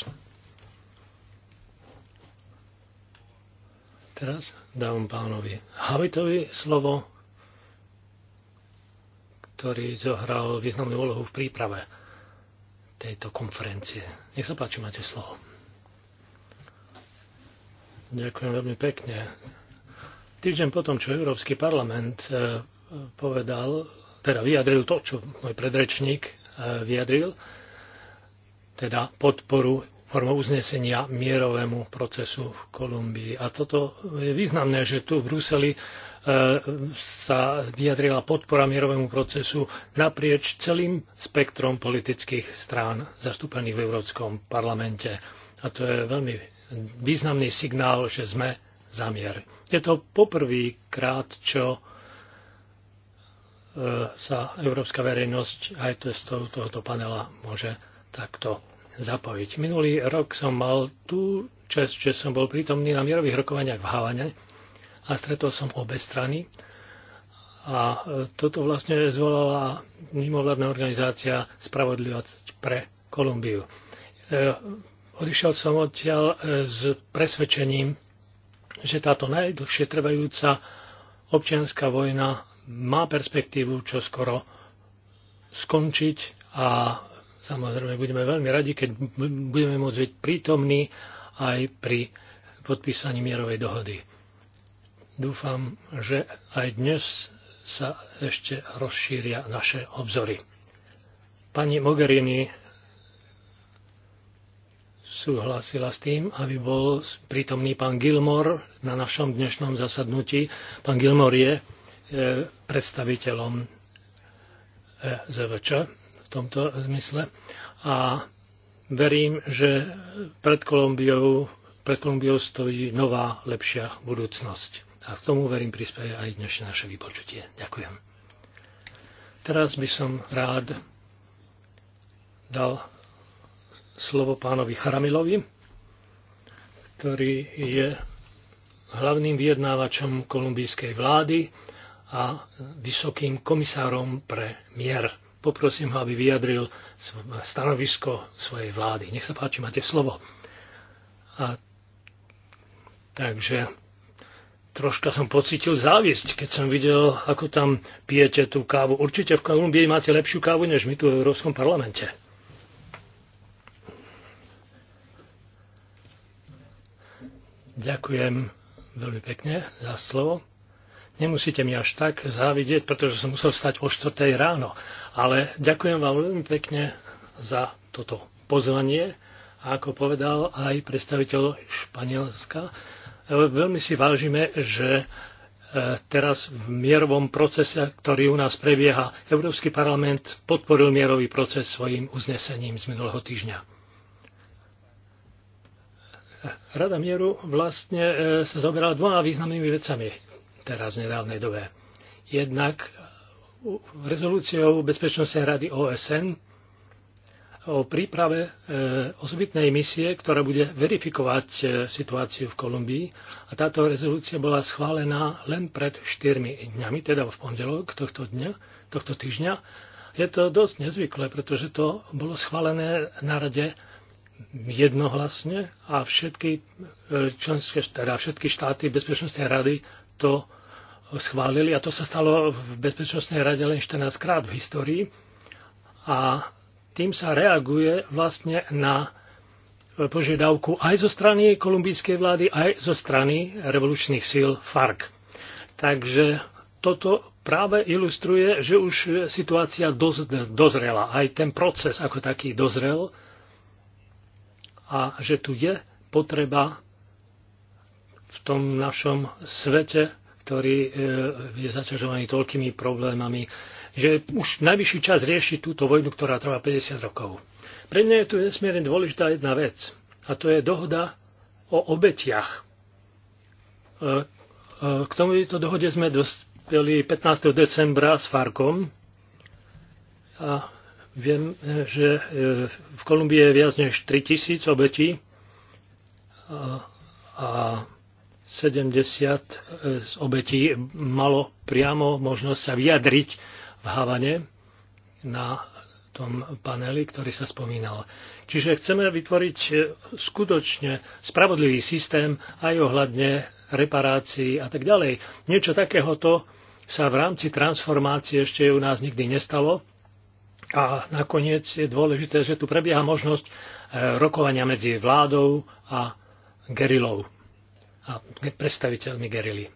Teraz dávam pánovi Havitovi slovo, ktorý zohral významnú úlohu v príprave tejto konferencie. Nech sa páči, máte slovo. Ďakujem veľmi pekne. Týždeň potom, čo Európsky parlament eh, povedal teda vyjadril to, čo môj predrečník e, vyjadril, teda podporu formou uznesenia mierovému procesu v Kolumbii. A toto je významné, že tu v Bruseli e, sa vyjadrila podpora mierovému procesu naprieč celým spektrom politických strán zastúpených v Európskom parlamente. A to je veľmi významný signál, že sme za mier. Je to poprvý krát čo E, sa európska verejnosť aj to z tohoto panela môže takto zapojiť. Minulý rok som mal tú čest, že som bol prítomný na mierových rokovaniach v Havane a stretol som obe strany. A e, toto vlastne zvolala mimovládna organizácia Spravodlivosť pre Kolumbiu. E, odišiel som odtiaľ s presvedčením, že táto najdlhšie trvajúca občianská vojna má perspektívu čo skoro skončiť a samozrejme budeme veľmi radi, keď budeme môcť byť prítomní aj pri podpísaní mierovej dohody. Dúfam, že aj dnes sa ešte rozšíria naše obzory. Pani Mogherini súhlasila s tým, aby bol prítomný pán Gilmor na našom dnešnom zasadnutí. Pán Gilmor je E, predstaviteľom e, ZVČ v tomto zmysle. A verím, že pred Kolumbiou, pred Kolumbiou stojí nová, lepšia budúcnosť. A k tomu, verím, prispieje aj dnešné naše vypočutie. Ďakujem. Teraz by som rád dal slovo pánovi Charamilovi, ktorý je hlavným vyjednávačom kolumbijskej vlády a vysokým komisárom pre mier. Poprosím ho, aby vyjadril stanovisko svojej vlády. Nech sa páči, máte slovo. A, takže troška som pocitil závisť, keď som videl, ako tam pijete tú kávu. Určite v Kolumbii máte lepšiu kávu, než my tu v Európskom parlamente. Ďakujem veľmi pekne za slovo. Nemusíte mi až tak závidieť, pretože som musel vstať o 4. ráno. Ale ďakujem vám veľmi pekne za toto pozvanie. A ako povedal aj predstaviteľ Španielska, e, veľmi si vážime, že e, teraz v mierovom procese, ktorý u nás prebieha, Európsky parlament podporil mierový proces svojim uznesením z minulého týždňa. Rada mieru vlastne e, sa zaoberala dvoma významnými vecami teraz v nedávnej dobe. Jednak rezolúciou Bezpečnostnej rady OSN o príprave e, osobitnej misie, ktorá bude verifikovať e, situáciu v Kolumbii. A táto rezolúcia bola schválená len pred 4 dňami, teda v pondelok tohto, dňa, tohto týždňa. Je to dosť nezvyklé, pretože to bolo schválené na rade jednohlasne a všetky, e, členské, teda všetky štáty Bezpečnostnej rady to schválili a to sa stalo v Bezpečnostnej rade len 14 krát v histórii a tým sa reaguje vlastne na požiadavku aj zo strany kolumbijskej vlády, aj zo strany revolučných síl FARC. Takže toto práve ilustruje, že už situácia dozrela, aj ten proces ako taký dozrel a že tu je potreba v tom našom svete ktorý e, je zaťažovaný toľkými problémami, že už najvyšší čas rieši túto vojnu, ktorá trvá 50 rokov. Pre mňa je tu nesmierne dôležitá jedna vec, a to je dohoda o obetiach. E, e, k tomuto dohode sme dospeli 15. decembra s Farkom a viem, že v Kolumbii je viac než 3000 obetí a, a 70 e, z obetí malo priamo možnosť sa vyjadriť v Havane na tom paneli, ktorý sa spomínal. Čiže chceme vytvoriť e, skutočne spravodlivý systém aj ohľadne reparácií a tak ďalej. Niečo takéhoto sa v rámci transformácie ešte u nás nikdy nestalo. A nakoniec je dôležité, že tu prebieha možnosť e, rokovania medzi vládou a gerilou a predstaviteľmi gerily.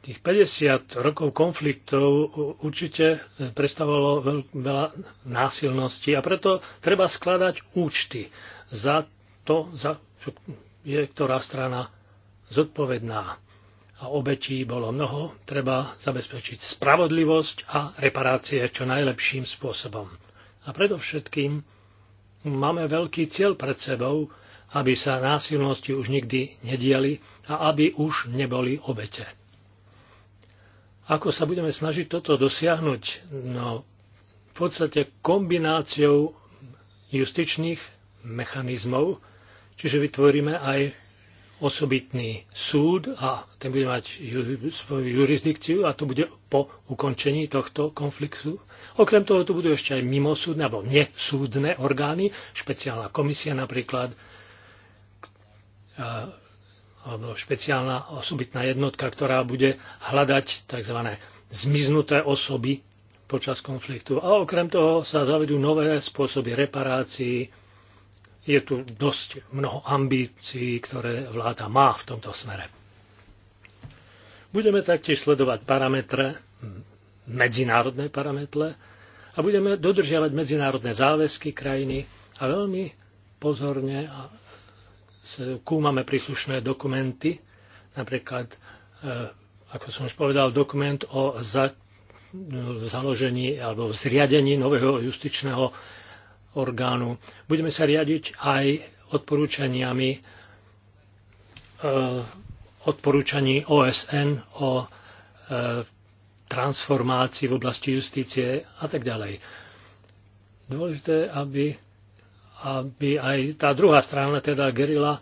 Tých 50 rokov konfliktov určite eh, predstavovalo veľa násilnosti a preto treba skladať účty za to, za čo je ktorá strana zodpovedná. A obetí bolo mnoho, treba zabezpečiť spravodlivosť a reparácie čo najlepším spôsobom. A predovšetkým máme veľký cieľ pred sebou, aby sa násilnosti už nikdy nediali a aby už neboli obete. Ako sa budeme snažiť toto dosiahnuť? No, v podstate kombináciou justičných mechanizmov, čiže vytvoríme aj osobitný súd a ten bude mať svoju jurisdikciu a to bude po ukončení tohto konfliktu. Okrem toho tu budú ešte aj mimosúdne alebo nesúdne orgány, špeciálna komisia napríklad alebo špeciálna osobitná jednotka, ktorá bude hľadať tzv. zmiznuté osoby počas konfliktu. A okrem toho sa zavedú nové spôsoby reparácií. Je tu dosť mnoho ambícií, ktoré vláda má v tomto smere. Budeme taktiež sledovať parametre, medzinárodné parametre a budeme dodržiavať medzinárodné záväzky krajiny a veľmi pozorne skúmame príslušné dokumenty, napríklad, e, ako som už povedal, dokument o za, založení alebo zriadení nového justičného orgánu. Budeme sa riadiť aj odporúčaniami e, odporúčaní OSN o e, transformácii v oblasti justície a tak ďalej. Dôležité, aby aby aj tá druhá strana, teda gerila,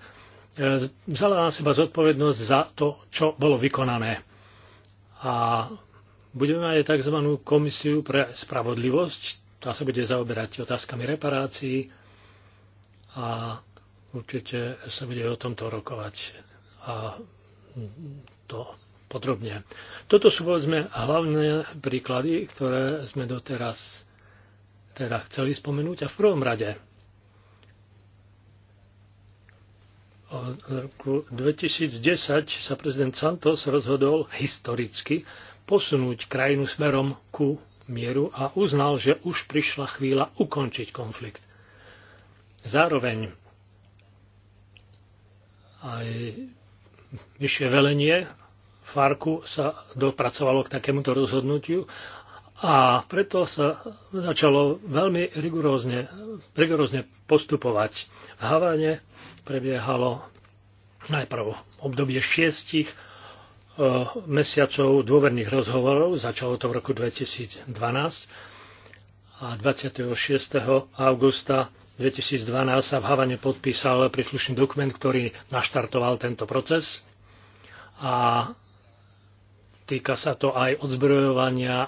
e, vzala na seba zodpovednosť za to, čo bolo vykonané. A budeme mať aj tzv. komisiu pre spravodlivosť, tá sa bude zaoberať otázkami reparácií a určite sa bude o tomto rokovať a to podrobne. Toto sú povedzme hlavné príklady, ktoré sme doteraz teda chceli spomenúť a v prvom rade od roku 2010 sa prezident Santos rozhodol historicky posunúť krajinu smerom ku mieru a uznal, že už prišla chvíľa ukončiť konflikt. Zároveň aj vyššie velenie Farku sa dopracovalo k takémuto rozhodnutiu a preto sa začalo veľmi rigorózne, rigorózne postupovať. V Havane prebiehalo najprv obdobie šiestich e, mesiacov dôverných rozhovorov, začalo to v roku 2012 a 26. augusta 2012 sa v Havane podpísal príslušný dokument, ktorý naštartoval tento proces a týka sa to aj odzbrojovania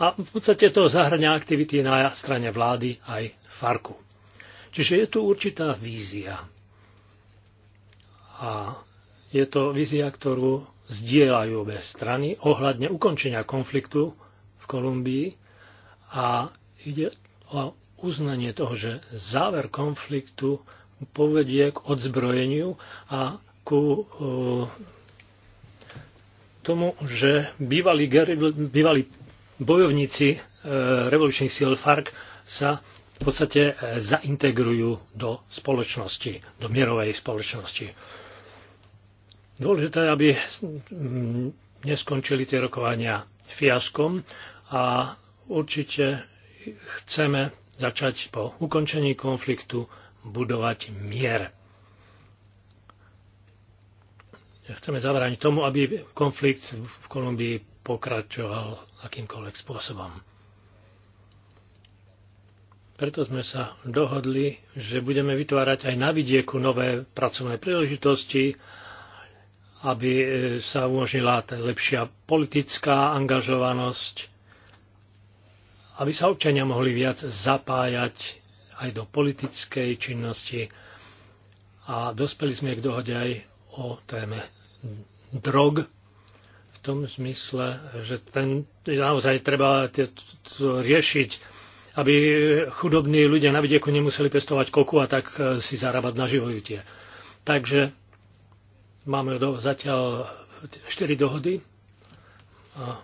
a v podstate to zahrania aktivity na strane vlády aj Farku. Čiže je tu určitá vízia. A je to vízia, ktorú zdieľajú obe strany ohľadne ukončenia konfliktu v Kolumbii a ide o uznanie toho, že záver konfliktu povedie k odzbrojeniu a ku e, tomu, že bývalí, bývalí bojovníci e, revolučných síl FARC sa v podstate e, zaintegrujú do spoločnosti, do mierovej spoločnosti. Dôležité, aby neskončili tie rokovania fiaskom a určite chceme začať po ukončení konfliktu budovať mier. Chceme zabrániť tomu, aby konflikt v Kolumbii pokračoval akýmkoľvek spôsobom. Preto sme sa dohodli, že budeme vytvárať aj na vidieku nové pracovné príležitosti, aby e, sa umožnila lepšia politická angažovanosť, aby sa občania mohli viac zapájať aj do politickej činnosti a dospeli sme k dohode aj o téme drog tom zmysle, že ten, naozaj treba to riešiť, aby chudobní ľudia na vidieku nemuseli pestovať koku a tak eh, si zarábať na živojutie. Takže máme do, zatiaľ 4 dohody a,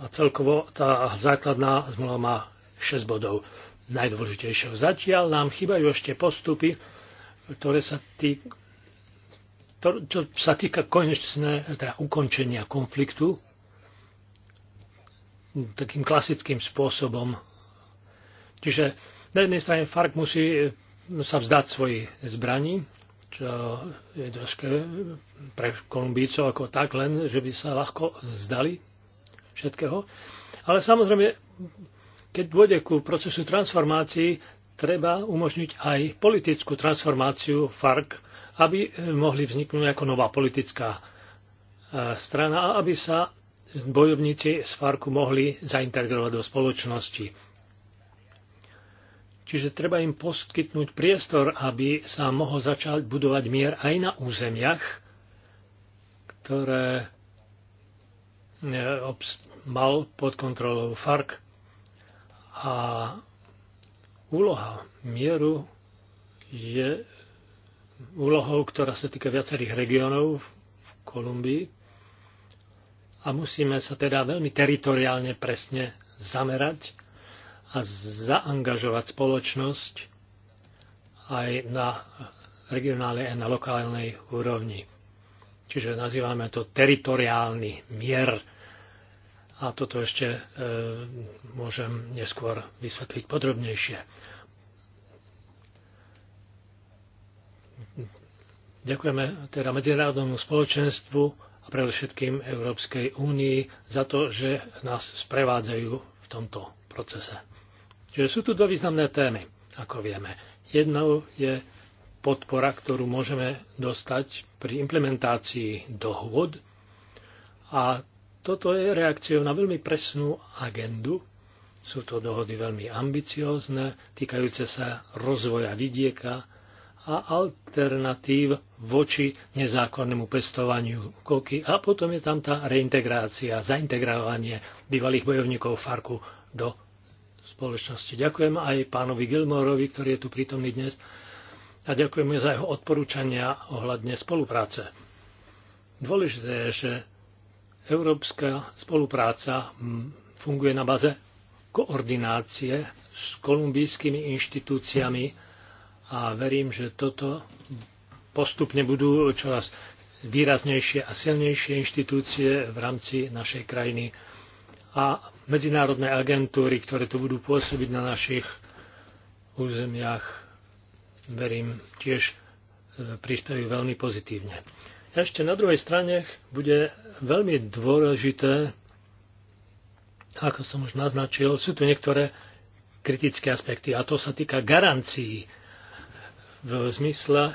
a celkovo tá základná zmluva má 6 bodov. Najdôležitejšieho zatiaľ nám chýbajú ešte postupy, ktoré sa týkajú to, čo sa týka konečné, teda ukončenia konfliktu, takým klasickým spôsobom. Čiže na jednej strane FARC musí e, sa vzdať svojich zbraní, čo je trošku pre Kolumbícov ako tak len, že by sa ľahko vzdali všetkého. Ale samozrejme, keď dôjde ku procesu transformácií, treba umožniť aj politickú transformáciu FARC aby mohli vzniknúť ako nová politická e, strana a aby sa bojovníci z Farku mohli zaintegrovať do spoločnosti. Čiže treba im poskytnúť priestor, aby sa mohol začať budovať mier aj na územiach, ktoré e, mal pod kontrolou FARC. A úloha mieru je úlohou, ktorá sa týka viacerých regiónov v Kolumbii. A musíme sa teda veľmi teritoriálne presne zamerať a zaangažovať spoločnosť aj na regionálnej a na lokálnej úrovni. Čiže nazývame to teritoriálny mier. A toto ešte e, môžem neskôr vysvetliť podrobnejšie. Ďakujeme teda medzinárodnému spoločenstvu a predovšetkým Európskej únii za to, že nás sprevádzajú v tomto procese. Čiže sú tu dva významné témy, ako vieme. Jednou je podpora, ktorú môžeme dostať pri implementácii dohôd. A toto je reakciou na veľmi presnú agendu. Sú to dohody veľmi ambiciózne, týkajúce sa rozvoja vidieka, a alternatív voči nezákonnému pestovaniu koky. A potom je tam tá reintegrácia, zaintegrovanie bývalých bojovníkov Farku do spoločnosti. Ďakujem aj pánovi Gilmorovi, ktorý je tu prítomný dnes a ďakujem za jeho odporúčania ohľadne spolupráce. Dôležité je, že európska spolupráca funguje na baze koordinácie s kolumbijskými inštitúciami, a verím, že toto postupne budú čoraz výraznejšie a silnejšie inštitúcie v rámci našej krajiny a medzinárodné agentúry, ktoré tu budú pôsobiť na našich územiach, verím, tiež e, prispejú veľmi pozitívne. Ešte na druhej strane bude veľmi dôležité, ako som už naznačil, sú tu niektoré kritické aspekty a to sa týka garancií v zmysle e,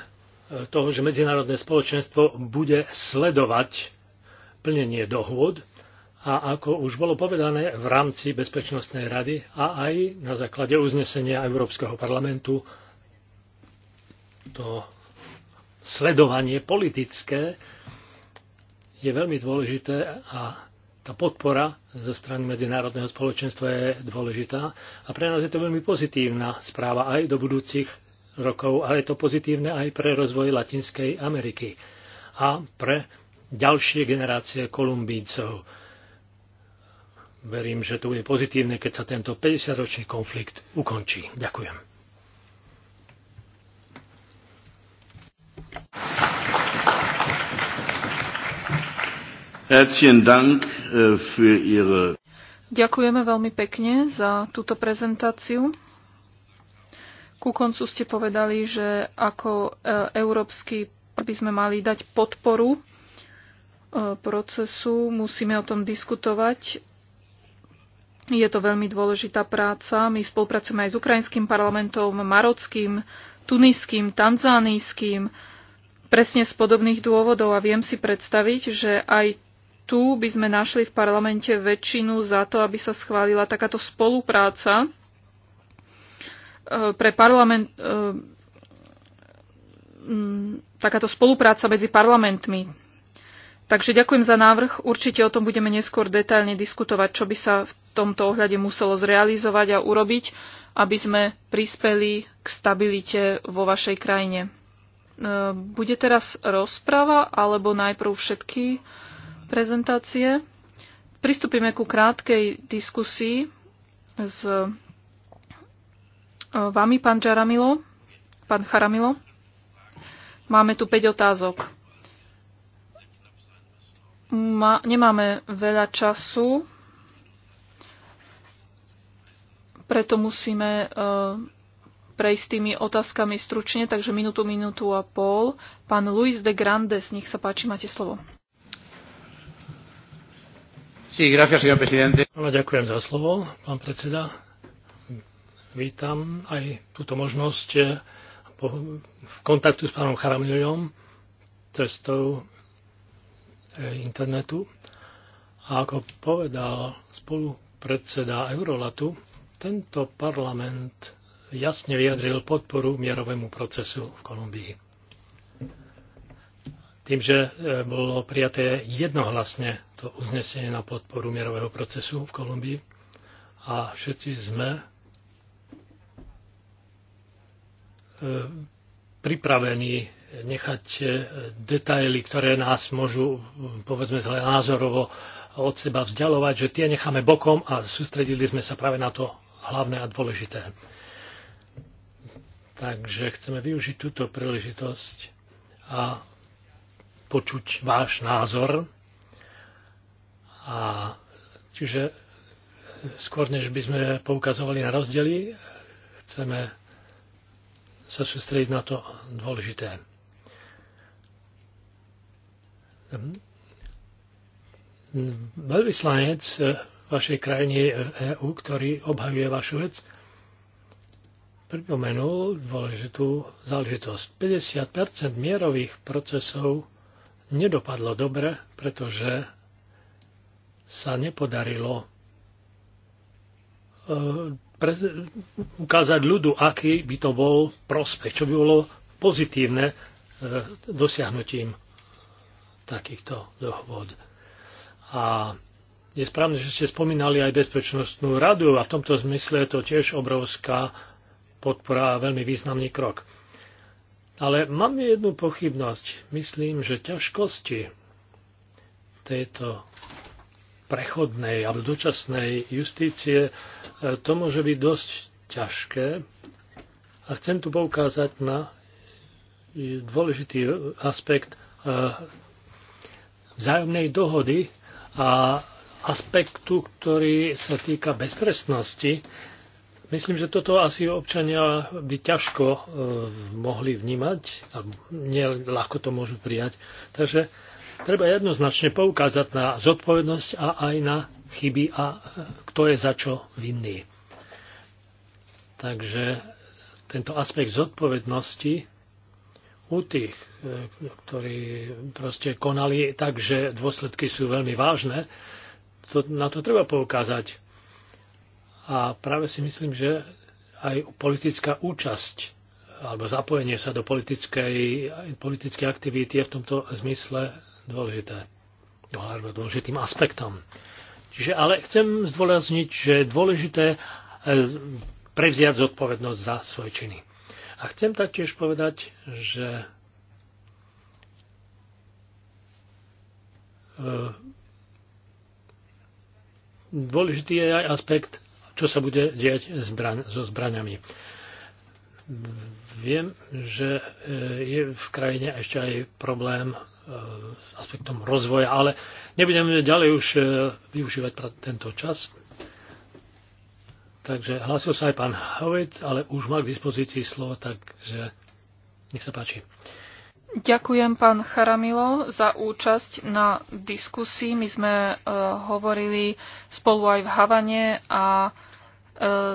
toho, že medzinárodné spoločenstvo bude sledovať plnenie dohôd a ako už bolo povedané v rámci Bezpečnostnej rady a aj na základe uznesenia Európskeho parlamentu to sledovanie politické je veľmi dôležité a tá podpora zo strany medzinárodného spoločenstva je dôležitá a pre nás je to veľmi pozitívna správa aj do budúcich rokov a je to pozitívne aj pre rozvoj Latinskej Ameriky a pre ďalšie generácie Kolumbícov. Verím, že to bude pozitívne, keď sa tento 50-ročný konflikt ukončí. Ďakujem. Äh, Ďakujeme veľmi pekne za túto prezentáciu. Ku koncu ste povedali, že ako e, európsky by sme mali dať podporu e, procesu, musíme o tom diskutovať. Je to veľmi dôležitá práca. My spolupracujeme aj s ukrajinským parlamentom, marockým, tuniským, tanzánijským, presne z podobných dôvodov a viem si predstaviť, že aj tu by sme našli v parlamente väčšinu za to, aby sa schválila takáto spolupráca E, pre parlament e, mm, takáto spolupráca medzi parlamentmi. Takže ďakujem za návrh. Určite o tom budeme neskôr detailne diskutovať, čo by sa v tomto ohľade muselo zrealizovať a urobiť, aby sme prispeli k stabilite vo vašej krajine. E, bude teraz rozprava alebo najprv všetky prezentácie? Pristúpime ku krátkej diskusii s vami, pán Jaramilo, pán Charamilo. Máme tu 5 otázok. Ma, nemáme veľa času, preto musíme uh, prejsť tými otázkami stručne, takže minútu, minútu a pol. Pán Luis de Grandes, nech sa páči, máte slovo. Sí, gracias, señor presidente. ďakujem za slovo, pán predseda. Vítam aj túto možnosť eh, v kontaktu s pánom Charamilom cestou eh, internetu. A ako povedal spolupredseda Eurolatu, tento parlament jasne vyjadril podporu mierovému procesu v Kolumbii. Tým, že eh, bolo prijaté jednohlasne to uznesenie na podporu mierového procesu v Kolumbii a všetci sme pripravení nechať e, detaily, ktoré nás môžu, povedzme zle názorovo, od seba vzdialovať, že tie necháme bokom a sústredili sme sa práve na to hlavné a dôležité. Takže chceme využiť túto príležitosť a počuť váš názor. A čiže e, skôr, než by sme poukazovali na rozdiely, chceme sa sústrediť na to dôležité. Veľvyslanec vašej krajine v EU, ktorý obhajuje vašu vec, pripomenul dôležitú záležitosť. 50 mierových procesov nedopadlo dobre, pretože sa nepodarilo e, pre, ukázať ľudu, aký by to bol prospech, čo by bolo pozitívne e, dosiahnutím takýchto dohôd. A je správne, že ste spomínali aj Bezpečnostnú radu a v tomto zmysle je to tiež obrovská podpora a veľmi významný krok. Ale mám jednu pochybnosť. Myslím, že ťažkosti tejto prechodnej alebo dočasnej justície to môže byť dosť ťažké. A chcem tu poukázať na dôležitý aspekt e, vzájomnej dohody a aspektu, ktorý sa týka beztrestnosti. Myslím, že toto asi občania by ťažko e, mohli vnímať a ľahko to môžu prijať. Takže treba jednoznačne poukázať na zodpovednosť a aj na chyby a e, kto je za čo vinný. Takže tento aspekt zodpovednosti u tých, e, ktorí proste konali tak, že dôsledky sú veľmi vážne, to, na to treba poukázať. A práve si myslím, že aj politická účasť alebo zapojenie sa do politickej, politickej aktivity je v tomto zmysle dôležité. Alebo dôležitým aspektom. Čiže ale chcem zdôrazniť, že je dôležité e, prevziať zodpovednosť za svoje činy. A chcem taktiež povedať, že e, dôležitý je aj aspekt, čo sa bude diať zbraň, so zbraňami. Viem, že e, je v krajine ešte aj problém E, aspektom rozvoja, ale nebudem ďalej už e, využívať tento čas. Takže hlasil sa aj pán Howitt, ale už má k dispozícii slovo, takže nech sa páči. Ďakujem pán Charamilo za účasť na diskusii. My sme e, hovorili spolu aj v Havane a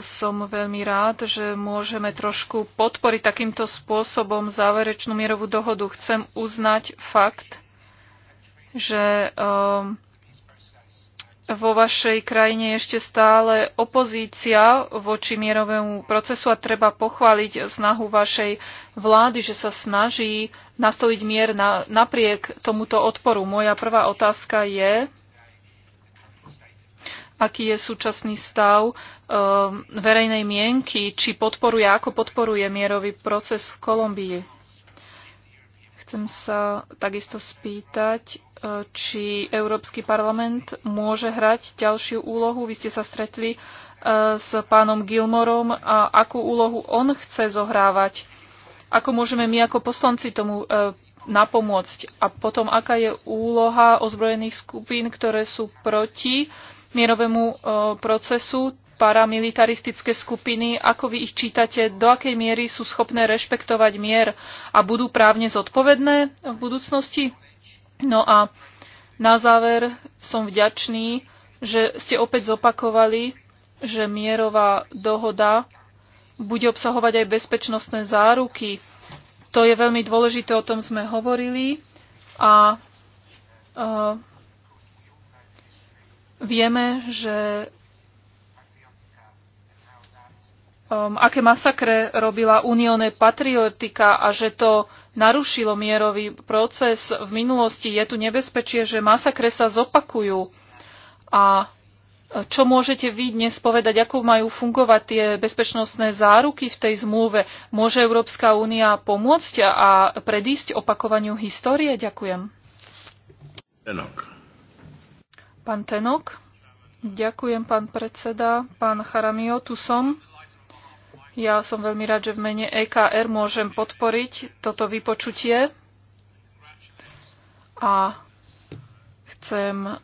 som veľmi rád, že môžeme trošku podporiť takýmto spôsobom záverečnú mierovú dohodu. Chcem uznať fakt, že um, vo vašej krajine je ešte stále opozícia voči mierovému procesu a treba pochváliť snahu vašej vlády, že sa snaží nastoliť mier na, napriek tomuto odporu. Moja prvá otázka je, aký je súčasný stav eh, verejnej mienky, či podporuje, ako podporuje mierový proces v Kolumbii. Chcem sa takisto spýtať, eh, či Európsky parlament môže hrať ďalšiu úlohu. Vy ste sa stretli eh, s pánom Gilmorom a akú úlohu on chce zohrávať. Ako môžeme my ako poslanci tomu napomôcť? A potom, aká je úloha ozbrojených skupín, ktoré sú proti mierovému e, procesu paramilitaristické skupiny, ako vy ich čítate, do akej miery sú schopné rešpektovať mier a budú právne zodpovedné v budúcnosti? No a na záver som vďačný, že ste opäť zopakovali, že mierová dohoda bude obsahovať aj bezpečnostné záruky. To je veľmi dôležité, o tom sme hovorili a uh, Vieme, že um, aké masakre robila Unione Patriotika a že to narušilo mierový proces v minulosti. Je tu nebezpečie, že masakre sa zopakujú. A čo môžete vy dnes povedať, ako majú fungovať tie bezpečnostné záruky v tej zmluve? Môže Európska únia pomôcť a predísť opakovaniu histórie? Ďakujem. Enok. Pán Tenok. Ďakujem, pán predseda. Pán Charamio, tu som. Ja som veľmi rád, že v mene EKR môžem podporiť toto vypočutie a chcem uh,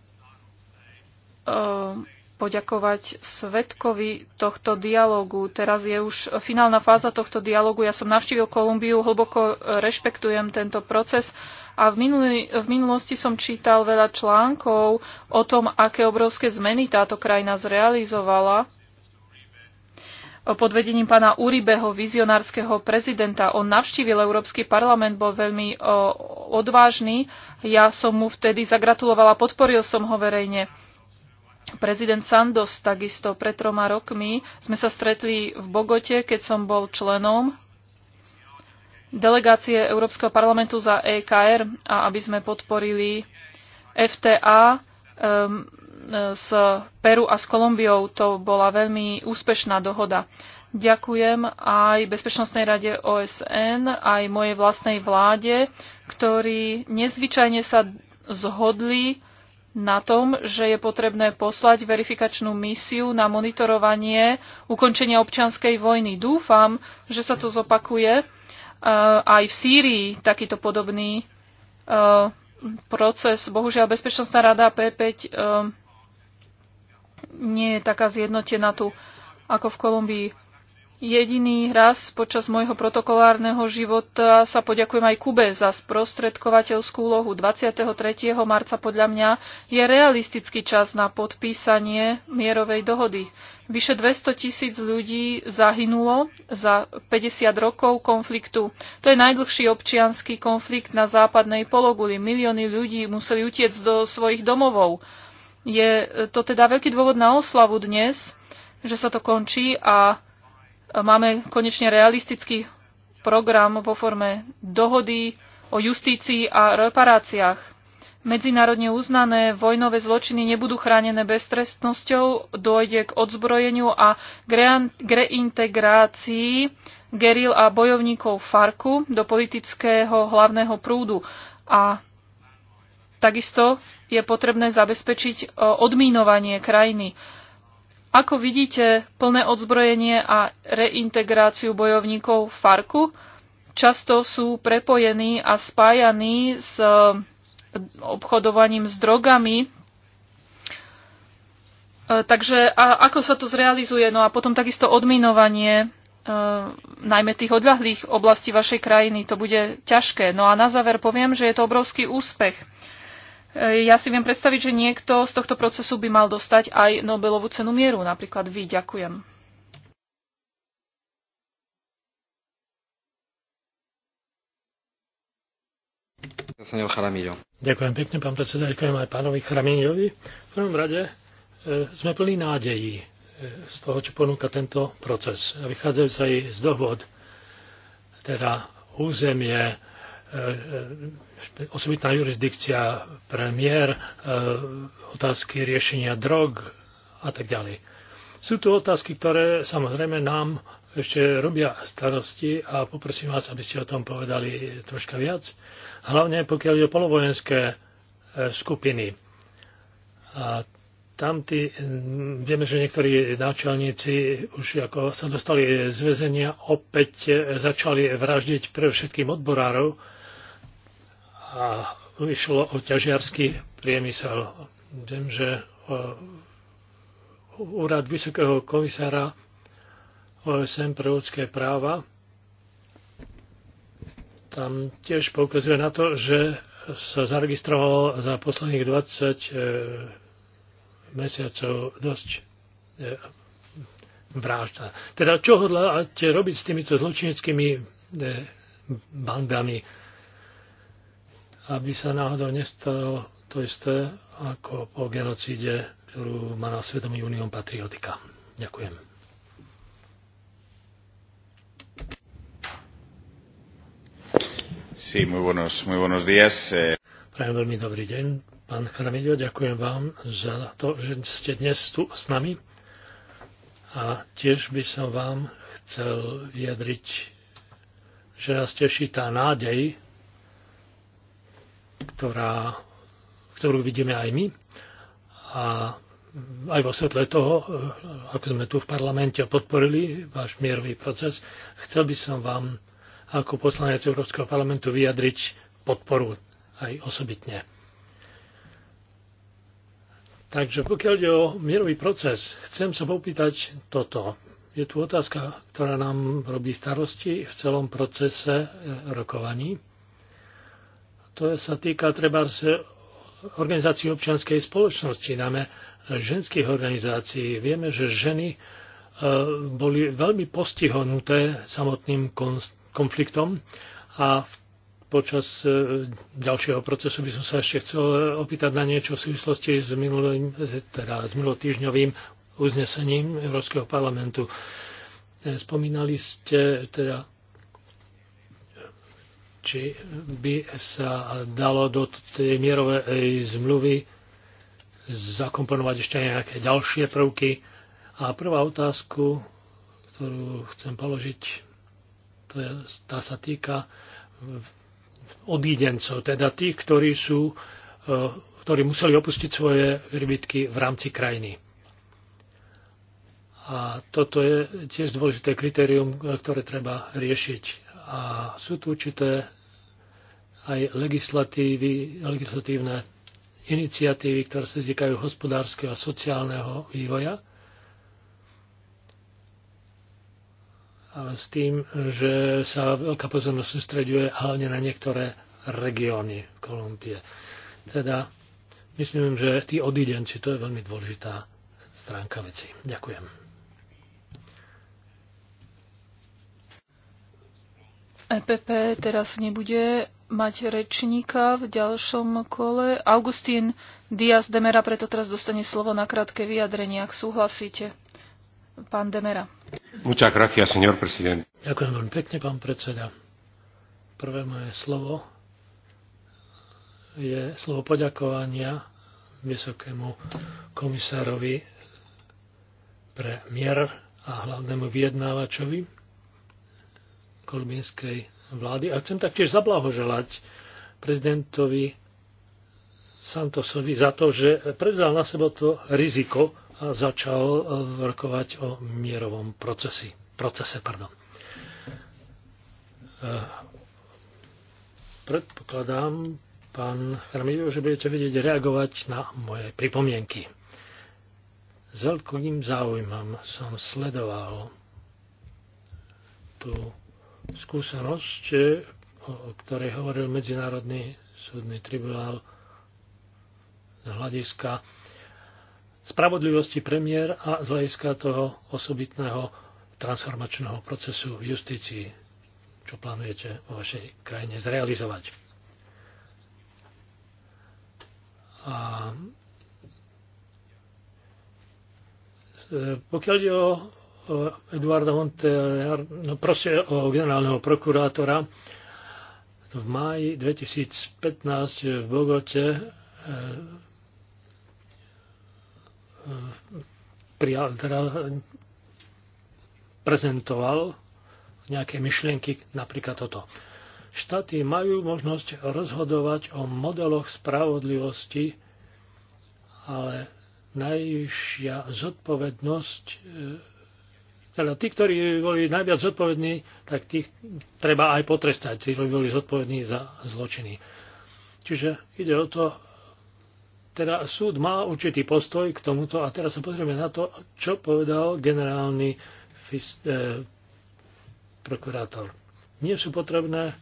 poďakovať svetkovi tohto dialogu. Teraz je už finálna fáza tohto dialogu. Ja som navštívil Kolumbiu, hlboko rešpektujem tento proces a v, minulý, v minulosti som čítal veľa článkov o tom, aké obrovské zmeny táto krajina zrealizovala pod vedením pána Uribeho, vizionárskeho prezidenta. On navštívil Európsky parlament, bol veľmi o, odvážny. Ja som mu vtedy zagratulovala, podporil som ho verejne. Prezident Sandos takisto pred troma rokmi sme sa stretli v Bogote, keď som bol členom delegácie Európskeho parlamentu za EKR a aby sme podporili FTA um, s Peru a s Kolumbiou. To bola veľmi úspešná dohoda. Ďakujem aj Bezpečnostnej rade OSN, aj mojej vlastnej vláde, ktorí nezvyčajne sa zhodli na tom, že je potrebné poslať verifikačnú misiu na monitorovanie ukončenia občianskej vojny. Dúfam, že sa to zopakuje e, aj v Sýrii takýto podobný e, proces. Bohužiaľ, Bezpečnostná rada P5 e, nie je taká zjednotená tu ako v Kolumbii. Jediný raz počas môjho protokolárneho života sa poďakujem aj Kube za sprostredkovateľskú úlohu. 23. marca podľa mňa je realistický čas na podpísanie mierovej dohody. Vyše 200 tisíc ľudí zahynulo za 50 rokov konfliktu. To je najdlhší občianský konflikt na západnej pologuli. Milióny ľudí museli utiec do svojich domovov. Je to teda veľký dôvod na oslavu dnes, že sa to končí a Máme konečne realistický program vo forme dohody o justícii a reparáciách. Medzinárodne uznané vojnové zločiny nebudú chránené beztrestnosťou, dojde k odzbrojeniu a k reintegrácii geril a bojovníkov Farku do politického hlavného prúdu. A takisto je potrebné zabezpečiť e, odmínovanie krajiny. Ako vidíte plné odzbrojenie a reintegráciu bojovníkov Farku? Často sú prepojení a spájaní s e, obchodovaním s drogami. E, takže a ako sa to zrealizuje? No a potom takisto odminovanie e, najmä tých odľahlých oblastí vašej krajiny. To bude ťažké. No a na záver poviem, že je to obrovský úspech ja si viem predstaviť, že niekto z tohto procesu by mal dostať aj Nobelovú cenu mieru, napríklad vy. Ďakujem. Ďakujem pekne, pán predseda, ďakujem aj pánovi Chramíňovi. V prvom rade e, sme plní nádejí e, z toho, čo ponúka tento proces. vychádzajú sa aj z dohod, teda územie, E, e, osobitná jurisdikcia, premiér, e, otázky riešenia drog a tak ďalej. Sú tu otázky, ktoré samozrejme nám ešte robia starosti a poprosím vás, aby ste o tom povedali troška viac. Hlavne pokiaľ je o polovojenské skupiny. A tam tí, mm, vieme, že niektorí náčelníci už ako sa dostali z väzenia, opäť začali vraždiť pre všetkým odborárov, a išlo o ťažiarský priemysel. Viem, že úrad Vysokého komisára OSN pre ľudské práva tam tiež poukazuje na to, že sa zaregistrovalo za posledných 20 e, mesiacov dosť e, vražda. Teda čo hodláte robiť s týmito zločineckými e, bandami? aby sa náhodou nestalo to isté ako po genocíde, ktorú má na svedomí Unión Patriotika. Ďakujem. Sí, muy buenos, muy buenos días. Eh. Prajem veľmi dobrý deň. Pán Chramilio, ďakujem vám za to, že ste dnes tu s nami. A tiež by som vám chcel vyjadriť, že nás teší tá nádej, ktorá, ktorú vidíme aj my. A aj vo svetle toho, eh, ako sme tu v parlamente podporili váš mierový proces, chcel by som vám ako poslanec Európskeho parlamentu vyjadriť podporu aj osobitne. Takže pokiaľ ide o mierový proces, chcem sa popýtať toto. Je tu otázka, ktorá nám robí starosti v celom procese eh, rokovaní. To sa týka treba organizácií občianskej spoločnosti, najmä ženských organizácií. Vieme, že ženy e, boli veľmi postihnuté samotným konfliktom a počas e, ďalšieho procesu by som sa ešte chcel opýtať na niečo v súvislosti s, minulým, e, teda s minulotýžňovým uznesením Európskeho parlamentu. Spomínali ste teda či by sa dalo do tej mierovej e, zmluvy zakomponovať ešte nejaké ďalšie prvky. A prvá otázku, ktorú chcem položiť, to je, tá sa týka odídencov, teda tých, ktorí, sú, e, ktorí museli opustiť svoje rybitky v rámci krajiny. A toto je tiež dôležité kritérium, ktoré treba riešiť a sú tu určité aj legislatívy, legislatívne iniciatívy, ktoré sa týkajú hospodárskeho a sociálneho vývoja. A s tým, že sa veľká pozornosť sústreďuje hlavne na niektoré regióny v Kolumbie. Teda myslím, že tí odidenci, to je veľmi dôležitá stránka veci. Ďakujem. EPP teraz nebude mať rečníka v ďalšom kole. Augustín Diaz Demera preto teraz dostane slovo na krátke vyjadrenie, ak súhlasíte. Pán Demera. Muchas gracias, señor president. Ďakujem veľmi pekne, pán predseda. Prvé moje slovo je slovo poďakovania vysokému komisárovi pre mier a hlavnému vyjednávačovi kolumbijskej vlády. A chcem taktiež zablahoželať prezidentovi Santosovi za to, že prevzal na sebo to riziko a začal eh, rokovať o mierovom procesi, procese. Pardon. Eh, predpokladám, pán Hermilio, že budete vedieť reagovať na moje pripomienky. S veľkým záujmom som sledoval tú skúsenosť, o ktorej hovoril Medzinárodný súdny tribunál z hľadiska spravodlivosti premiér a z hľadiska toho osobitného transformačného procesu v justícii, čo plánujete vo vašej krajine zrealizovať. A e, pokiaľ je o Eduarda Hunter, no proste o generálneho prokurátora. V máji 2015 v Bogote eh, prijal, teda prezentoval nejaké myšlienky, napríklad toto. Štáty majú možnosť rozhodovať o modeloch spravodlivosti, ale najvyššia zodpovednosť eh, teda tí, ktorí boli najviac zodpovední, tak tých treba aj potrestať, tí, ktorí boli zodpovední za zločiny. Čiže ide o to, teda súd má určitý postoj k tomuto a teraz sa pozrieme na to, čo povedal generálny fys- e, prokurátor. Nie sú potrebné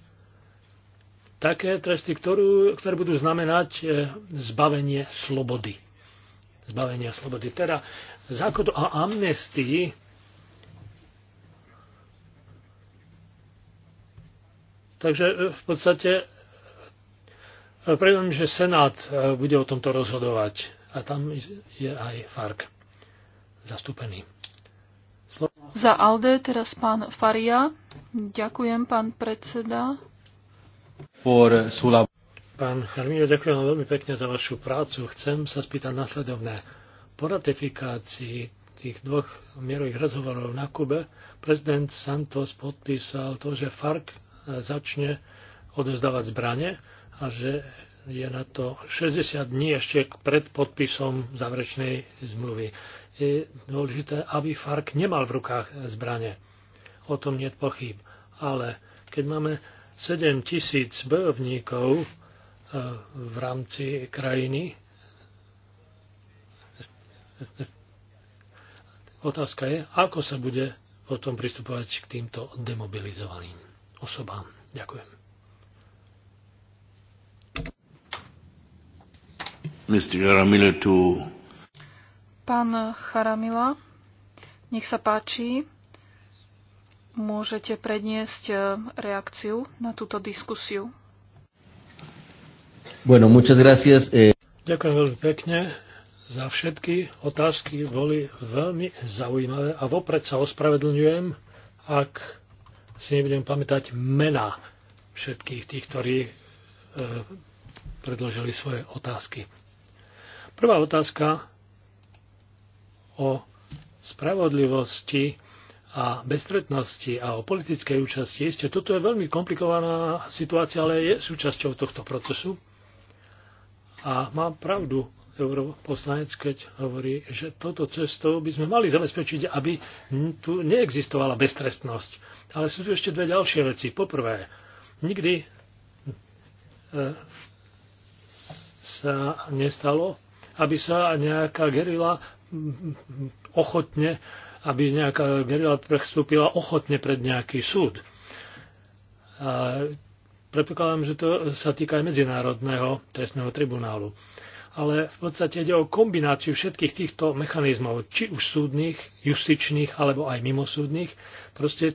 také tresty, ktorú, ktoré budú znamenať e, zbavenie slobody. Zbavenie slobody. Teda zákon o amnestii Takže e, v podstate e, predom, že Senát e, bude o tomto rozhodovať a tam je aj FARC zastúpený. Slovo. Za ALDE teraz pán Faria. Ďakujem, pán predseda. Sula. Pán Charmino, ďakujem veľmi pekne za vašu prácu. Chcem sa spýtať nasledovné. Po ratifikácii tých dvoch mierových rozhovorov na Kube prezident Santos podpísal to, že FARC začne odovzdávať zbranie a že je na to 60 dní ešte pred podpisom záverečnej zmluvy. Je dôležité, aby FARC nemal v rukách zbranie. O tom nie je pochyb. Ale keď máme 7 tisíc bojovníkov e, v rámci krajiny, otázka je, ako sa bude potom pristupovať k týmto demobilizovaným osobám. Ďakujem. Pán Charamila, nech sa páči, môžete predniesť eh, reakciu na túto diskusiu. Bueno, muchas gracias. Eh. Ďakujem veľmi pekne za všetky otázky. Boli veľmi zaujímavé a vopred sa ospravedlňujem, ak si nebudem pamätať mená všetkých tých, ktorí e, predložili svoje otázky. Prvá otázka o spravodlivosti a bezstretnosti a o politickej účasti. Isté, toto je veľmi komplikovaná situácia, ale je súčasťou tohto procesu. A má pravdu europoslanec, keď hovorí, že toto cestou by sme mali zabezpečiť, aby tu neexistovala beztrestnosť. Ale sú tu ešte dve ďalšie veci. Poprvé, nikdy e, sa nestalo, aby sa nejaká gerila ochotne, aby nejaká gerila prestúpila ochotne pred nejaký súd. Prepokladám, predpokladám, že to sa týka aj Medzinárodného trestného tribunálu ale v podstate ide o kombináciu všetkých týchto mechanizmov, či už súdnych, justičných alebo aj mimosúdnych. Proste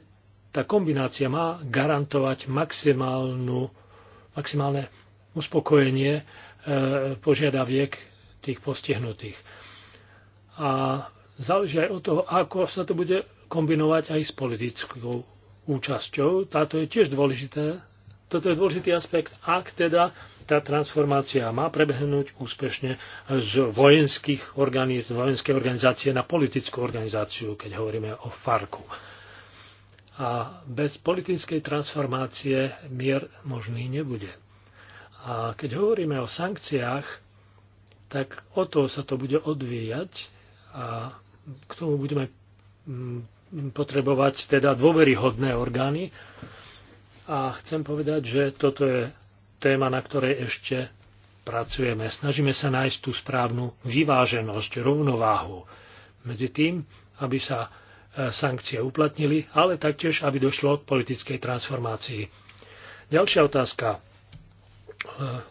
tá kombinácia má garantovať maximálnu, maximálne uspokojenie e, požiadaviek tých postihnutých. A záleží aj od toho, ako sa to bude kombinovať aj s politickou účasťou. Táto je tiež dôležité, toto je dôležitý aspekt, ak teda tá transformácia má prebehnúť úspešne z vojenských organiz, vojenskej organizácie na politickú organizáciu, keď hovoríme o Farku. A bez politickej transformácie mier možný nebude. A keď hovoríme o sankciách, tak o to sa to bude odvíjať a k tomu budeme mm, potrebovať teda dôveryhodné orgány, a chcem povedať, že toto je téma, na ktorej ešte pracujeme. Snažíme sa nájsť tú správnu vyváženosť, rovnováhu medzi tým, aby sa e, sankcie uplatnili, ale taktiež, aby došlo k politickej transformácii. Ďalšia otázka e,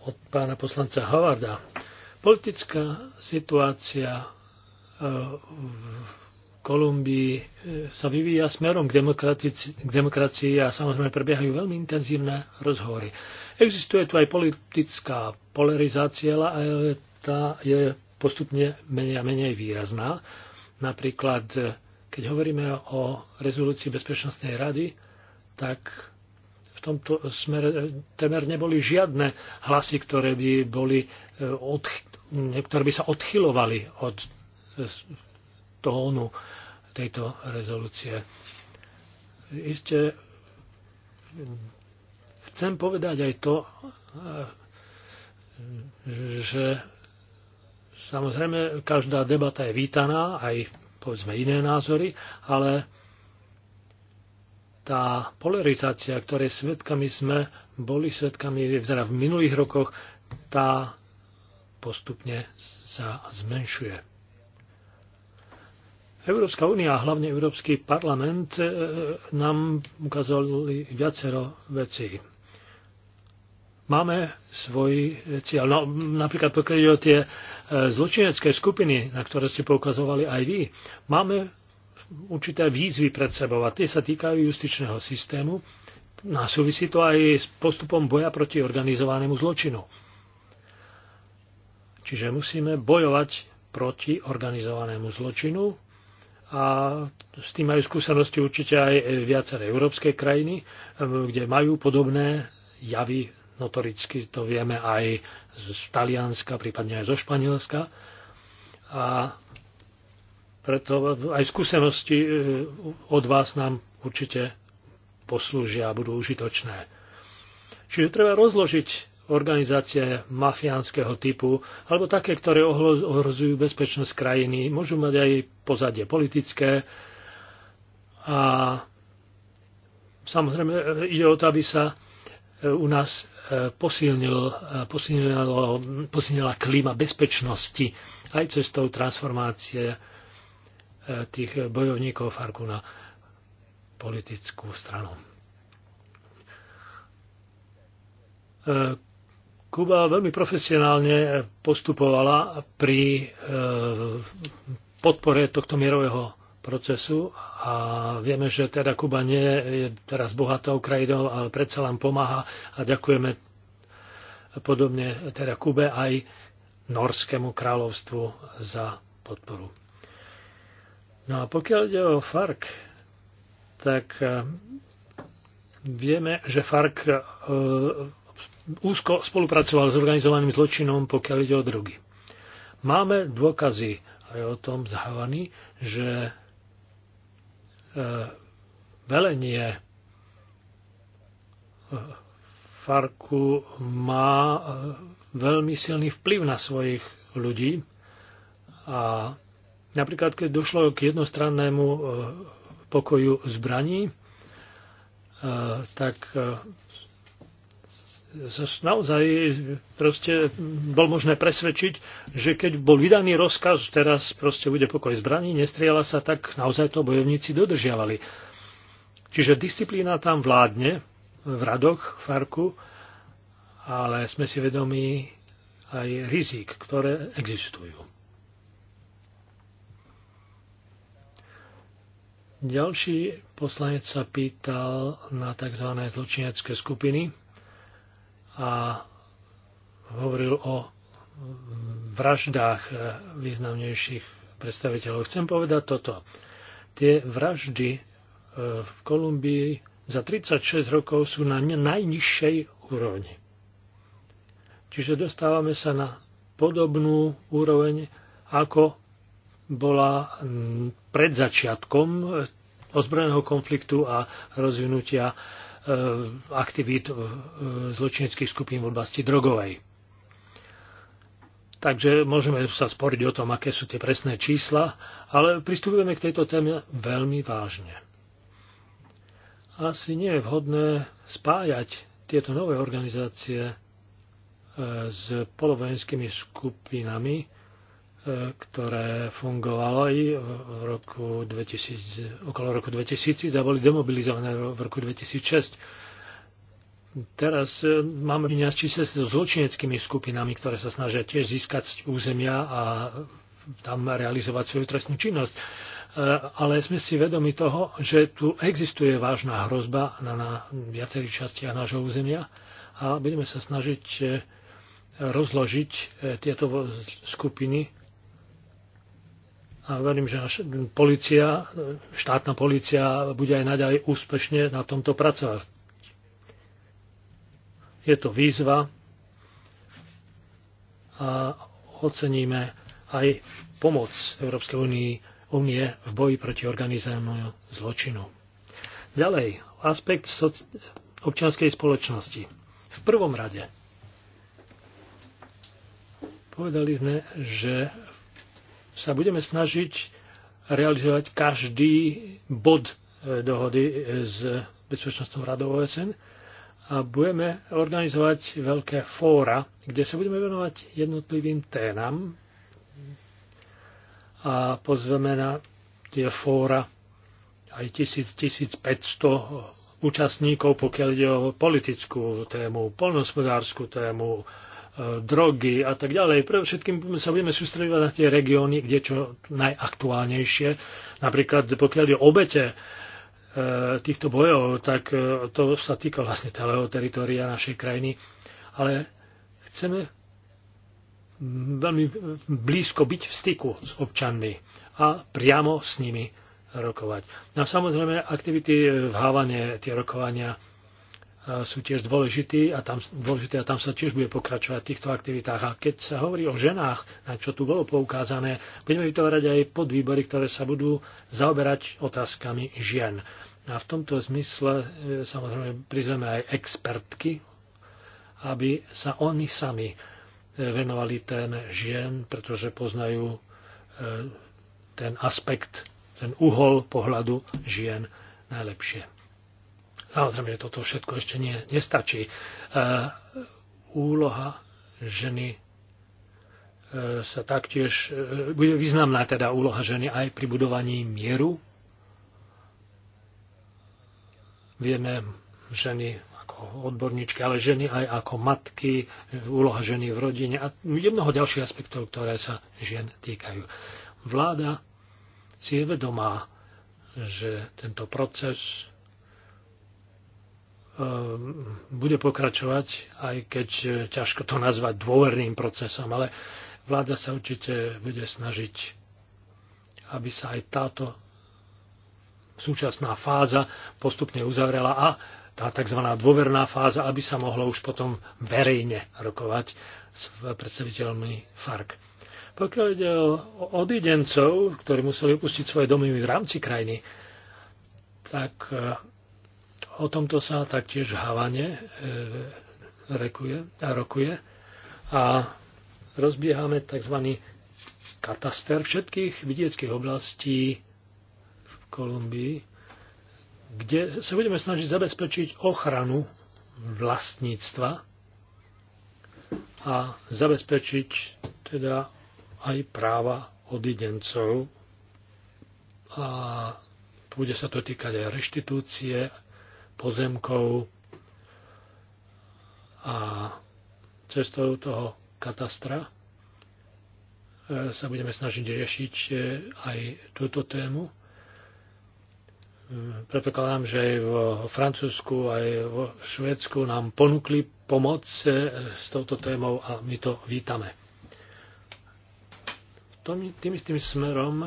od pána poslanca Havarda. Politická situácia e, v Kolumbii e, sa vyvíja smerom k, k demokracii a samozrejme prebiehajú veľmi intenzívne rozhovory. Existuje tu aj politická polarizácia, ale tá je postupne menej a menej výrazná. Napríklad, e, keď hovoríme o rezolúcii Bezpečnostnej rady, tak v tomto smere e, temer neboli žiadne hlasy, ktoré by, boli, ktoré by sa odchylovali od tónu tejto rezolúcie. Ešte chcem povedať aj to, že samozrejme každá debata je vítaná, aj povedzme iné názory, ale tá polarizácia, ktorej svetkami sme boli svetkami vzera v minulých rokoch, tá postupne sa zmenšuje. Európska únia a hlavne Európsky parlament e, e, nám ukázali viacero vecí. Máme svoj cieľ. No, napríklad pokiaľ o tie e, zločinecké skupiny, na ktoré ste poukazovali aj vy, máme určité výzvy pred sebou a tie sa týkajú justičného systému. No, a súvisí to aj s postupom boja proti organizovanému zločinu. Čiže musíme bojovať proti organizovanému zločinu a s tým majú skúsenosti určite aj viaceré európske krajiny, e, kde majú podobné javy notoricky, to vieme aj z Talianska, prípadne aj zo Španielska. A preto aj skúsenosti e, od vás nám určite poslúžia a budú užitočné. Čiže treba rozložiť organizácie mafiánskeho typu alebo také, ktoré ohrozujú bezpečnosť krajiny. Môžu mať aj pozadie politické a samozrejme ide o to, aby sa e, u nás e, posilnil, e, posilnilo, posilnila klíma bezpečnosti aj cestou transformácie tých bojovníkov Farku na politickú stranu. Kuba veľmi profesionálne postupovala pri e, podpore tohto mierového procesu a vieme, že teda Kuba nie je teraz bohatou krajinou, ale predsa len pomáha a ďakujeme podobne teda Kube aj Norskému kráľovstvu za podporu. No a pokiaľ ide o FARC, tak e, vieme, že FARC e, úzko spolupracoval s organizovaným zločinom, pokiaľ ide o drogy. Máme dôkazy aj o tom z Havany, že e, velenie e, Farku má e, veľmi silný vplyv na svojich ľudí a napríklad keď došlo k jednostrannému pokoju zbraní, tak naozaj proste bol možné presvedčiť, že keď bol vydaný rozkaz, teraz proste bude pokoj zbraní, nestriela sa, tak naozaj to bojovníci dodržiavali. Čiže disciplína tam vládne v radoch, v farku, ale sme si vedomí aj rizik, ktoré existujú. Ďalší poslanec sa pýtal na tzv. zločinecké skupiny a hovoril o vraždách eh, významnejších predstaviteľov. Chcem povedať toto. Tie vraždy eh, v Kolumbii za 36 rokov sú na najnižšej úrovni. Čiže dostávame sa na podobnú úroveň, ako bola mm, pred začiatkom eh, ozbrojeného konfliktu a rozvinutia Eh, aktivít eh, zločineckých skupín v oblasti drogovej. Takže môžeme sa sporiť o tom, aké sú tie presné čísla, ale pristupujeme k tejto téme veľmi vážne. Asi nie je vhodné spájať tieto nové organizácie eh, s polovojenskými skupinami, ktoré fungovalo aj v roku 2000, okolo roku 2000 a boli demobilizované v roku 2006. Teraz e, máme čísle so zločineckými skupinami, ktoré sa snažia tiež získať územia a tam realizovať svoju trestnú činnosť. E, ale sme si vedomi toho, že tu existuje vážna hrozba na, na viacerých častiach nášho územia a budeme sa snažiť e, rozložiť tieto skupiny a verím, že naša policia, štátna policia bude aj naďalej úspešne na tomto pracovať. Je to výzva a oceníme aj pomoc Európskej únie, únie v boji proti organizovanému zločinu. Ďalej, aspekt soci- občianskej spoločnosti. V prvom rade povedali sme, že sa budeme snažiť realizovať každý bod e, dohody e, s Bezpečnostnou radou OSN a budeme organizovať veľké fóra, kde sa budeme venovať jednotlivým témam a pozveme na tie fóra aj 1500 účastníkov, pokiaľ ide o politickú tému, polnospodárskú tému, E, drogy a tak ďalej. Pre všetkým sa budeme sústredovať na tie regióny, kde čo najaktuálnejšie. Napríklad pokiaľ je obete e, týchto bojov, tak e, to sa týka vlastne celého teritoria našej krajiny. Ale chceme veľmi blízko byť v styku s občanmi a priamo s nimi rokovať. No a samozrejme, aktivity v Havane, tie rokovania sú tiež dôležitý a, tam, dôležité a tam sa tiež bude pokračovať v týchto aktivitách. A keď sa hovorí o ženách, na čo tu bolo poukázané, budeme vytvárať aj podvýbory, ktoré sa budú zaoberať otázkami žien. A v tomto zmysle e, samozrejme prizveme aj expertky, aby sa oni sami e, venovali ten žien, pretože poznajú e, ten aspekt, ten uhol pohľadu žien najlepšie. Samozrejme, že toto všetko ešte nie, nestačí. E, úloha ženy e, sa taktiež, e, bude významná teda úloha ženy aj pri budovaní mieru. Vieme, ženy ako odborníčky, ale ženy aj ako matky, úloha ženy v rodine a je mnoho ďalších aspektov, ktoré sa žien týkajú. Vláda si je vedomá, že tento proces Ehm, bude pokračovať, aj keď e, ťažko to nazvať dôverným procesom, ale vláda sa určite bude snažiť, aby sa aj táto súčasná fáza postupne uzavrela a tá tzv. dôverná fáza, aby sa mohlo už potom verejne rokovať s predstaviteľmi FARC. Pokiaľ ide o odidencov, ktorí museli opustiť svoje domy v rámci krajiny, tak e, O tomto sa taktiež v Havane e, rekuje, a rokuje a rozbiehame tzv. kataster všetkých vidieckých oblastí v Kolumbii, kde sa budeme snažiť zabezpečiť ochranu vlastníctva a zabezpečiť teda aj práva odidencov a bude sa to týkať aj reštitúcie pozemkov a cestou toho katastra e, sa budeme snažiť riešiť e, aj túto tému. E, predpokladám, že aj v Francúzsku, aj v Švedsku nám ponúkli pomoc s touto témou a my to vítame. Tým istým smerom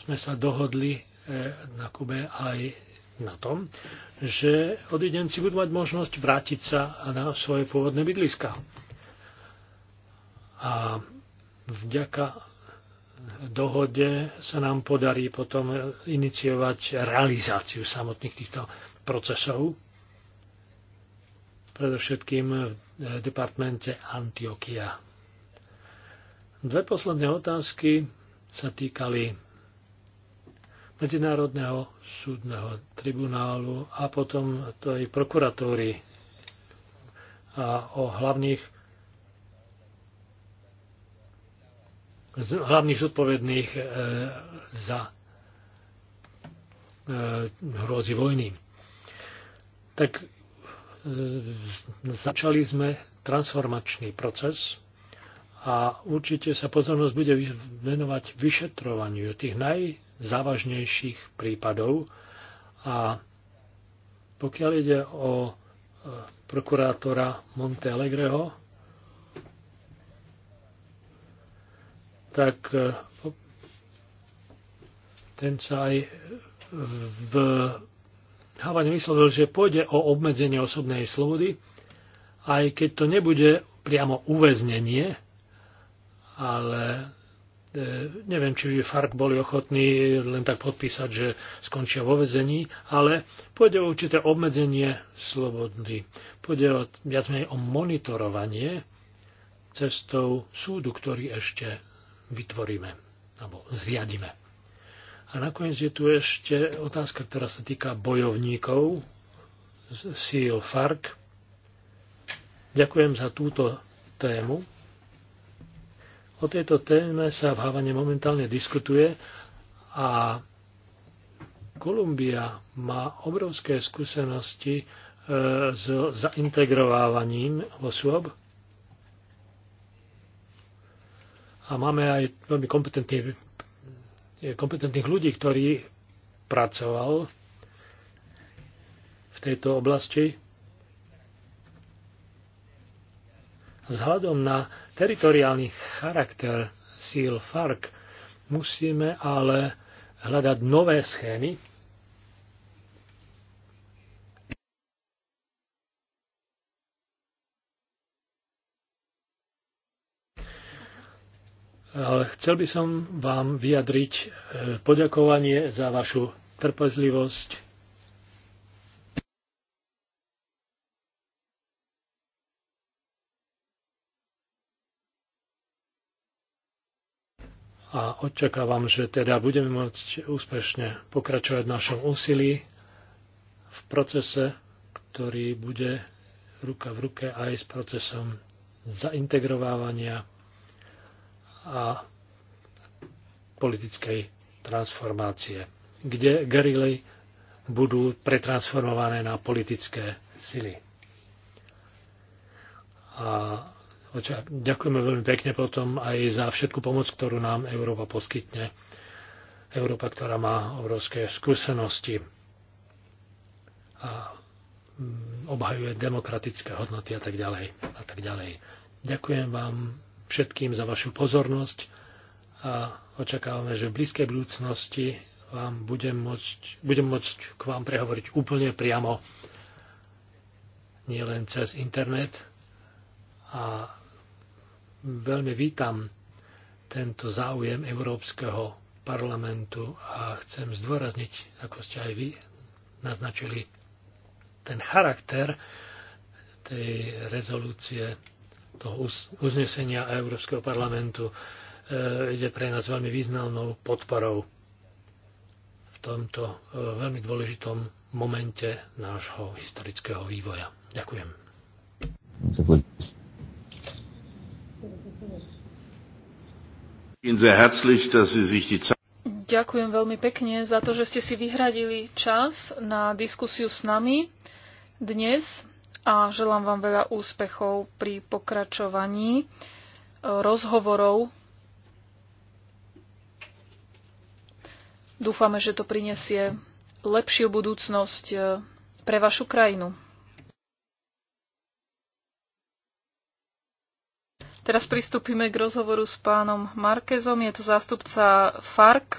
sme sa dohodli na Kube aj na tom, že odidenci budú mať možnosť vrátiť sa na svoje pôvodné bydliska. A vďaka dohode sa nám podarí potom iniciovať realizáciu samotných týchto procesov, predovšetkým v eh, departmente Antiokia. Dve posledné otázky sa týkali Medzinárodného súdneho tribunálu a potom aj prokuratúry a o hlavných hlavných zodpovedných e, za e, hrôzy vojny. Tak e, začali sme transformačný proces a určite sa pozornosť bude venovať vyšetrovaniu tých naj závažnejších prípadov a pokiaľ ide o e, prokurátora Monte Alegreho, tak e, ten sa aj v Havane vyslovil, že pôjde o obmedzenie osobnej slobody, aj keď to nebude priamo uväznenie, ale E, neviem, či by FARC boli ochotní len tak podpísať, že skončia vo vezení, ale pôjde o určité obmedzenie slobody. Pôjde o, viac menej o monitorovanie cestou súdu, ktorý ešte vytvoríme alebo zriadíme. A nakoniec je tu ešte otázka, ktorá sa týka bojovníkov síl FARC. Ďakujem za túto tému O tejto téme sa v Havane momentálne diskutuje a Kolumbia má obrovské skúsenosti e, s zaintegrovávaním osôb a máme aj veľmi kompetentných, e, kompetentných ľudí, ktorí pracoval v tejto oblasti. Vzhľadom na teritoriálny charakter síl FARC, musíme ale hľadať nové schémy, Ale chcel by som vám vyjadriť eh, poďakovanie za vašu trpezlivosť a očakávam, že teda budeme môcť úspešne pokračovať v našom úsilí v procese, ktorý bude ruka v ruke aj s procesom zaintegrovávania a politickej transformácie, kde gerily budú pretransformované na politické sily. A Ďakujeme veľmi pekne potom aj za všetku pomoc, ktorú nám Európa poskytne. Európa, ktorá má obrovské skúsenosti a mm, obhajuje demokratické hodnoty a tak ďalej. A tak ďalej. Ďakujem vám všetkým za vašu pozornosť a očakávame, že v blízkej budúcnosti vám budem môcť, budem môcť k vám prehovoriť úplne priamo, nielen cez internet a veľmi vítam tento záujem Európskeho parlamentu a chcem zdôrazniť, ako ste aj vy naznačili, ten charakter tej rezolúcie, toho uznesenia Európskeho parlamentu e, ide pre nás veľmi významnou podporou v tomto e, veľmi dôležitom momente nášho historického vývoja. Ďakujem. Ďakujem veľmi pekne za to, že ste si vyhradili čas na diskusiu s nami dnes a želám vám veľa úspechov pri pokračovaní e, rozhovorov. Dúfame, že to prinesie lepšiu budúcnosť e, pre vašu krajinu. Teraz pristúpime k rozhovoru s pánom Markezom. Je to zástupca FARC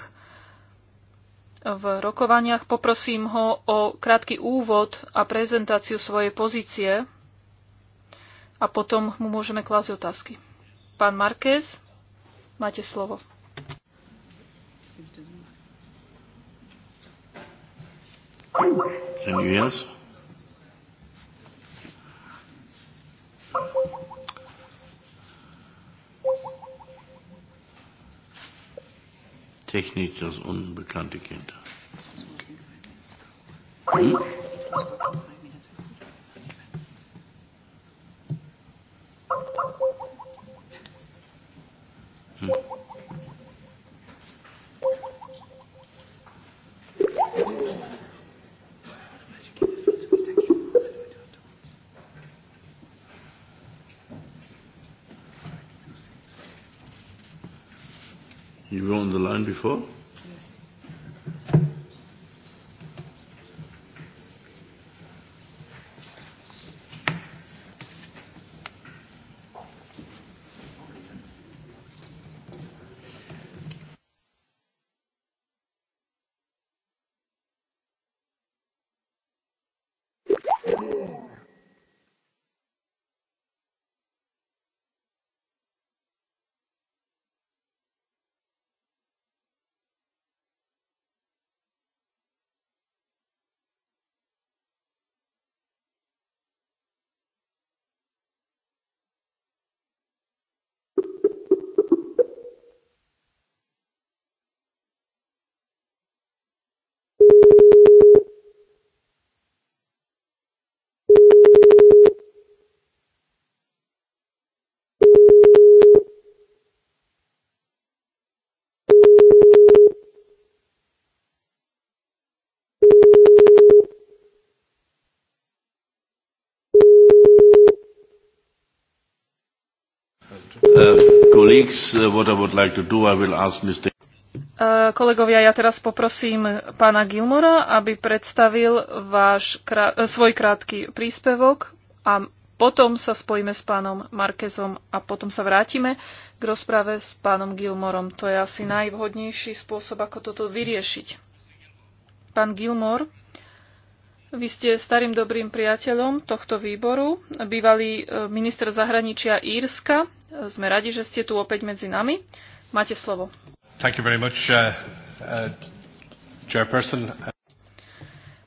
v rokovaniach. Poprosím ho o krátky úvod a prezentáciu svojej pozície a potom mu môžeme klásť otázky. Pán Markez, máte slovo. Can you hear us? Technik das unbekannte Kind. Hm? on the line before? colleagues, uh, what I would like to do, I will ask Mr. Uh, kolegovia, ja teraz poprosím pána Gilmora, aby predstavil váš, uh, svoj krátky príspevok a potom sa spojíme s pánom Markezom a potom sa vrátime k rozprave s pánom Gilmorom. To je asi najvhodnejší spôsob, ako toto vyriešiť. Pán Gilmore. Vy ste starým dobrým priateľom tohto výboru, bývalý e, minister zahraničia Írska. Sme radi, že ste tu opäť medzi nami. Máte slovo. Thank you very much, uh, uh, chairperson.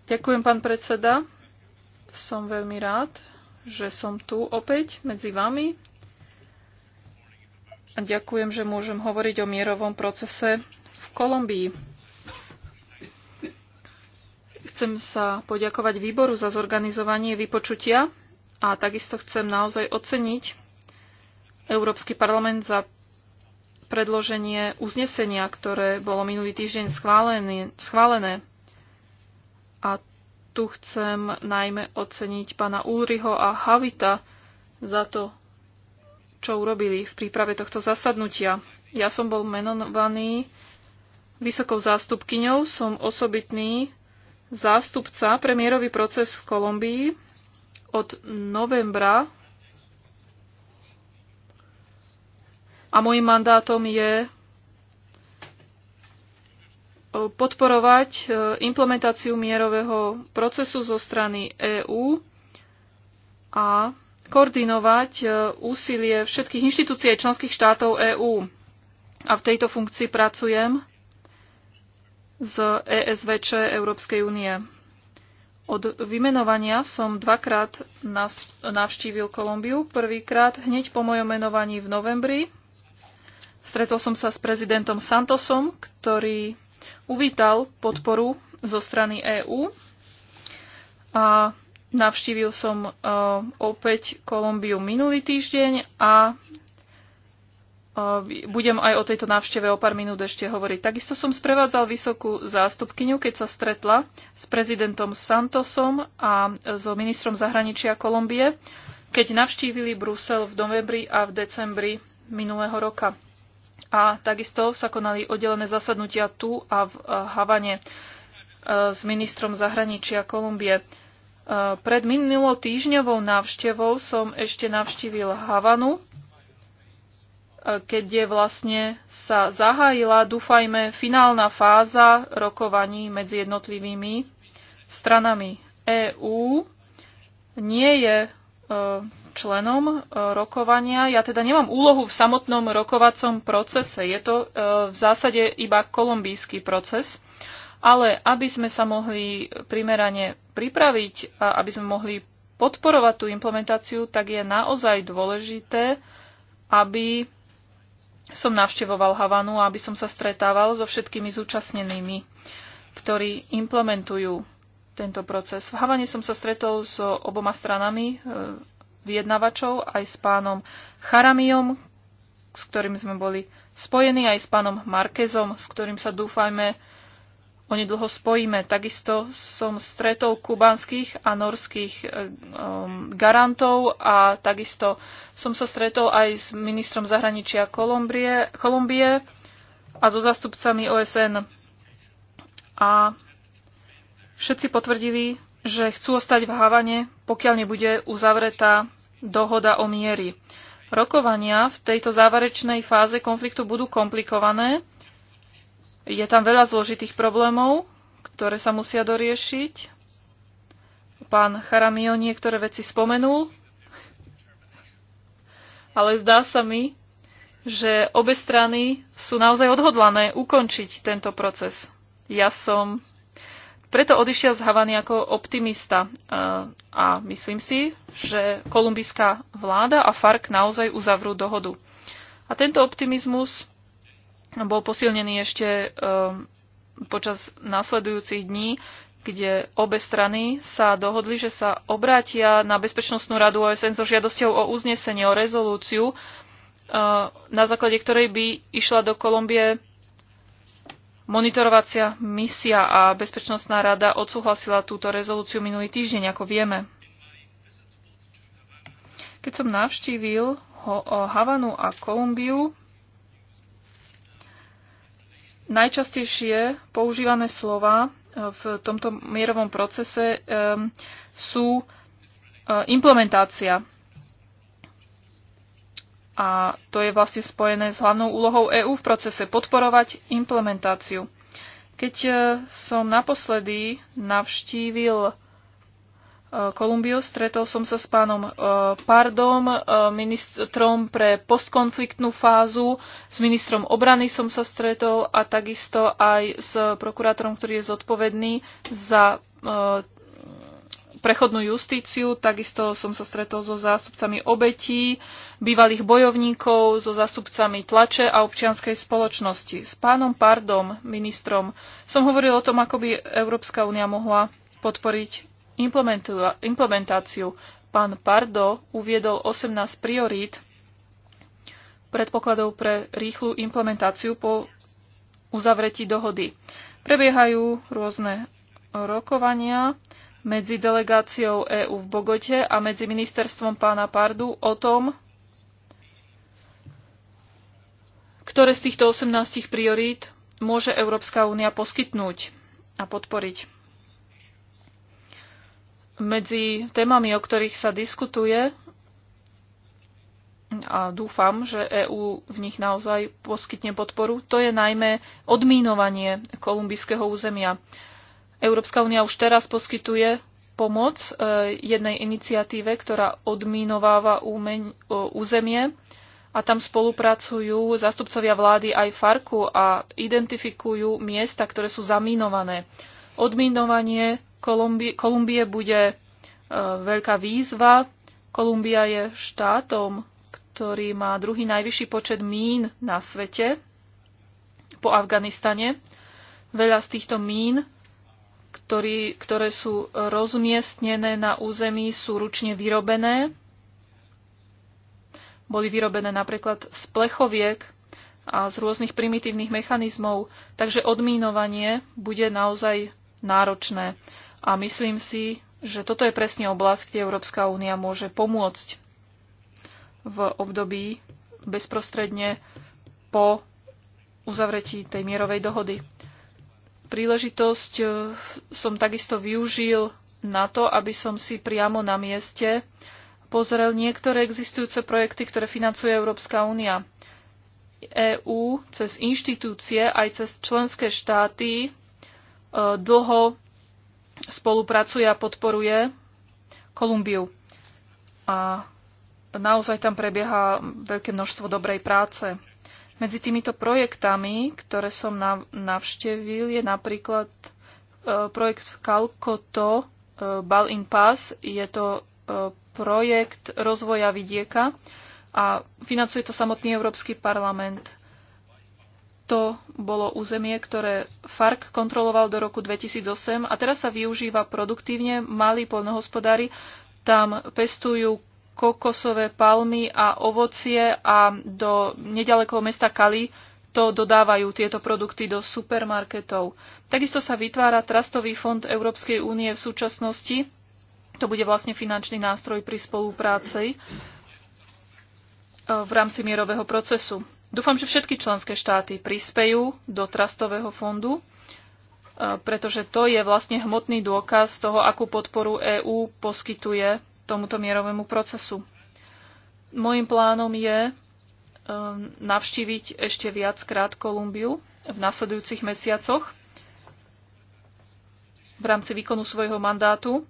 Ďakujem, pán predseda. Som veľmi rád, že som tu opäť medzi vami. A ďakujem, že môžem hovoriť o mierovom procese v Kolumbii. Chcem sa poďakovať výboru za zorganizovanie vypočutia a takisto chcem naozaj oceniť Európsky parlament za predloženie uznesenia, ktoré bolo minulý týždeň schválené. schválené. A tu chcem najmä oceniť pána Ulriho a Havita za to, čo urobili v príprave tohto zasadnutia. Ja som bol menovaný vysokou zástupkyňou, som osobitný zástupca pre mierový proces v Kolumbii od novembra a môjim mandátom je eh, podporovať eh, implementáciu mierového procesu zo strany EÚ a koordinovať eh, úsilie všetkých inštitúcií členských štátov EÚ. A v tejto funkcii pracujem z ESVČ Európskej únie. Od vymenovania som dvakrát navštívil Kolumbiu. Prvýkrát hneď po mojom menovaní v novembri. Stretol som sa s prezidentom Santosom, ktorý uvítal podporu zo strany EÚ. A navštívil som e, opäť Kolumbiu minulý týždeň a Ehm, budem aj o tejto návšteve o pár minút ešte hovoriť. Takisto som sprevádzal vysokú zástupkyňu, keď sa stretla s prezidentom Santosom a so ministrom zahraničia Kolumbie, keď navštívili Brusel v novembri a v decembri minulého roka. A takisto sa konali oddelené zasadnutia tu a v e, Havane e, s ministrom zahraničia Kolumbie. E, pred minulotýžňovou návštevou som ešte navštívil Havanu, Eh, keď je vlastne sa zahájila, dúfajme, finálna fáza rokovaní medzi jednotlivými stranami. EÚ nie je eh, členom eh, rokovania. Ja teda nemám úlohu v samotnom rokovacom procese. Je to v zásade iba kolumbijský proces. Ale aby sme sa mohli primerane pripraviť a aby sme mohli podporovať tú implementáciu, tak je naozaj dôležité, aby som navštevoval Havanu, aby som sa stretával so všetkými zúčastnenými, ktorí implementujú tento proces. V Havane som sa stretol s oboma stranami e, vyjednavačov, aj s pánom Charamiom, s ktorým sme boli spojení, aj s pánom Markezom, s ktorým sa dúfajme onedlho spojíme. Takisto som stretol kubanských a norských eh, um, garantov a takisto som sa stretol aj s ministrom zahraničia Kolumbie, Kolumbie a so zastupcami OSN. A všetci potvrdili, že chcú ostať v Havane, pokiaľ nebude uzavretá dohoda o miery. Rokovania v tejto záverečnej fáze konfliktu budú komplikované, je tam veľa zložitých problémov, ktoré sa musia doriešiť. Pán Charamio niektoré veci spomenul, ale zdá sa mi, že obe strany sú naozaj odhodlané ukončiť tento proces. Ja som preto odišiel z Havany ako optimista e, a myslím si, že kolumbijská vláda a FARC naozaj uzavrú dohodu. A tento optimizmus bol posilnený ešte ehm, počas následujúcich dní, kde obe strany sa dohodli, že sa obrátia na Bezpečnostnú radu OSN so žiadosťou o uznesenie, o rezolúciu, ehm, na základe ktorej by išla do Kolumbie monitorovacia misia a Bezpečnostná rada odsúhlasila túto rezolúciu minulý týždeň, ako vieme. Keď som navštívil Havanu a Kolumbiu, Najčastejšie používané slova e, v tomto mierovom procese e, sú e, implementácia. A to je vlastne spojené s hlavnou úlohou EÚ v procese podporovať implementáciu. Keď som naposledy navštívil Kolumbiu. Stretol som sa s pánom e, Pardom, e, ministrom pre postkonfliktnú fázu, s ministrom obrany som sa stretol a takisto aj s prokurátorom, ktorý je zodpovedný za e, prechodnú justíciu. Takisto som sa stretol so zástupcami obetí, bývalých bojovníkov, so zástupcami tlače a občianskej spoločnosti. S pánom Pardom, ministrom, som hovoril o tom, ako by Európska únia mohla podporiť implementáciu. Pán Pardo uviedol 18 priorít predpokladov pre rýchlu implementáciu po uzavretí dohody. Prebiehajú rôzne rokovania medzi delegáciou EÚ v Bogote a medzi ministerstvom pána Pardu o tom, ktoré z týchto 18 priorít môže Európska únia poskytnúť a podporiť medzi témami, o ktorých sa diskutuje, a dúfam, že EÚ v nich naozaj poskytne podporu, to je najmä odmínovanie kolumbijského územia. Európska únia už teraz poskytuje pomoc e, jednej iniciatíve, ktorá odmínováva úmeň, e, územie a tam spolupracujú zástupcovia vlády aj Farku a identifikujú miesta, ktoré sú zamínované. Odmínovanie Kolumbie, Kolumbie bude e, veľká výzva. Kolumbia je štátom, ktorý má druhý najvyšší počet mín na svete po Afganistane. Veľa z týchto mín, ktorý, ktoré sú rozmiestnené na území, sú ručne vyrobené. Boli vyrobené napríklad z plechoviek a z rôznych primitívnych mechanizmov, takže odmínovanie bude naozaj náročné. A myslím si, že toto je presne oblasť, kde Európska únia môže pomôcť v období bezprostredne po uzavretí tej mierovej dohody. Príležitosť eh, som takisto využil na to, aby som si priamo na mieste pozrel niektoré existujúce projekty, ktoré financuje Európska únia. EÚ cez inštitúcie aj cez členské štáty eh, dlho spolupracuje a podporuje Kolumbiu. A naozaj tam prebieha veľké množstvo dobrej práce. Medzi týmito projektami, ktoré som navštevil, je napríklad e, projekt Calcoto e, Bal in Pass. Je to e, projekt rozvoja vidieka a financuje to samotný Európsky parlament to bolo územie, ktoré FARC kontroloval do roku 2008 a teraz sa využíva produktívne. Malí poľnohospodári tam pestujú kokosové palmy a ovocie a do nedalekého mesta Kali to dodávajú tieto produkty do supermarketov. Takisto sa vytvára Trastový fond Európskej únie v súčasnosti. To bude vlastne finančný nástroj pri spolupráci e, v rámci mierového procesu. Dúfam, že všetky členské štáty prispejú do trastového fondu, e, pretože to je vlastne hmotný dôkaz toho, akú podporu EÚ poskytuje tomuto mierovému procesu. Mojím plánom je e, navštíviť ešte viackrát Kolumbiu v nasledujúcich mesiacoch v rámci výkonu svojho mandátu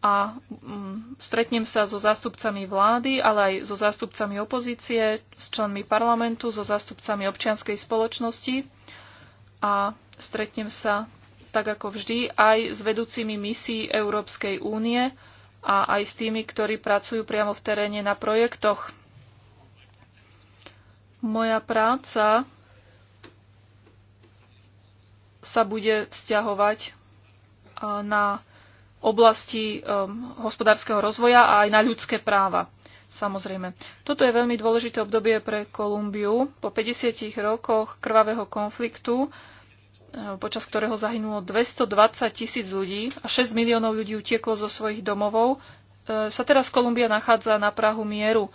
a mm, stretnem sa so zástupcami vlády, ale aj so zástupcami opozície, s členmi parlamentu, so zástupcami občianskej spoločnosti a stretnem sa tak ako vždy aj s vedúcimi misií Európskej únie a aj s tými, ktorí pracujú priamo v teréne na projektoch. Moja práca sa bude vzťahovať na oblasti um, hospodárskeho rozvoja a aj na ľudské práva. Samozrejme. Toto je veľmi dôležité obdobie pre Kolumbiu. Po 50 rokoch krvavého konfliktu, um, počas ktorého zahynulo 220 tisíc ľudí a 6 miliónov ľudí utieklo zo svojich domovov, um, sa teraz Kolumbia nachádza na Prahu mieru.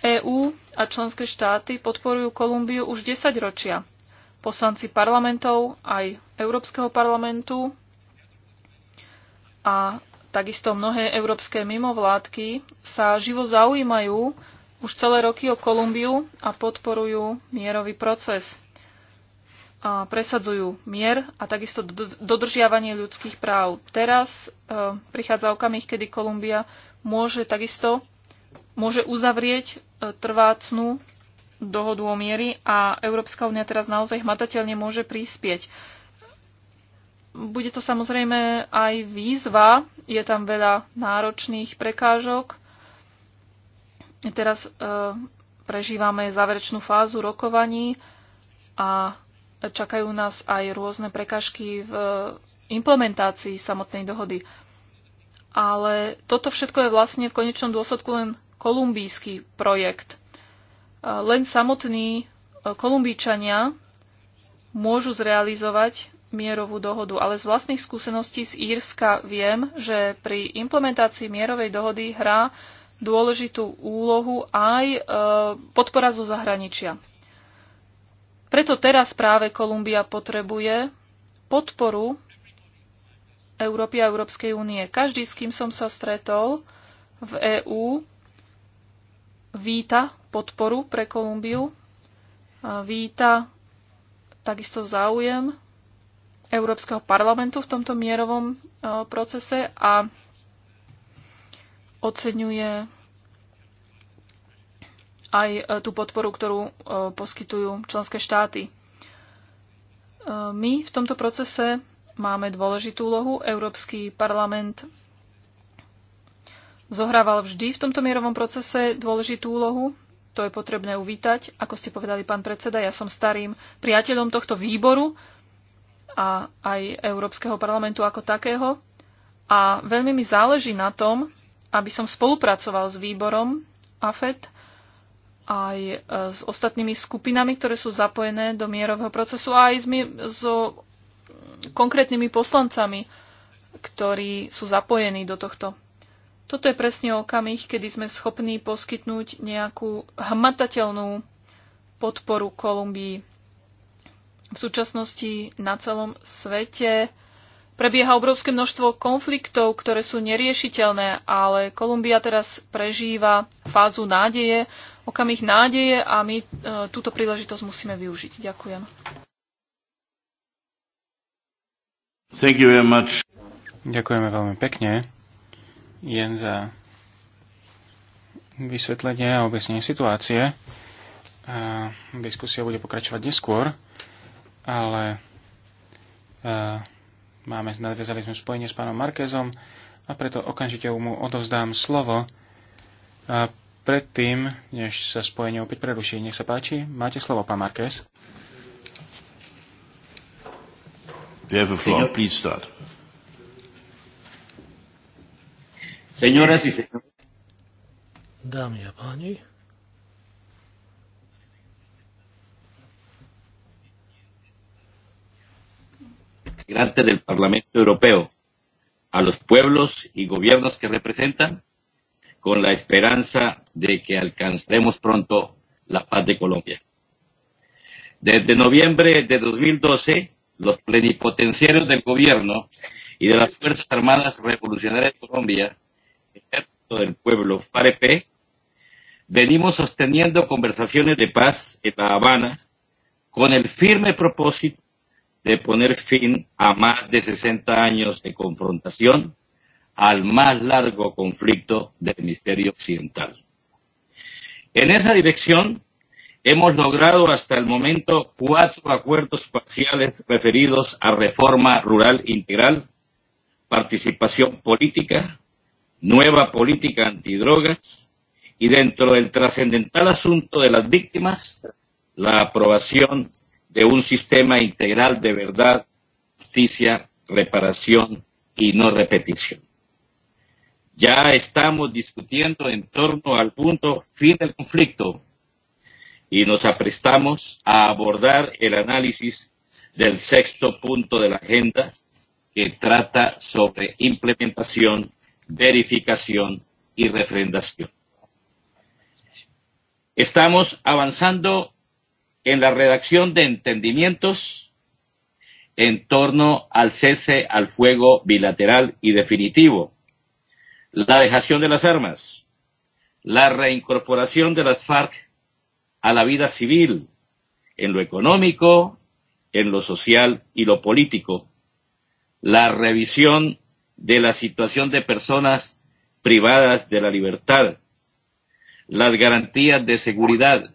EÚ a členské štáty podporujú Kolumbiu už 10 ročia. Poslanci parlamentov aj Európskeho parlamentu a takisto mnohé európske mimovládky sa živo zaujímajú už celé roky o Kolumbiu a podporujú mierový proces. A presadzujú mier a takisto dodržiavanie ľudských práv. Teraz e, prichádza okamih, kedy Kolumbia môže takisto môže uzavrieť e, trvácnú dohodu o miery a Európska únia teraz naozaj hmatateľne môže prispieť bude to samozrejme aj výzva, je tam veľa náročných prekážok. Teraz e, prežívame záverečnú fázu rokovaní a čakajú nás aj rôzne prekážky v e, implementácii samotnej dohody. Ale toto všetko je vlastne v konečnom dôsledku len kolumbijský projekt. E, len samotní e, Kolumbíčania môžu zrealizovať mierovú dohodu, ale z vlastných skúseností z Írska viem, že pri implementácii mierovej dohody hrá dôležitú úlohu aj e, podpora zo zahraničia. Preto teraz práve Kolumbia potrebuje podporu Európy a Európskej únie. Každý, s kým som sa stretol v EÚ, víta podporu pre Kolumbiu, víta takisto záujem Európskeho parlamentu v tomto mierovom e, procese a oceňuje aj e, tú podporu, ktorú e, poskytujú členské štáty. My v tomto procese máme dôležitú úlohu. Európsky parlament zohrával vždy v tomto mierovom procese dôležitú úlohu. To je potrebné uvítať. Ako ste povedali, pán predseda, ja som starým priateľom tohto výboru, a aj Európskeho parlamentu ako takého. A veľmi mi záleží na tom, aby som spolupracoval s výborom AFET aj e, s ostatnými skupinami, ktoré sú zapojené do mierového procesu a aj so konkrétnymi poslancami, ktorí sú zapojení do tohto. Toto je presne okamih, kedy sme schopní poskytnúť nejakú hmatateľnú podporu Kolumbii. V súčasnosti na celom svete prebieha obrovské množstvo konfliktov, ktoré sú neriešiteľné, ale Kolumbia teraz prežíva fázu nádeje, okamih nádeje a my e, túto príležitosť musíme využiť. Ďakujem. Thank you very much. Ďakujeme veľmi pekne, Jen, za vysvetlenie a objasnenie situácie. A diskusia bude pokračovať neskôr ale uh, máme, nadviazali sme spojenie s pánom Markezom a preto okamžite mu odovzdám slovo a predtým, než sa spojenie opäť preruší. Nech sa páči, máte slovo, pán Markéz. Dámy a páni, integrantes del Parlamento Europeo, a los pueblos y gobiernos que representan, con la esperanza de que alcancemos pronto la paz de Colombia. Desde noviembre de 2012, los plenipotenciarios del gobierno y de las Fuerzas Armadas Revolucionarias de Colombia, Ejército del Pueblo, FAREP, venimos sosteniendo conversaciones de paz en La Habana con el firme propósito de poner fin a más de 60 años de confrontación al más largo conflicto del hemisferio occidental. En esa dirección, hemos logrado hasta el momento cuatro acuerdos parciales referidos a reforma rural integral, participación política, nueva política antidrogas y dentro del trascendental asunto de las víctimas, la aprobación de un sistema integral de verdad, justicia, reparación y no repetición. Ya estamos discutiendo en torno al punto fin del conflicto y nos aprestamos a abordar el análisis del sexto punto de la agenda que trata sobre implementación, verificación y refrendación. Estamos avanzando en la redacción de entendimientos en torno al cese al fuego bilateral y definitivo, la dejación de las armas, la reincorporación de las FARC a la vida civil, en lo económico, en lo social y lo político, la revisión de la situación de personas privadas de la libertad, las garantías de seguridad,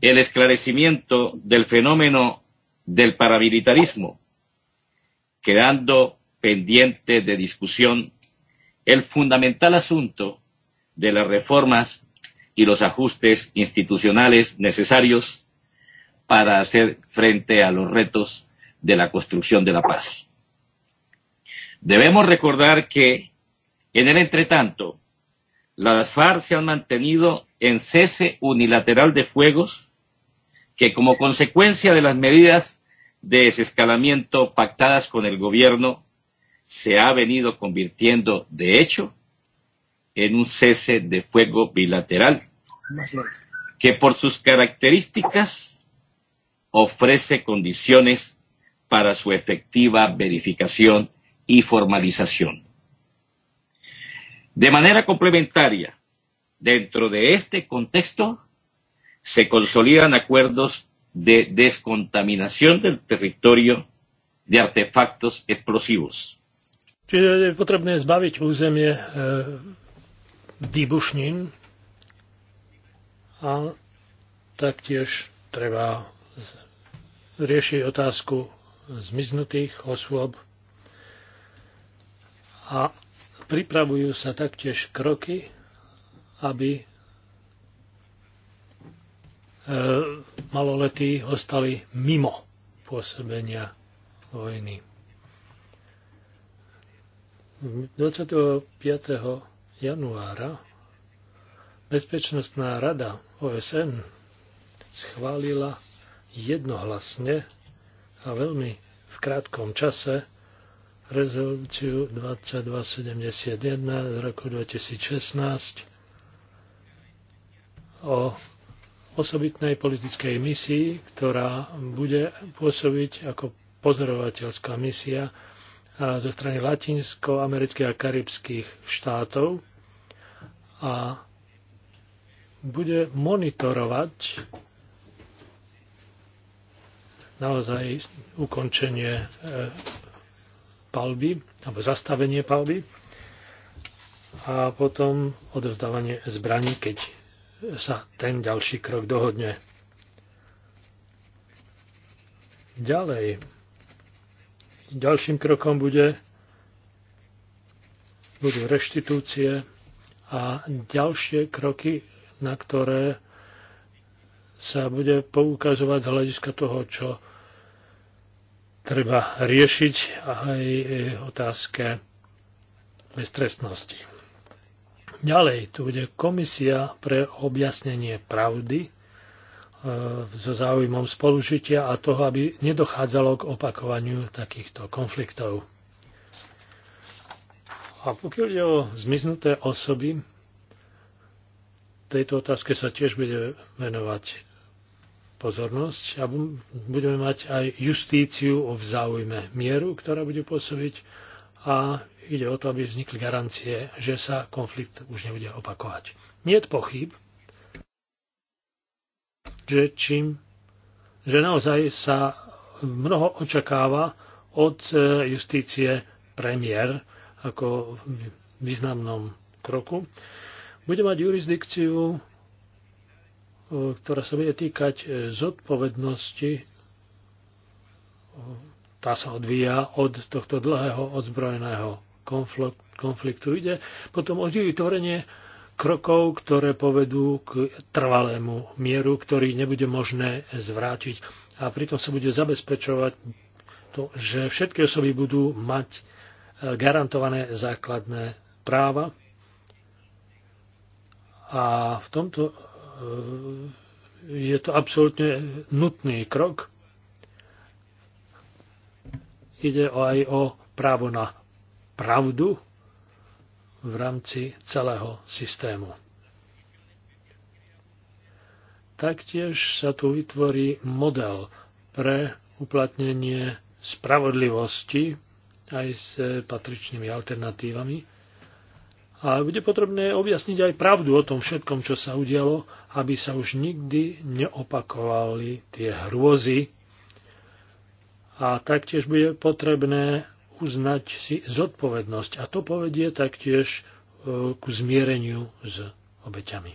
el esclarecimiento del fenómeno del paramilitarismo, quedando pendiente de discusión el fundamental asunto de las reformas y los ajustes institucionales necesarios para hacer frente a los retos de la construcción de la paz. Debemos recordar que, en el entretanto, las FARC se han mantenido en cese unilateral de fuegos que como consecuencia de las medidas de desescalamiento pactadas con el gobierno se ha venido convirtiendo de hecho en un cese de fuego bilateral que por sus características ofrece condiciones para su efectiva verificación y formalización. De manera complementaria, dentro de este contexto, se consolidan acuerdos de descontaminación del territorio de artefactos explosivos. Čiže je potrebné zbaviť územie e, výbušnín a taktiež treba riešiť otázku zmiznutých osôb a pripravujú sa taktiež kroky, aby E, maloletí ostali mimo pôsobenia vojny. 25. januára Bezpečnostná rada OSN schválila jednohlasne a veľmi v krátkom čase rezolúciu 2271 z roku 2016 o osobitnej politickej misii, ktorá bude pôsobiť ako pozorovateľská misia zo strany latinsko-amerických a karibských štátov a bude monitorovať naozaj ukončenie e, palby alebo zastavenie palby a potom odovzdávanie zbraní, keď sa ten ďalší krok dohodne. Ďalej. Ďalším krokom bude, budú reštitúcie a ďalšie kroky, na ktoré sa bude poukazovať z hľadiska toho, čo treba riešiť aj otázke beztrestnosti. Ďalej tu bude komisia pre objasnenie pravdy e, so záujmom spolužitia a toho, aby nedochádzalo k opakovaniu takýchto konfliktov. A pokiaľ je o zmiznuté osoby, tejto otázke sa tiež bude venovať pozornosť a budeme mať aj justíciu v záujme mieru, ktorá bude pôsobiť a ide o to, aby vznikli garancie, že sa konflikt už nebude opakovať. Nie je pochyb, že čím, že naozaj sa mnoho očakáva od e, justície premiér ako významnom kroku. Bude mať jurisdikciu, e, ktorá sa bude týkať e, zodpovednosti tá sa odvíja od tohto dlhého odzbrojeného konfliktu. Ide potom o vytvorenie krokov, ktoré povedú k trvalému mieru, ktorý nebude možné zvrátiť. A pritom sa bude zabezpečovať to, že všetky osoby budú mať e, garantované základné práva. A v tomto e, je to absolútne nutný krok, ide aj o právo na pravdu v rámci celého systému. Taktiež sa tu vytvorí model pre uplatnenie spravodlivosti aj s patričnými alternatívami. A bude potrebné objasniť aj pravdu o tom všetkom, čo sa udialo, aby sa už nikdy neopakovali tie hrôzy, a taktiež bude potrebné uznať si zodpovednosť a to povedie taktiež e, k zmiereniu s obeťami.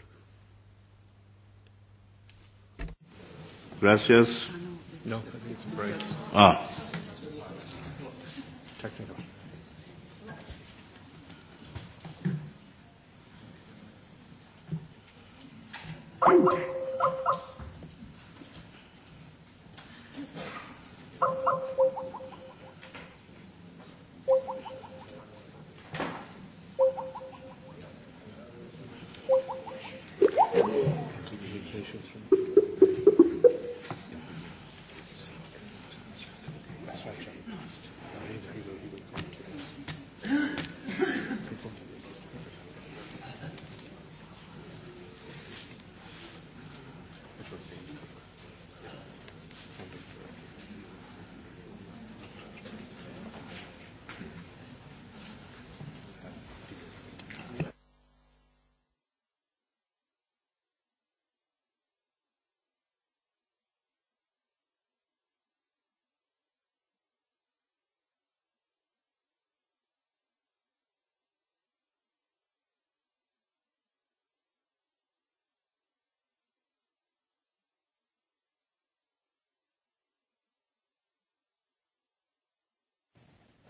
Gracias. No, ah. Thank you.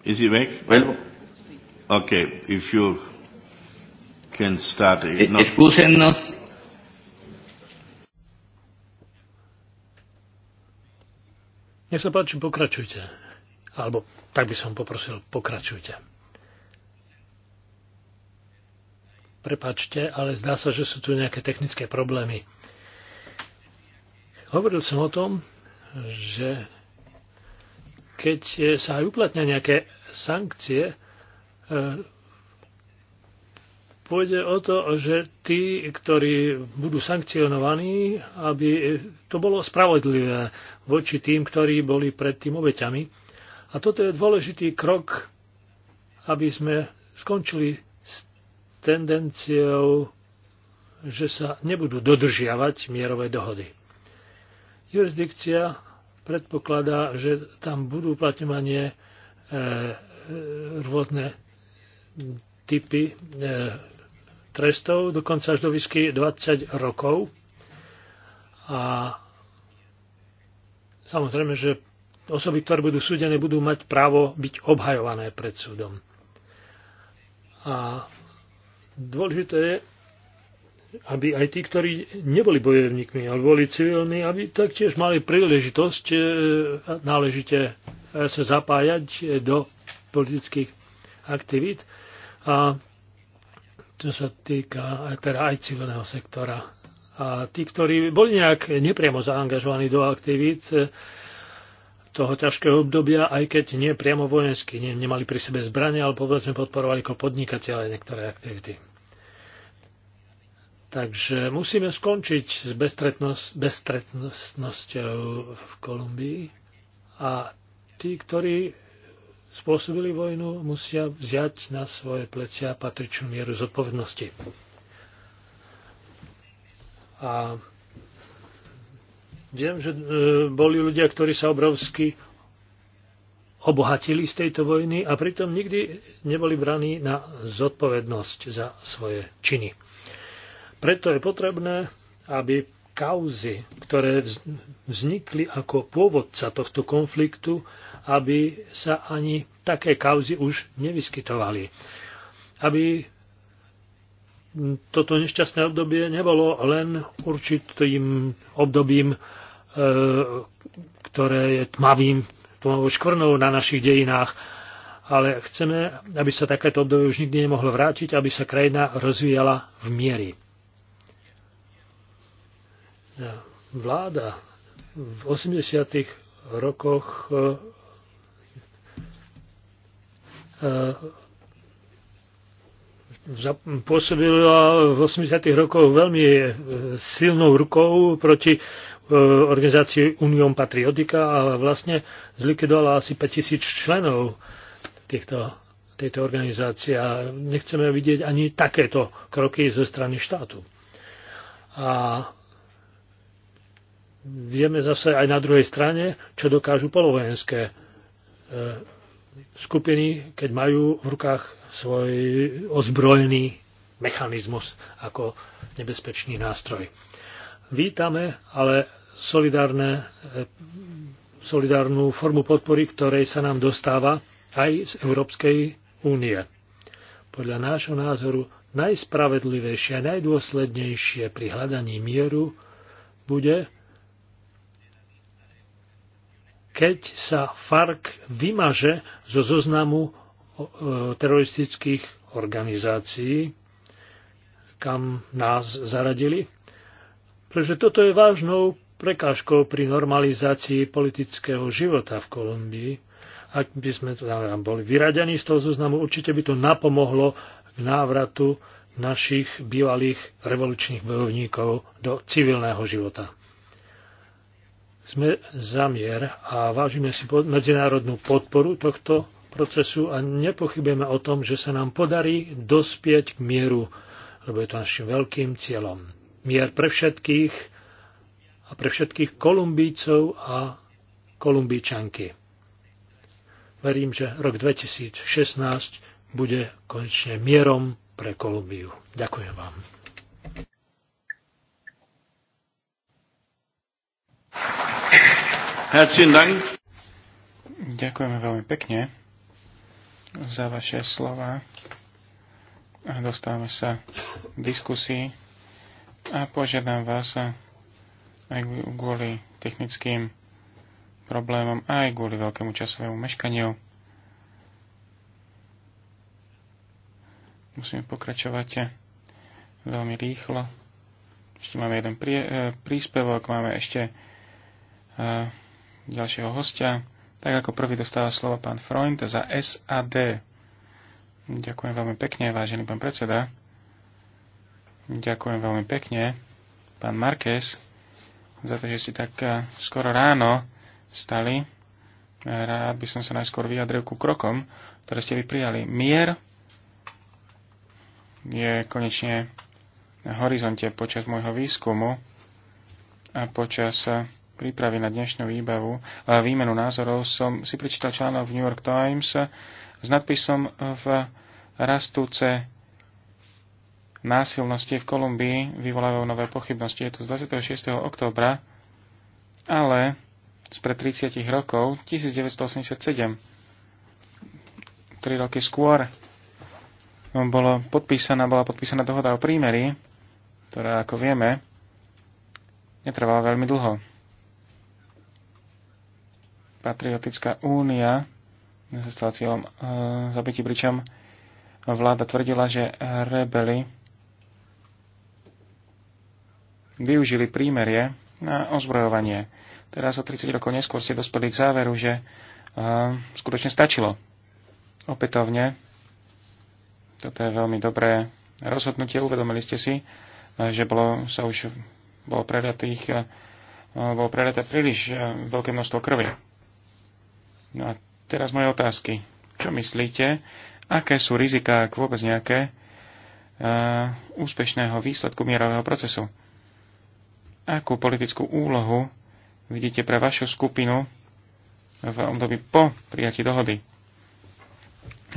Is he back? Well, okay, if you can start. No. Nech sa páči, pokračujte. Alebo tak by som poprosil, pokračujte. Prepačte, ale zdá sa, že sú tu nejaké technické problémy. Hovoril som o tom, že keď e, sa aj uplatňa nejaké sankcie, e, pôjde o to, že tí, ktorí budú sankcionovaní, aby to bolo spravodlivé voči tým, ktorí boli pred tým obeťami. A toto je dôležitý krok, aby sme skončili s tendenciou, že sa nebudú dodržiavať mierové dohody. Jurisdikcia predpokladá, že tam budú uplatňovanie e, e, rôzne typy e, trestov, dokonca až do výšky 20 rokov. A samozrejme, že osoby, ktoré budú súdené, budú mať právo byť obhajované pred súdom. A dôležité je, aby aj tí, ktorí neboli bojovníkmi, ale boli civilní, aby taktiež mali príležitosť e, náležite e, sa zapájať e, do politických aktivít. A čo sa týka teda aj civilného sektora. A tí, ktorí boli nejak nepriamo zaangažovaní do aktivít toho ťažkého obdobia, aj keď nie priamo vojensky, nemali pri sebe zbranie, ale povedzme podporovali ako podnikateľe niektoré aktivity. Takže musíme skončiť s bezstretnosťou v Kolumbii a tí, ktorí spôsobili vojnu, musia vziať na svoje plecia patričnú mieru zodpovednosti. A viem, že e, boli ľudia, ktorí sa obrovsky obohatili z tejto vojny a pritom nikdy neboli braní na zodpovednosť za svoje činy. Preto je potrebné, aby kauzy, ktoré vznikli ako pôvodca tohto konfliktu, aby sa ani také kauzy už nevyskytovali. Aby toto nešťastné obdobie nebolo len určitým obdobím, e, ktoré je tmavým, tmavou škvrnou na našich dejinách, ale chceme, aby sa takéto obdobie už nikdy nemohlo vrátiť, aby sa krajina rozvíjala v miery. Vláda v 80. rokoch e, e, pôsobila v 80. rokoch veľmi e, silnou rukou proti organizácii Unión Patriotika a vlastne zlikvidovala asi 5000 členov týchto, tejto organizácie a nechceme vidieť ani takéto kroky zo strany štátu. A vieme zase aj na druhej strane, čo dokážu polovojenské e, skupiny, keď majú v rukách svoj ozbrojený mechanizmus ako nebezpečný nástroj. Vítame ale solidárne, e, solidárnu formu podpory, ktorej sa nám dostáva aj z Európskej únie. Podľa nášho názoru najspravedlivejšie a najdôslednejšie pri hľadaní mieru bude keď sa FARC vymaže zo zoznamu e, teroristických organizácií, kam nás zaradili. Pretože toto je vážnou prekážkou pri normalizácii politického života v Kolumbii. Ak by sme teda boli vyradení z toho zoznamu, určite by to napomohlo k návratu našich bývalých revolučných bojovníkov do civilného života. Sme za mier a vážime si medzinárodnú podporu tohto procesu a nepochybujeme o tom, že sa nám podarí dospieť k mieru, lebo je to našim veľkým cieľom. Mier pre všetkých a pre všetkých Kolumbícov a Kolumbíčanky. Verím, že rok 2016 bude konečne mierom pre Kolumbiu. Ďakujem vám. Herzlichen Dank. Ďakujeme veľmi pekne za vaše slova. A dostávame sa k diskusii a požiadam vás aj kvôli technickým problémom, aj kvôli veľkému časovému meškaniu. Musíme pokračovať veľmi rýchlo. Ešte máme jeden prie, e, príspevok, máme ešte e, ďalšieho hostia. Tak ako prvý dostáva slovo pán Freund za SAD. Ďakujem veľmi pekne, vážený pán predseda. Ďakujem veľmi pekne, pán Marques, za to, že ste tak eh, skoro ráno stali. Rád by som sa najskôr vyjadril ku krokom, ktoré ste vy prijali. Mier je konečne na horizonte počas môjho výskumu a počas eh, prípravy na dnešnú výbavu, výmenu názorov som si prečítal článok v New York Times s nadpisom v rastúce násilnosti v Kolumbii vyvolávajú nové pochybnosti. Je to z 26. októbra, ale spred 30 rokov, 1987, Tri roky skôr, bolo podpísaná, bola podpísaná dohoda o prímeri, ktorá, ako vieme, netrvala veľmi dlho. Patriotická únia sa stala cieľom e, zabití, pričom vláda tvrdila, že rebeli využili prímerie na ozbrojovanie. Teraz o 30 rokov neskôr ste dospeli k záveru, že e, skutočne stačilo. Opätovne, toto je veľmi dobré rozhodnutie, uvedomili ste si, že bolo, sa už bolo predatých, e, bolo predaté príliš e, veľké množstvo krvi. No a teraz moje otázky. Čo myslíte, aké sú rizika, ak vôbec nejaké, uh, úspešného výsledku mierového procesu? Akú politickú úlohu vidíte pre vašu skupinu v období po prijatí dohody?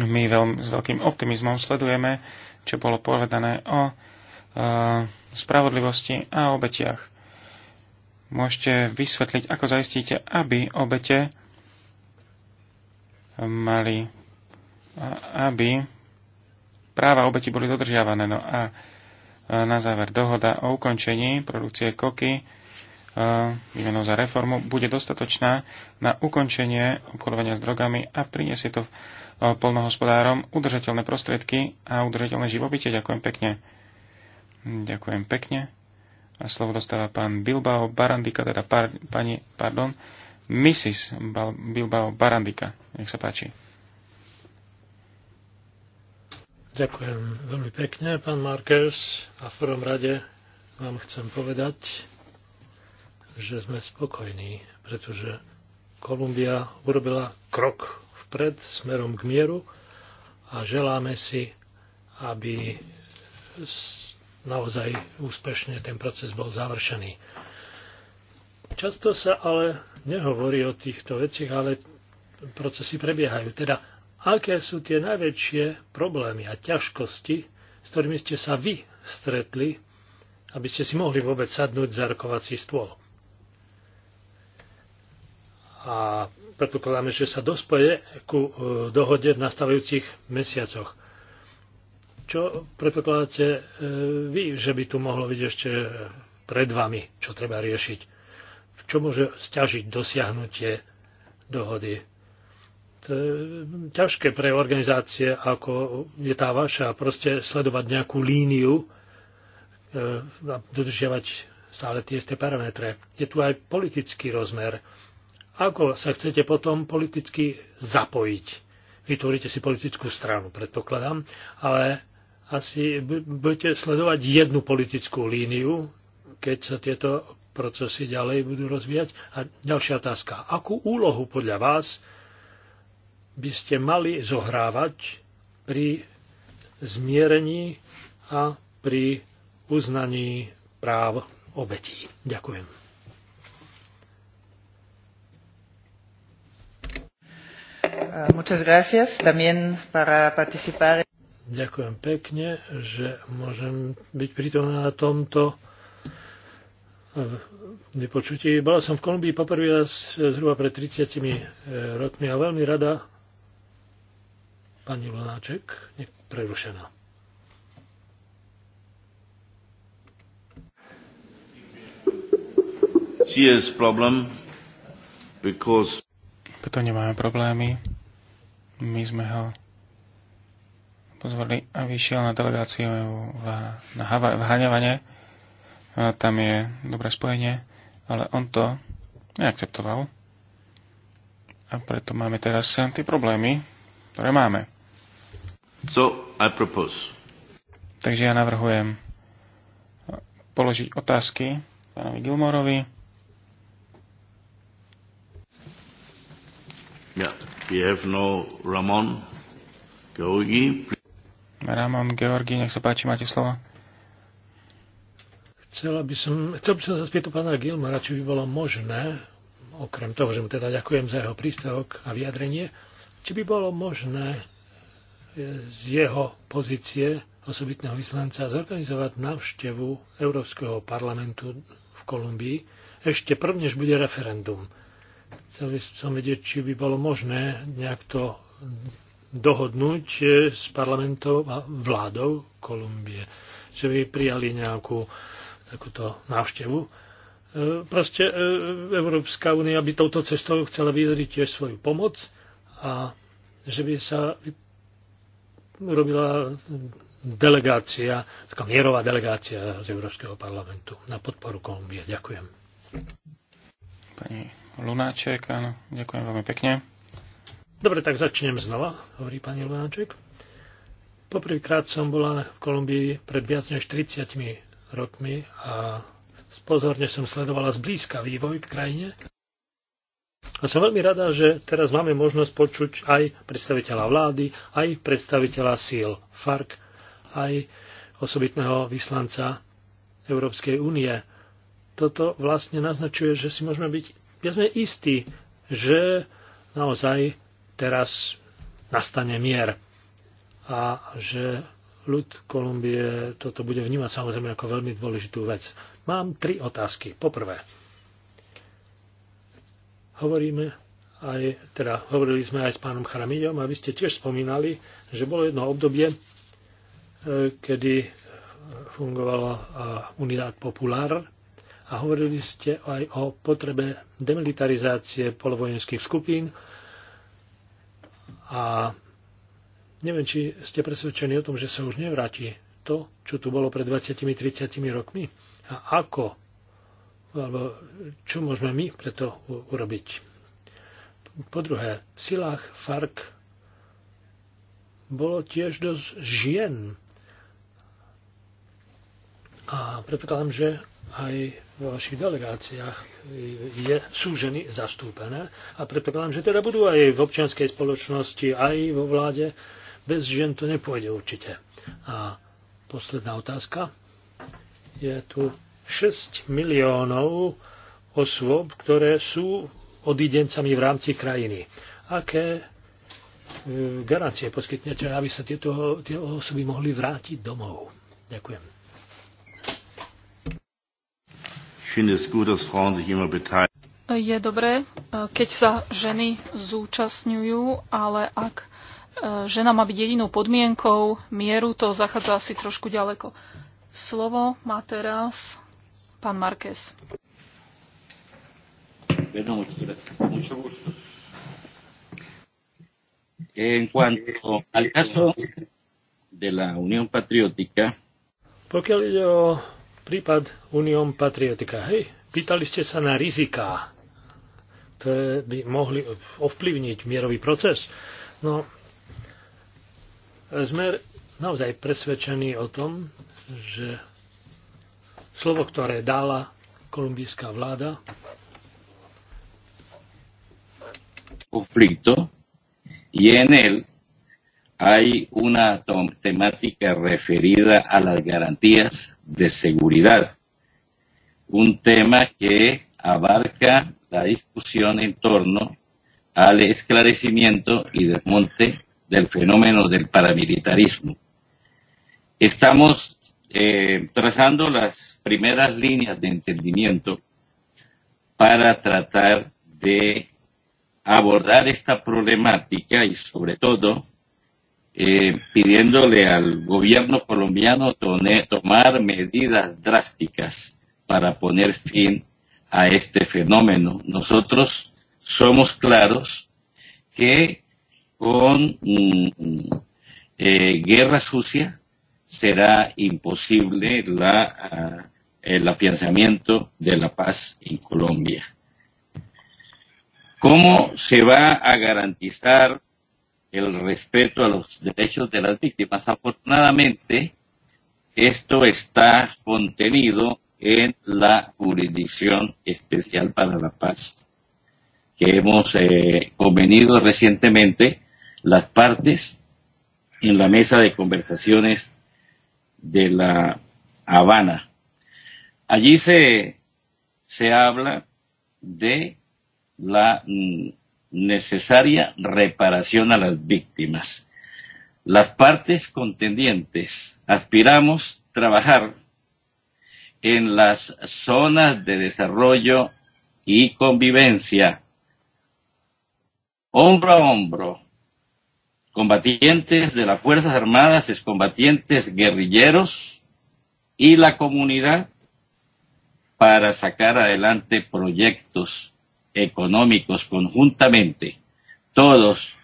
My veľ, s veľkým optimizmom sledujeme, čo bolo povedané o uh, spravodlivosti a obetiach. Môžete vysvetliť, ako zaistíte, aby obete mali, aby práva obeti boli dodržiavané. No a na záver dohoda o ukončení produkcie koky výmenou za reformu bude dostatočná na ukončenie obchodovania s drogami a priniesie to polnohospodárom udržateľné prostriedky a udržateľné živobytie. Ďakujem pekne. Ďakujem pekne. A slovo dostáva pán Bilbao Barandika, teda par, pani, pardon, Mrs. Bilbao Barandika. Nech sa páči. Ďakujem veľmi pekne, pán Markers. A v prvom rade vám chcem povedať, že sme spokojní, pretože Kolumbia urobila krok vpred smerom k mieru a želáme si, aby naozaj úspešne ten proces bol završený. Často sa ale nehovorí o týchto veciach, ale procesy prebiehajú. Teda, aké sú tie najväčšie problémy a ťažkosti, s ktorými ste sa vy stretli, aby ste si mohli vôbec sadnúť za rokovací stôl? A predpokladáme, že sa dospoje ku e, dohode v nastavujúcich mesiacoch. Čo predpokladáte e, vy, že by tu mohlo byť ešte pred vami, čo treba riešiť? čo môže stiažiť dosiahnutie dohody. To je mm, ťažké pre organizácie, ako je tá vaša, proste sledovať nejakú líniu e, a dodržiavať stále tie isté parametre. Je tu aj politický rozmer. Ako sa chcete potom politicky zapojiť? Vytvoríte si politickú stranu, predpokladám, ale asi budete sledovať jednu politickú líniu, keď sa tieto procesy ďalej budú rozvíjať. A ďalšia otázka. Akú úlohu podľa vás by ste mali zohrávať pri zmierení a pri uznaní práv obetí? Ďakujem. Eh, muchas gracias también para participar. Ďakujem pekne, že môžem byť prítomná na tomto Eh, vypočutí. Bola som v Kolumbii poprvý raz eh, zhruba pred 30 eh, rokmi a veľmi rada pani Lunáček prerušená. problem, because... Preto nemáme problémy. My sme ho pozvali a vyšiel na delegáciu e v, na Hava, v tam je dobré spojenie, ale on to neakceptoval. A preto máme teraz tie problémy, ktoré máme. So I propose. Takže ja navrhujem položiť otázky pánovi Gilmorovi. Yeah, we have no Ramon Georgi. Ramon Georgi, nech sa páči, máte slovo. Chcela by som, chcel by som sa spýtať pána Gilmara, či by bolo možné, okrem toho, že mu teda ďakujem za jeho príspevok a vyjadrenie, či by bolo možné e, z jeho pozície osobitného vyslanca zorganizovať návštevu Európskeho parlamentu v Kolumbii ešte prv, než bude referendum. Chcel by som vedieť, či by bolo možné nejak to dohodnúť e, s parlamentom a vládou Kolumbie, že by prijali nejakú takúto návštevu. E, proste e, Európska únia by touto cestou chcela vyjadriť tiež svoju pomoc a že by sa robila delegácia, taká mierová delegácia z Európskeho parlamentu na podporu Kolumbie. Ďakujem. Pani Lunáček, áno, ďakujem veľmi pekne. Dobre, tak začnem znova, hovorí pani Lunáček. Poprvýkrát som bola v Kolumbii pred viac než 30 rokmi a pozorne som sledovala zblízka vývoj v krajine. A som veľmi rada, že teraz máme možnosť počuť aj predstaviteľa vlády, aj predstaviteľa síl FARC, aj osobitného vyslanca Európskej únie. Toto vlastne naznačuje, že si môžeme byť, ja sme istí, že naozaj teraz nastane mier a že ľud Kolumbie toto bude vnímať samozrejme ako veľmi dôležitú vec. Mám tri otázky. Poprvé, hovoríme aj, teda hovorili sme aj s pánom Charamidom a vy ste tiež spomínali, že bolo jedno obdobie, e, kedy fungovala e, Unidad Popular a hovorili ste aj o potrebe demilitarizácie polovojenských skupín a Neviem, či ste presvedčení o tom, že sa už nevráti to, čo tu bolo pred 20-30 rokmi. A ako, alebo čo môžeme my preto urobiť? Po druhé, v silách FARC bolo tiež dosť žien. A predpokladám, že aj vo vašich delegáciách je, sú ženy zastúpené a predpokladám, že teda budú aj v občianskej spoločnosti, aj vo vláde. Bez žien to nepôjde určite. A posledná otázka. Je tu 6 miliónov osôb, ktoré sú odidencami v rámci krajiny. Aké e, garancie poskytnete, aby sa tieto, tie osoby mohli vrátiť domov? Ďakujem. Je dobré, e, keď sa ženy zúčastňujú, ale ak E, žena má byť jedinou podmienkou mieru, to zachádza asi trošku ďaleko. Slovo má teraz pán Marquez. Pokiaľ ide o prípad Unión patriotika, hej, pýtali ste sa na riziká, ktoré by mohli ovplyvniť mierový proces. No, sme naozaj presvedčení o tom, že slovo, ktoré dala kolumbijská vláda, conflicto y en él hay una temática referida a las garantías de seguridad, un tema que abarca la discusión en torno al esclarecimiento y desmonte del fenómeno del paramilitarismo. Estamos eh, trazando las primeras líneas de entendimiento para tratar de abordar esta problemática y sobre todo eh, pidiéndole al gobierno colombiano tome, tomar medidas drásticas para poner fin a este fenómeno. Nosotros somos claros que con mm, eh, guerra sucia será imposible la, uh, el afianzamiento de la paz en Colombia. ¿Cómo se va a garantizar el respeto a los derechos de las víctimas? Afortunadamente, esto está contenido en la Jurisdicción Especial para la Paz que hemos eh, convenido recientemente las partes en la mesa de conversaciones de la Habana. Allí se, se habla de la necesaria reparación a las víctimas. Las partes contendientes aspiramos trabajar en las zonas de desarrollo y convivencia, hombro a hombro, combatientes de las Fuerzas Armadas, excombatientes guerrilleros y la comunidad para sacar adelante proyectos económicos conjuntamente. Todos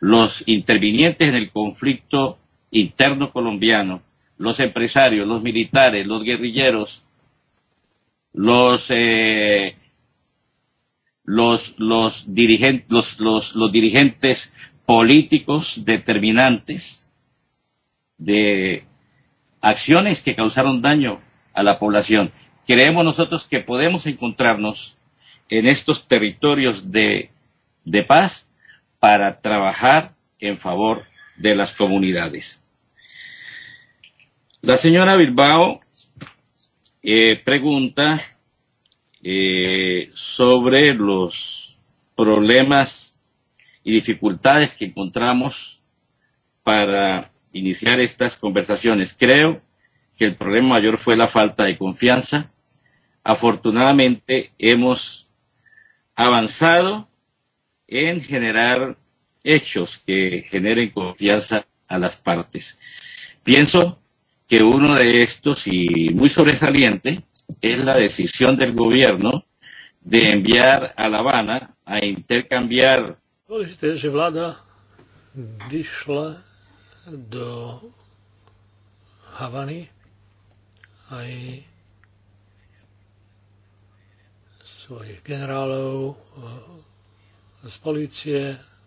los intervinientes en el conflicto interno colombiano, los empresarios, los militares, los guerrilleros, los eh, los los dirigentes los, los, los dirigentes políticos determinantes de acciones que causaron daño a la población. Creemos nosotros que podemos encontrarnos en estos territorios de, de paz para trabajar en favor de las comunidades. La señora Bilbao eh, pregunta eh, sobre los problemas y dificultades que encontramos para iniciar estas conversaciones. Creo que el problema mayor fue la falta de confianza. Afortunadamente hemos avanzado en generar hechos que generen confianza a las partes. Pienso que uno de estos, y muy sobresaliente, es la decisión del gobierno de enviar a La Habana a intercambiar Dôležité je, že vláda vyšla do Havany aj svojich generálov e, z policie,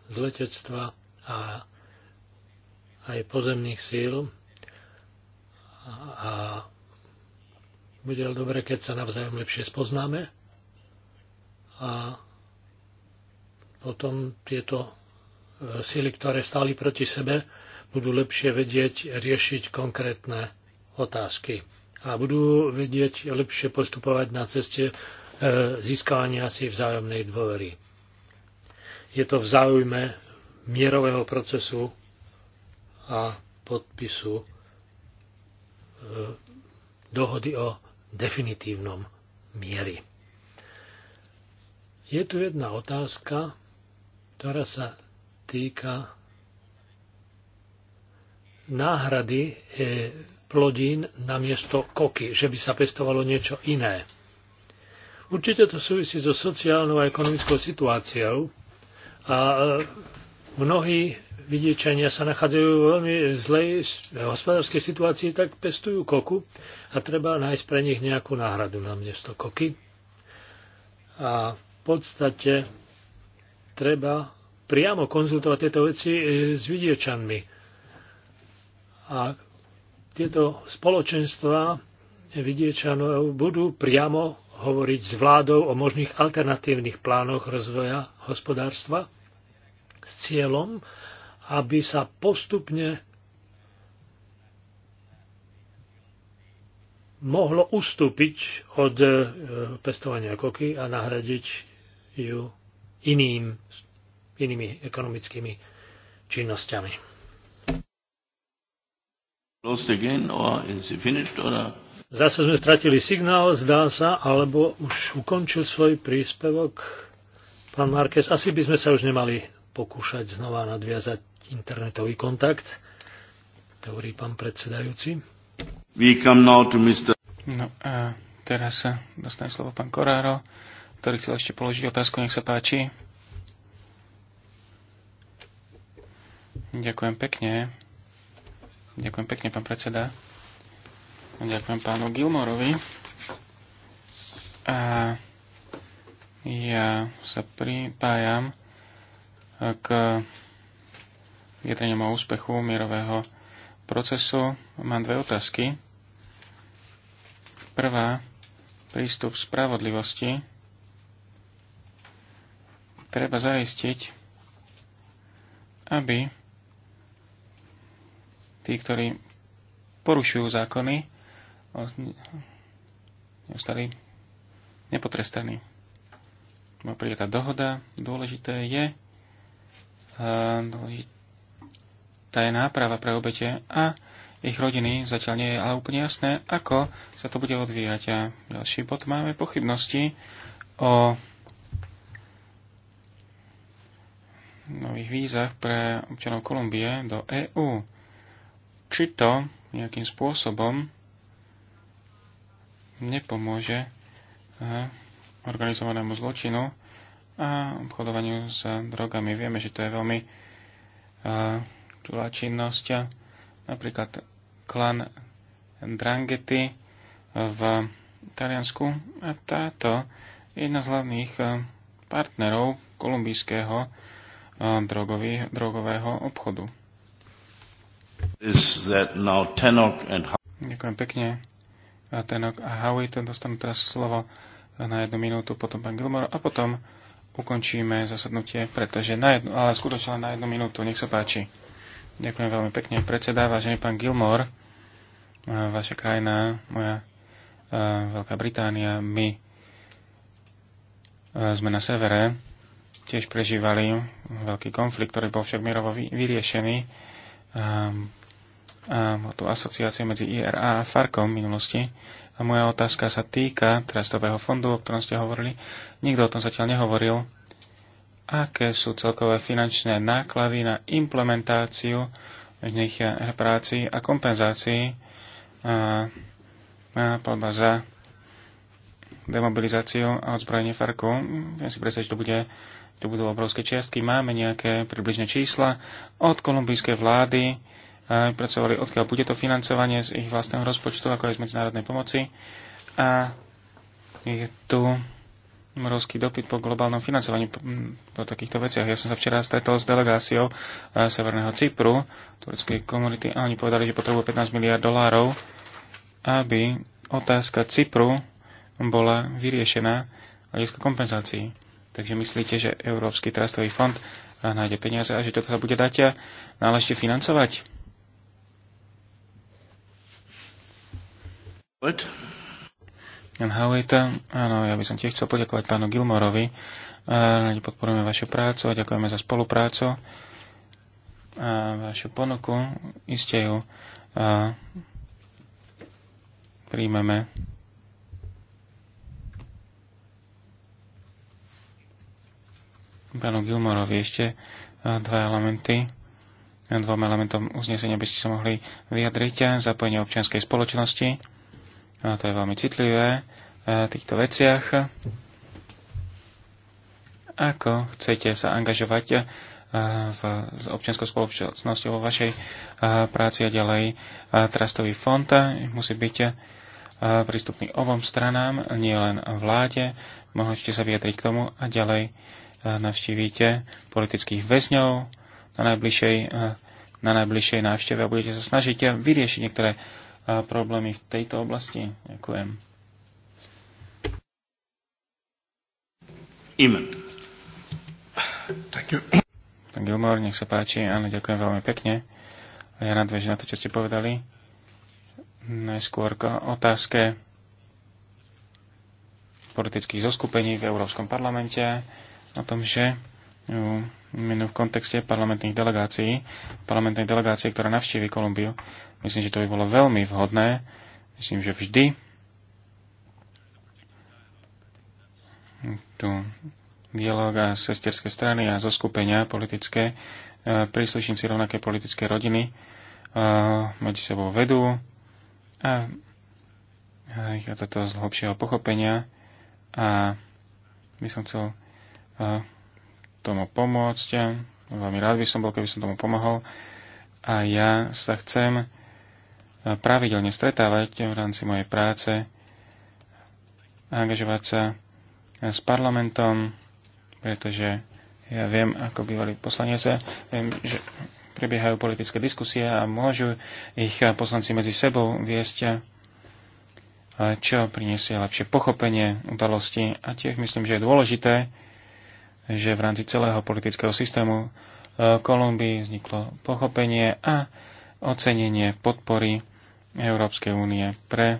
z letectva a aj pozemných síl. A bude dobre, keď sa navzájom lepšie spoznáme. A potom tieto e, síly, ktoré stáli proti sebe, budú lepšie vedieť riešiť konkrétne otázky a budú vedieť lepšie postupovať na ceste e, získavania si vzájomnej dôvery. Je to v záujme mierového procesu a podpisu e, dohody o definitívnom miery. Je tu jedna otázka, ktorá sa týka náhrady e, plodín na miesto koky, že by sa pestovalo niečo iné. Určite to súvisí so sociálnou a ekonomickou situáciou a e, mnohí vidiečania sa nachádzajú v veľmi zlej hospodárskej situácii, tak pestujú koku a treba nájsť pre nich nejakú náhradu na miesto koky. A v podstate treba priamo konzultovať tieto veci e, s vidiečanmi. A tieto spoločenstva vidiečanov budú priamo hovoriť s vládou o možných alternatívnych plánoch rozvoja hospodárstva s cieľom, aby sa postupne mohlo ustúpiť od e, pestovania koky a nahradiť ju iným, inými ekonomickými činnosťami. Zase sme stratili signál, zdá sa, alebo už ukončil svoj príspevok pán Marquez. Asi by sme sa už nemali pokúšať znova nadviazať internetový kontakt, hovorí pán predsedajúci. No a teraz sa dostane slovo pán Koráro ktorý chcel ešte položiť otázku, nech sa páči. Ďakujem pekne. Ďakujem pekne, pán predseda. Ďakujem pánu Gilmorovi. A ja sa pripájam k vyjadreniam o úspechu mierového procesu. Mám dve otázky. Prvá, prístup spravodlivosti treba zaistiť, aby tí, ktorí porušujú zákony, ostali nepotrestaní. Príde tá dohoda. Dôležité je, tá je náprava pre obete a ich rodiny zatiaľ nie je ale úplne jasné, ako sa to bude odvíjať. A ďalší bod máme pochybnosti o nových vízach pre občanov Kolumbie do EÚ. Či to nejakým spôsobom nepomôže eh, organizovanému zločinu a obchodovaniu s drogami. Vieme, že to je veľmi čulá eh, činnosť. Napríklad klan Drangety eh, v Taliansku a táto je jedna z hlavných partnerov kolumbijského drogový, drogového obchodu. And... Ďakujem pekne. A Tenok a Howie, Howitt dostanú teraz slovo na jednu minútu, potom pán Gilmore a potom ukončíme zasadnutie, pretože na jednu, ale skutočne len na jednu minútu, nech sa páči. Ďakujem veľmi pekne, predseda, vážený pán Gilmore, vaša krajina, moja Veľká Británia, my sme na severe tiež prežívali veľký konflikt, ktorý bol však mierovo vyriešený. Um, um, tú asociáciu medzi IRA a Farkom v minulosti. A moja otázka sa týka trastového fondu, o ktorom ste hovorili. Nikto o tom zatiaľ nehovoril. Aké sú celkové finančné náklady na implementáciu bežných práci a kompenzácií a, a podľa za demobilizáciu a odzbrojenie Farku. Viem si predstaviť, že to bude to budú obrovské čiastky. Máme nejaké približné čísla od kolumbijskej vlády, pracovali, odkiaľ bude to financovanie z ich vlastného rozpočtu, ako aj z medzinárodnej pomoci. A je tu morovský dopyt po globálnom financovaní po takýchto veciach. Ja som sa včera stretol s delegáciou e, Severného Cypru, tureckej komunity, a oni povedali, že potrebujú 15 miliard dolárov, aby otázka Cypru bola vyriešená hľadiska kompenzácií. Takže myslíte, že Európsky trastový fond eh, nájde peniaze a že toto sa bude dať eh, náležite financovať? Jan áno, ja by som tiež chcel poďakovať pánu Gilmorovi. Eh, Rádi podporujeme vašu prácu a ďakujeme za spoluprácu a vašu ponuku. Isté ju príjmeme. pánu Gilmorovi ešte e, dva elementy e, dvom elementom uznesenia by ste sa mohli vyjadriť. E, zapojenie občianskej spoločnosti. A to je veľmi citlivé v týchto veciach. Ako chcete sa angažovať v, s občianskou spoločnosťou vo vašej práci a ďalej trastový fond musí byť prístupný obom stranám, nielen vláde. Mohli ste sa vyjadriť k tomu a ďalej navštívite politických väzňov na najbližšej, eh, na najbližšej návšteve a budete sa snažiť eh, vyriešiť niektoré eh, problémy v tejto oblasti. Ďakujem. Amen. Thank you. Pán Gilmore, nech sa páči. Áno, ďakujem veľmi pekne. A ja nadvežím na to, čo ste povedali. Najskôr k otázke politických zoskupení v Európskom parlamente o tom, že v kontexte parlamentných delegácií, parlamentnej delegácie, ktorá navštívi Kolumbiu. Myslím, že to by bolo veľmi vhodné. Myslím, že vždy tu dialog a sesterské strany a zoskupenia politické, e, príslušníci rovnaké politické rodiny e, medzi sebou vedú a vychádza toto z hlbšieho pochopenia a by som chcel tomu pomôcť. Veľmi rád by som bol, keby som tomu pomohol. A ja sa chcem e, pravidelne stretávať v rámci mojej práce, angažovať sa s parlamentom, pretože ja viem, ako bývali poslanec, viem, že prebiehajú politické diskusie a môžu ich poslanci medzi sebou viesť, e, čo priniesie lepšie pochopenie udalosti. A tiež myslím, že je dôležité, že v rámci celého politického systému e, Kolumbii vzniklo pochopenie a ocenenie podpory Európskej únie pre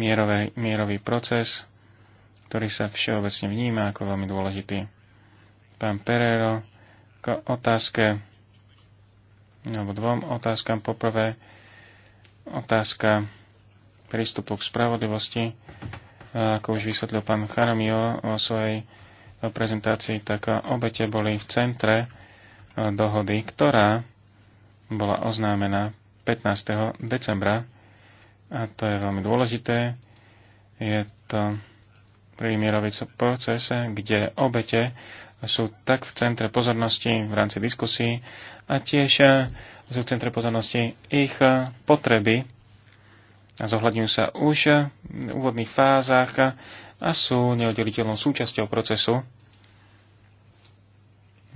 mierové, mierový proces, ktorý sa všeobecne vníma ako veľmi dôležitý. Pán Perero, k otázke, alebo dvom otázkam. Poprvé, otázka prístupu k spravodlivosti. Ako už vysvetlil pán Charamio o svojej prezentácii, tak obete boli v centre e, dohody, ktorá bola oznámená 15. decembra. A to je veľmi dôležité. Je to prvý mierový proces, kde obete sú tak v centre pozornosti v rámci diskusí a tiež e, sú v centre pozornosti ich potreby zohľadňujú sa už v úvodných fázach a sú neoddeliteľnou súčasťou procesu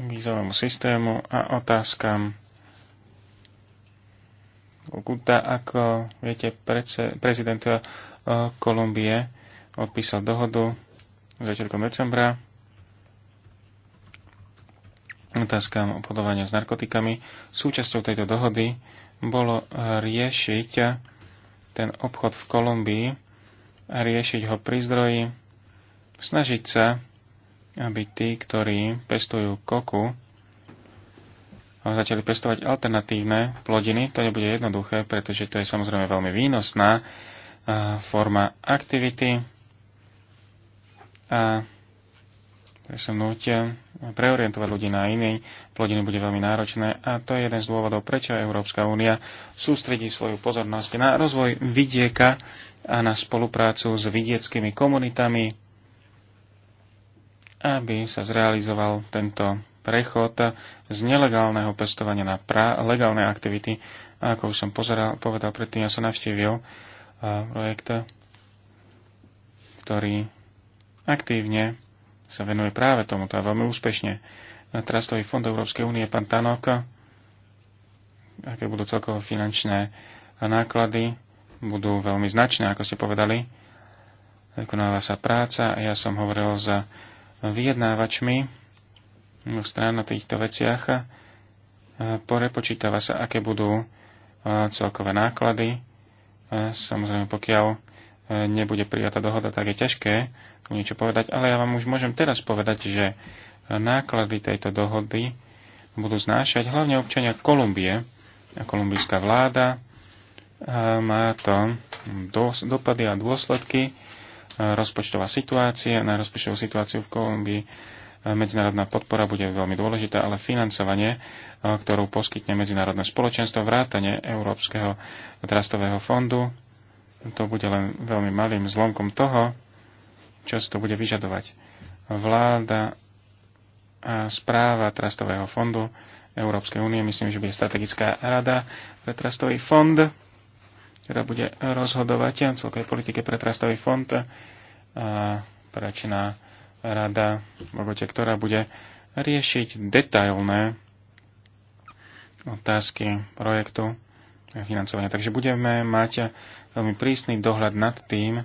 výzovému systému a otázkam. Kuta, ako viete, prezident eh, Kolumbie odpísal dohodu začiatkom decembra otázkam obchodovania s narkotikami. Súčasťou tejto dohody bolo riešiť ten obchod v Kolumbii a riešiť ho pri zdroji, snažiť sa, aby tí, ktorí pestujú koku, začali pestovať alternatívne plodiny. To nebude jednoduché, pretože to je samozrejme veľmi výnosná eh, forma aktivity. A nutia preorientovať ľudí na iný plodiny bude veľmi náročné a to je jeden z dôvodov, prečo Európska únia sústredí svoju pozornosť na rozvoj vidieka a na spoluprácu s vidieckými komunitami, aby sa zrealizoval tento prechod z nelegálneho pestovania na pra- legálne aktivity. A ako už som pozeral, povedal predtým, ja som navštívil projekt, ktorý aktívne sa venuje práve tomuto a veľmi úspešne. Na Trastový fond Európskej únie pán Tanok, aké budú celkovo finančné náklady, budú veľmi značné, ako ste povedali. Vykonáva sa práca a ja som hovoril s vyjednávačmi strán na týchto veciach. Porepočítava sa, aké budú celkové náklady. Samozrejme, pokiaľ nebude prijatá dohoda, tak je ťažké niečo povedať, ale ja vám už môžem teraz povedať, že náklady tejto dohody budú znášať hlavne občania Kolumbie a kolumbijská vláda. Eh, má to dopady a dôsledky eh, rozpočtová situácia, na rozpočtovú situáciu v Kolumbii eh, medzinárodná podpora bude veľmi dôležitá, ale financovanie, ktorú poskytne medzinárodné spoločenstvo, vrátane Európskeho trastového fondu, to bude len veľmi malým zlomkom toho, čo si to bude vyžadovať. Vláda a správa Trastového fondu Európskej únie, myslím, že bude strategická rada pre Trastový fond, ktorá bude rozhodovať o celkovej politike pre Trastový fond a prečná rada v Bogote, ktorá bude riešiť detailné otázky projektu financovania. Takže budeme mať veľmi prísny dohľad nad tým, e,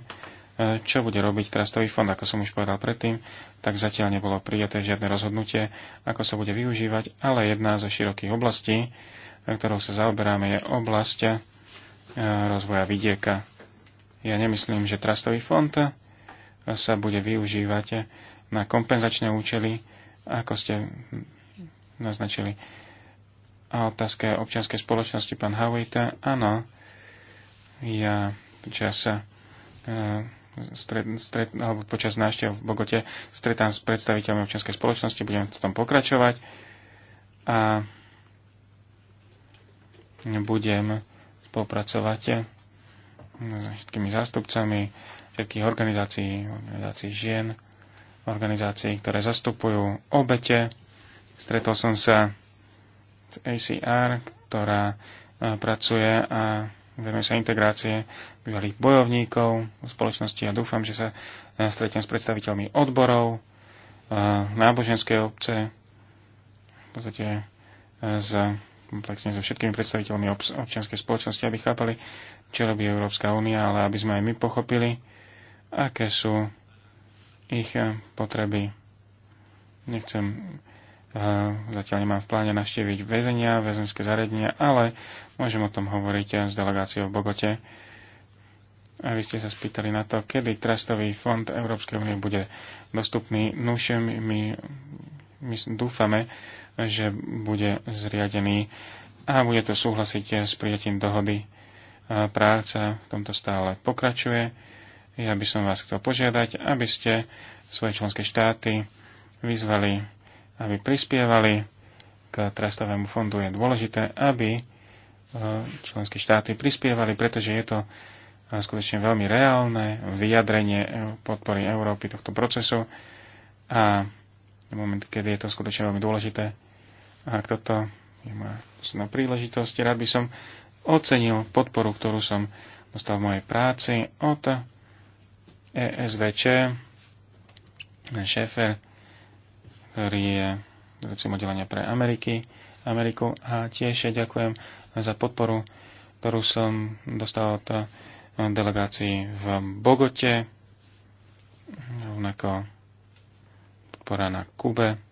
čo bude robiť trastový fond, ako som už povedal predtým, tak zatiaľ nebolo prijaté žiadne rozhodnutie, ako sa bude využívať, ale jedna zo širokých oblastí, ktorou sa zaoberáme, je oblasť e, rozvoja vidieka. Ja nemyslím, že trastový fond sa bude využívať na kompenzačné účely, ako ste naznačili a otázka občianskej spoločnosti pán Havita. Áno, ja počas, e, stret, stret, alebo počas návštev v Bogote stretám s predstaviteľmi občianskej spoločnosti, budem v tom pokračovať a budem spolupracovať eh, s všetkými zástupcami všetkých organizácií, organizácií žien, organizácií, ktoré zastupujú obete. Stretol som sa ACR, ktorá e, pracuje a venuje sa integrácie bývalých bojovníkov v spoločnosti a ja dúfam, že sa e, stretnem s predstaviteľmi odborov, e, náboženskej obce, v podstate s, komplexne so všetkými predstaviteľmi občianskej spoločnosti, aby chápali, čo robí Európska únia, ale aby sme aj my pochopili, aké sú ich potreby. Nechcem Zatiaľ nemám v pláne navštíviť väzenia, väzenské zariadenia, ale môžem o tom hovoriť s delegáciou v Bogote. A vy ste sa spýtali na to, kedy Trastový fond Európskej únie bude dostupný. Nuž, my, my dúfame, že bude zriadený a bude to súhlasiť s prijatím dohody. Práca v tomto stále pokračuje. Ja by som vás chcel požiadať, aby ste svoje členské štáty vyzvali aby prispievali k trestovému fondu. Je dôležité, aby e, členské štáty prispievali, pretože je to e, skutočne veľmi reálne vyjadrenie e, podpory Európy tohto procesu a moment, kedy je to skutočne veľmi dôležité. A ak toto je moja posledná príležitosť, rád by som ocenil podporu, ktorú som dostal v mojej práci od ESVČ, Šéfer ktorý je vedúcim oddelenia pre Ameriky, Ameriku a tiež ďakujem za podporu, ktorú som dostal od eh, delegácií v Bogote, rovnako podpora na Kube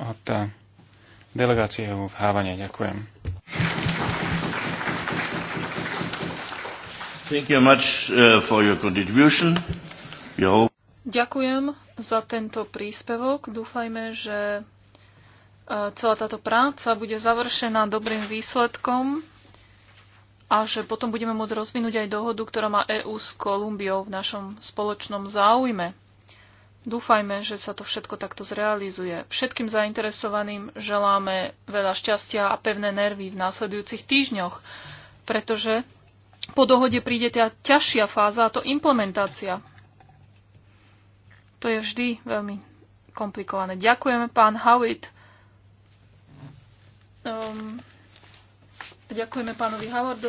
od eh, delegácie v Hávane. Ďakujem. Thank you much uh, for your contribution. We hope Ďakujem za tento príspevok. Dúfajme, že e, celá táto práca bude završená dobrým výsledkom a že potom budeme môcť rozvinúť aj dohodu, ktorá má EÚ s Kolumbiou v našom spoločnom záujme. Dúfajme, že sa to všetko takto zrealizuje. Všetkým zainteresovaným želáme veľa šťastia a pevné nervy v následujúcich týždňoch, pretože po dohode príde tá ťažšia fáza, a to implementácia. To je vždy veľmi komplikované. Ďakujeme, pán Howitt. Um, ďakujeme pánovi Howardovi.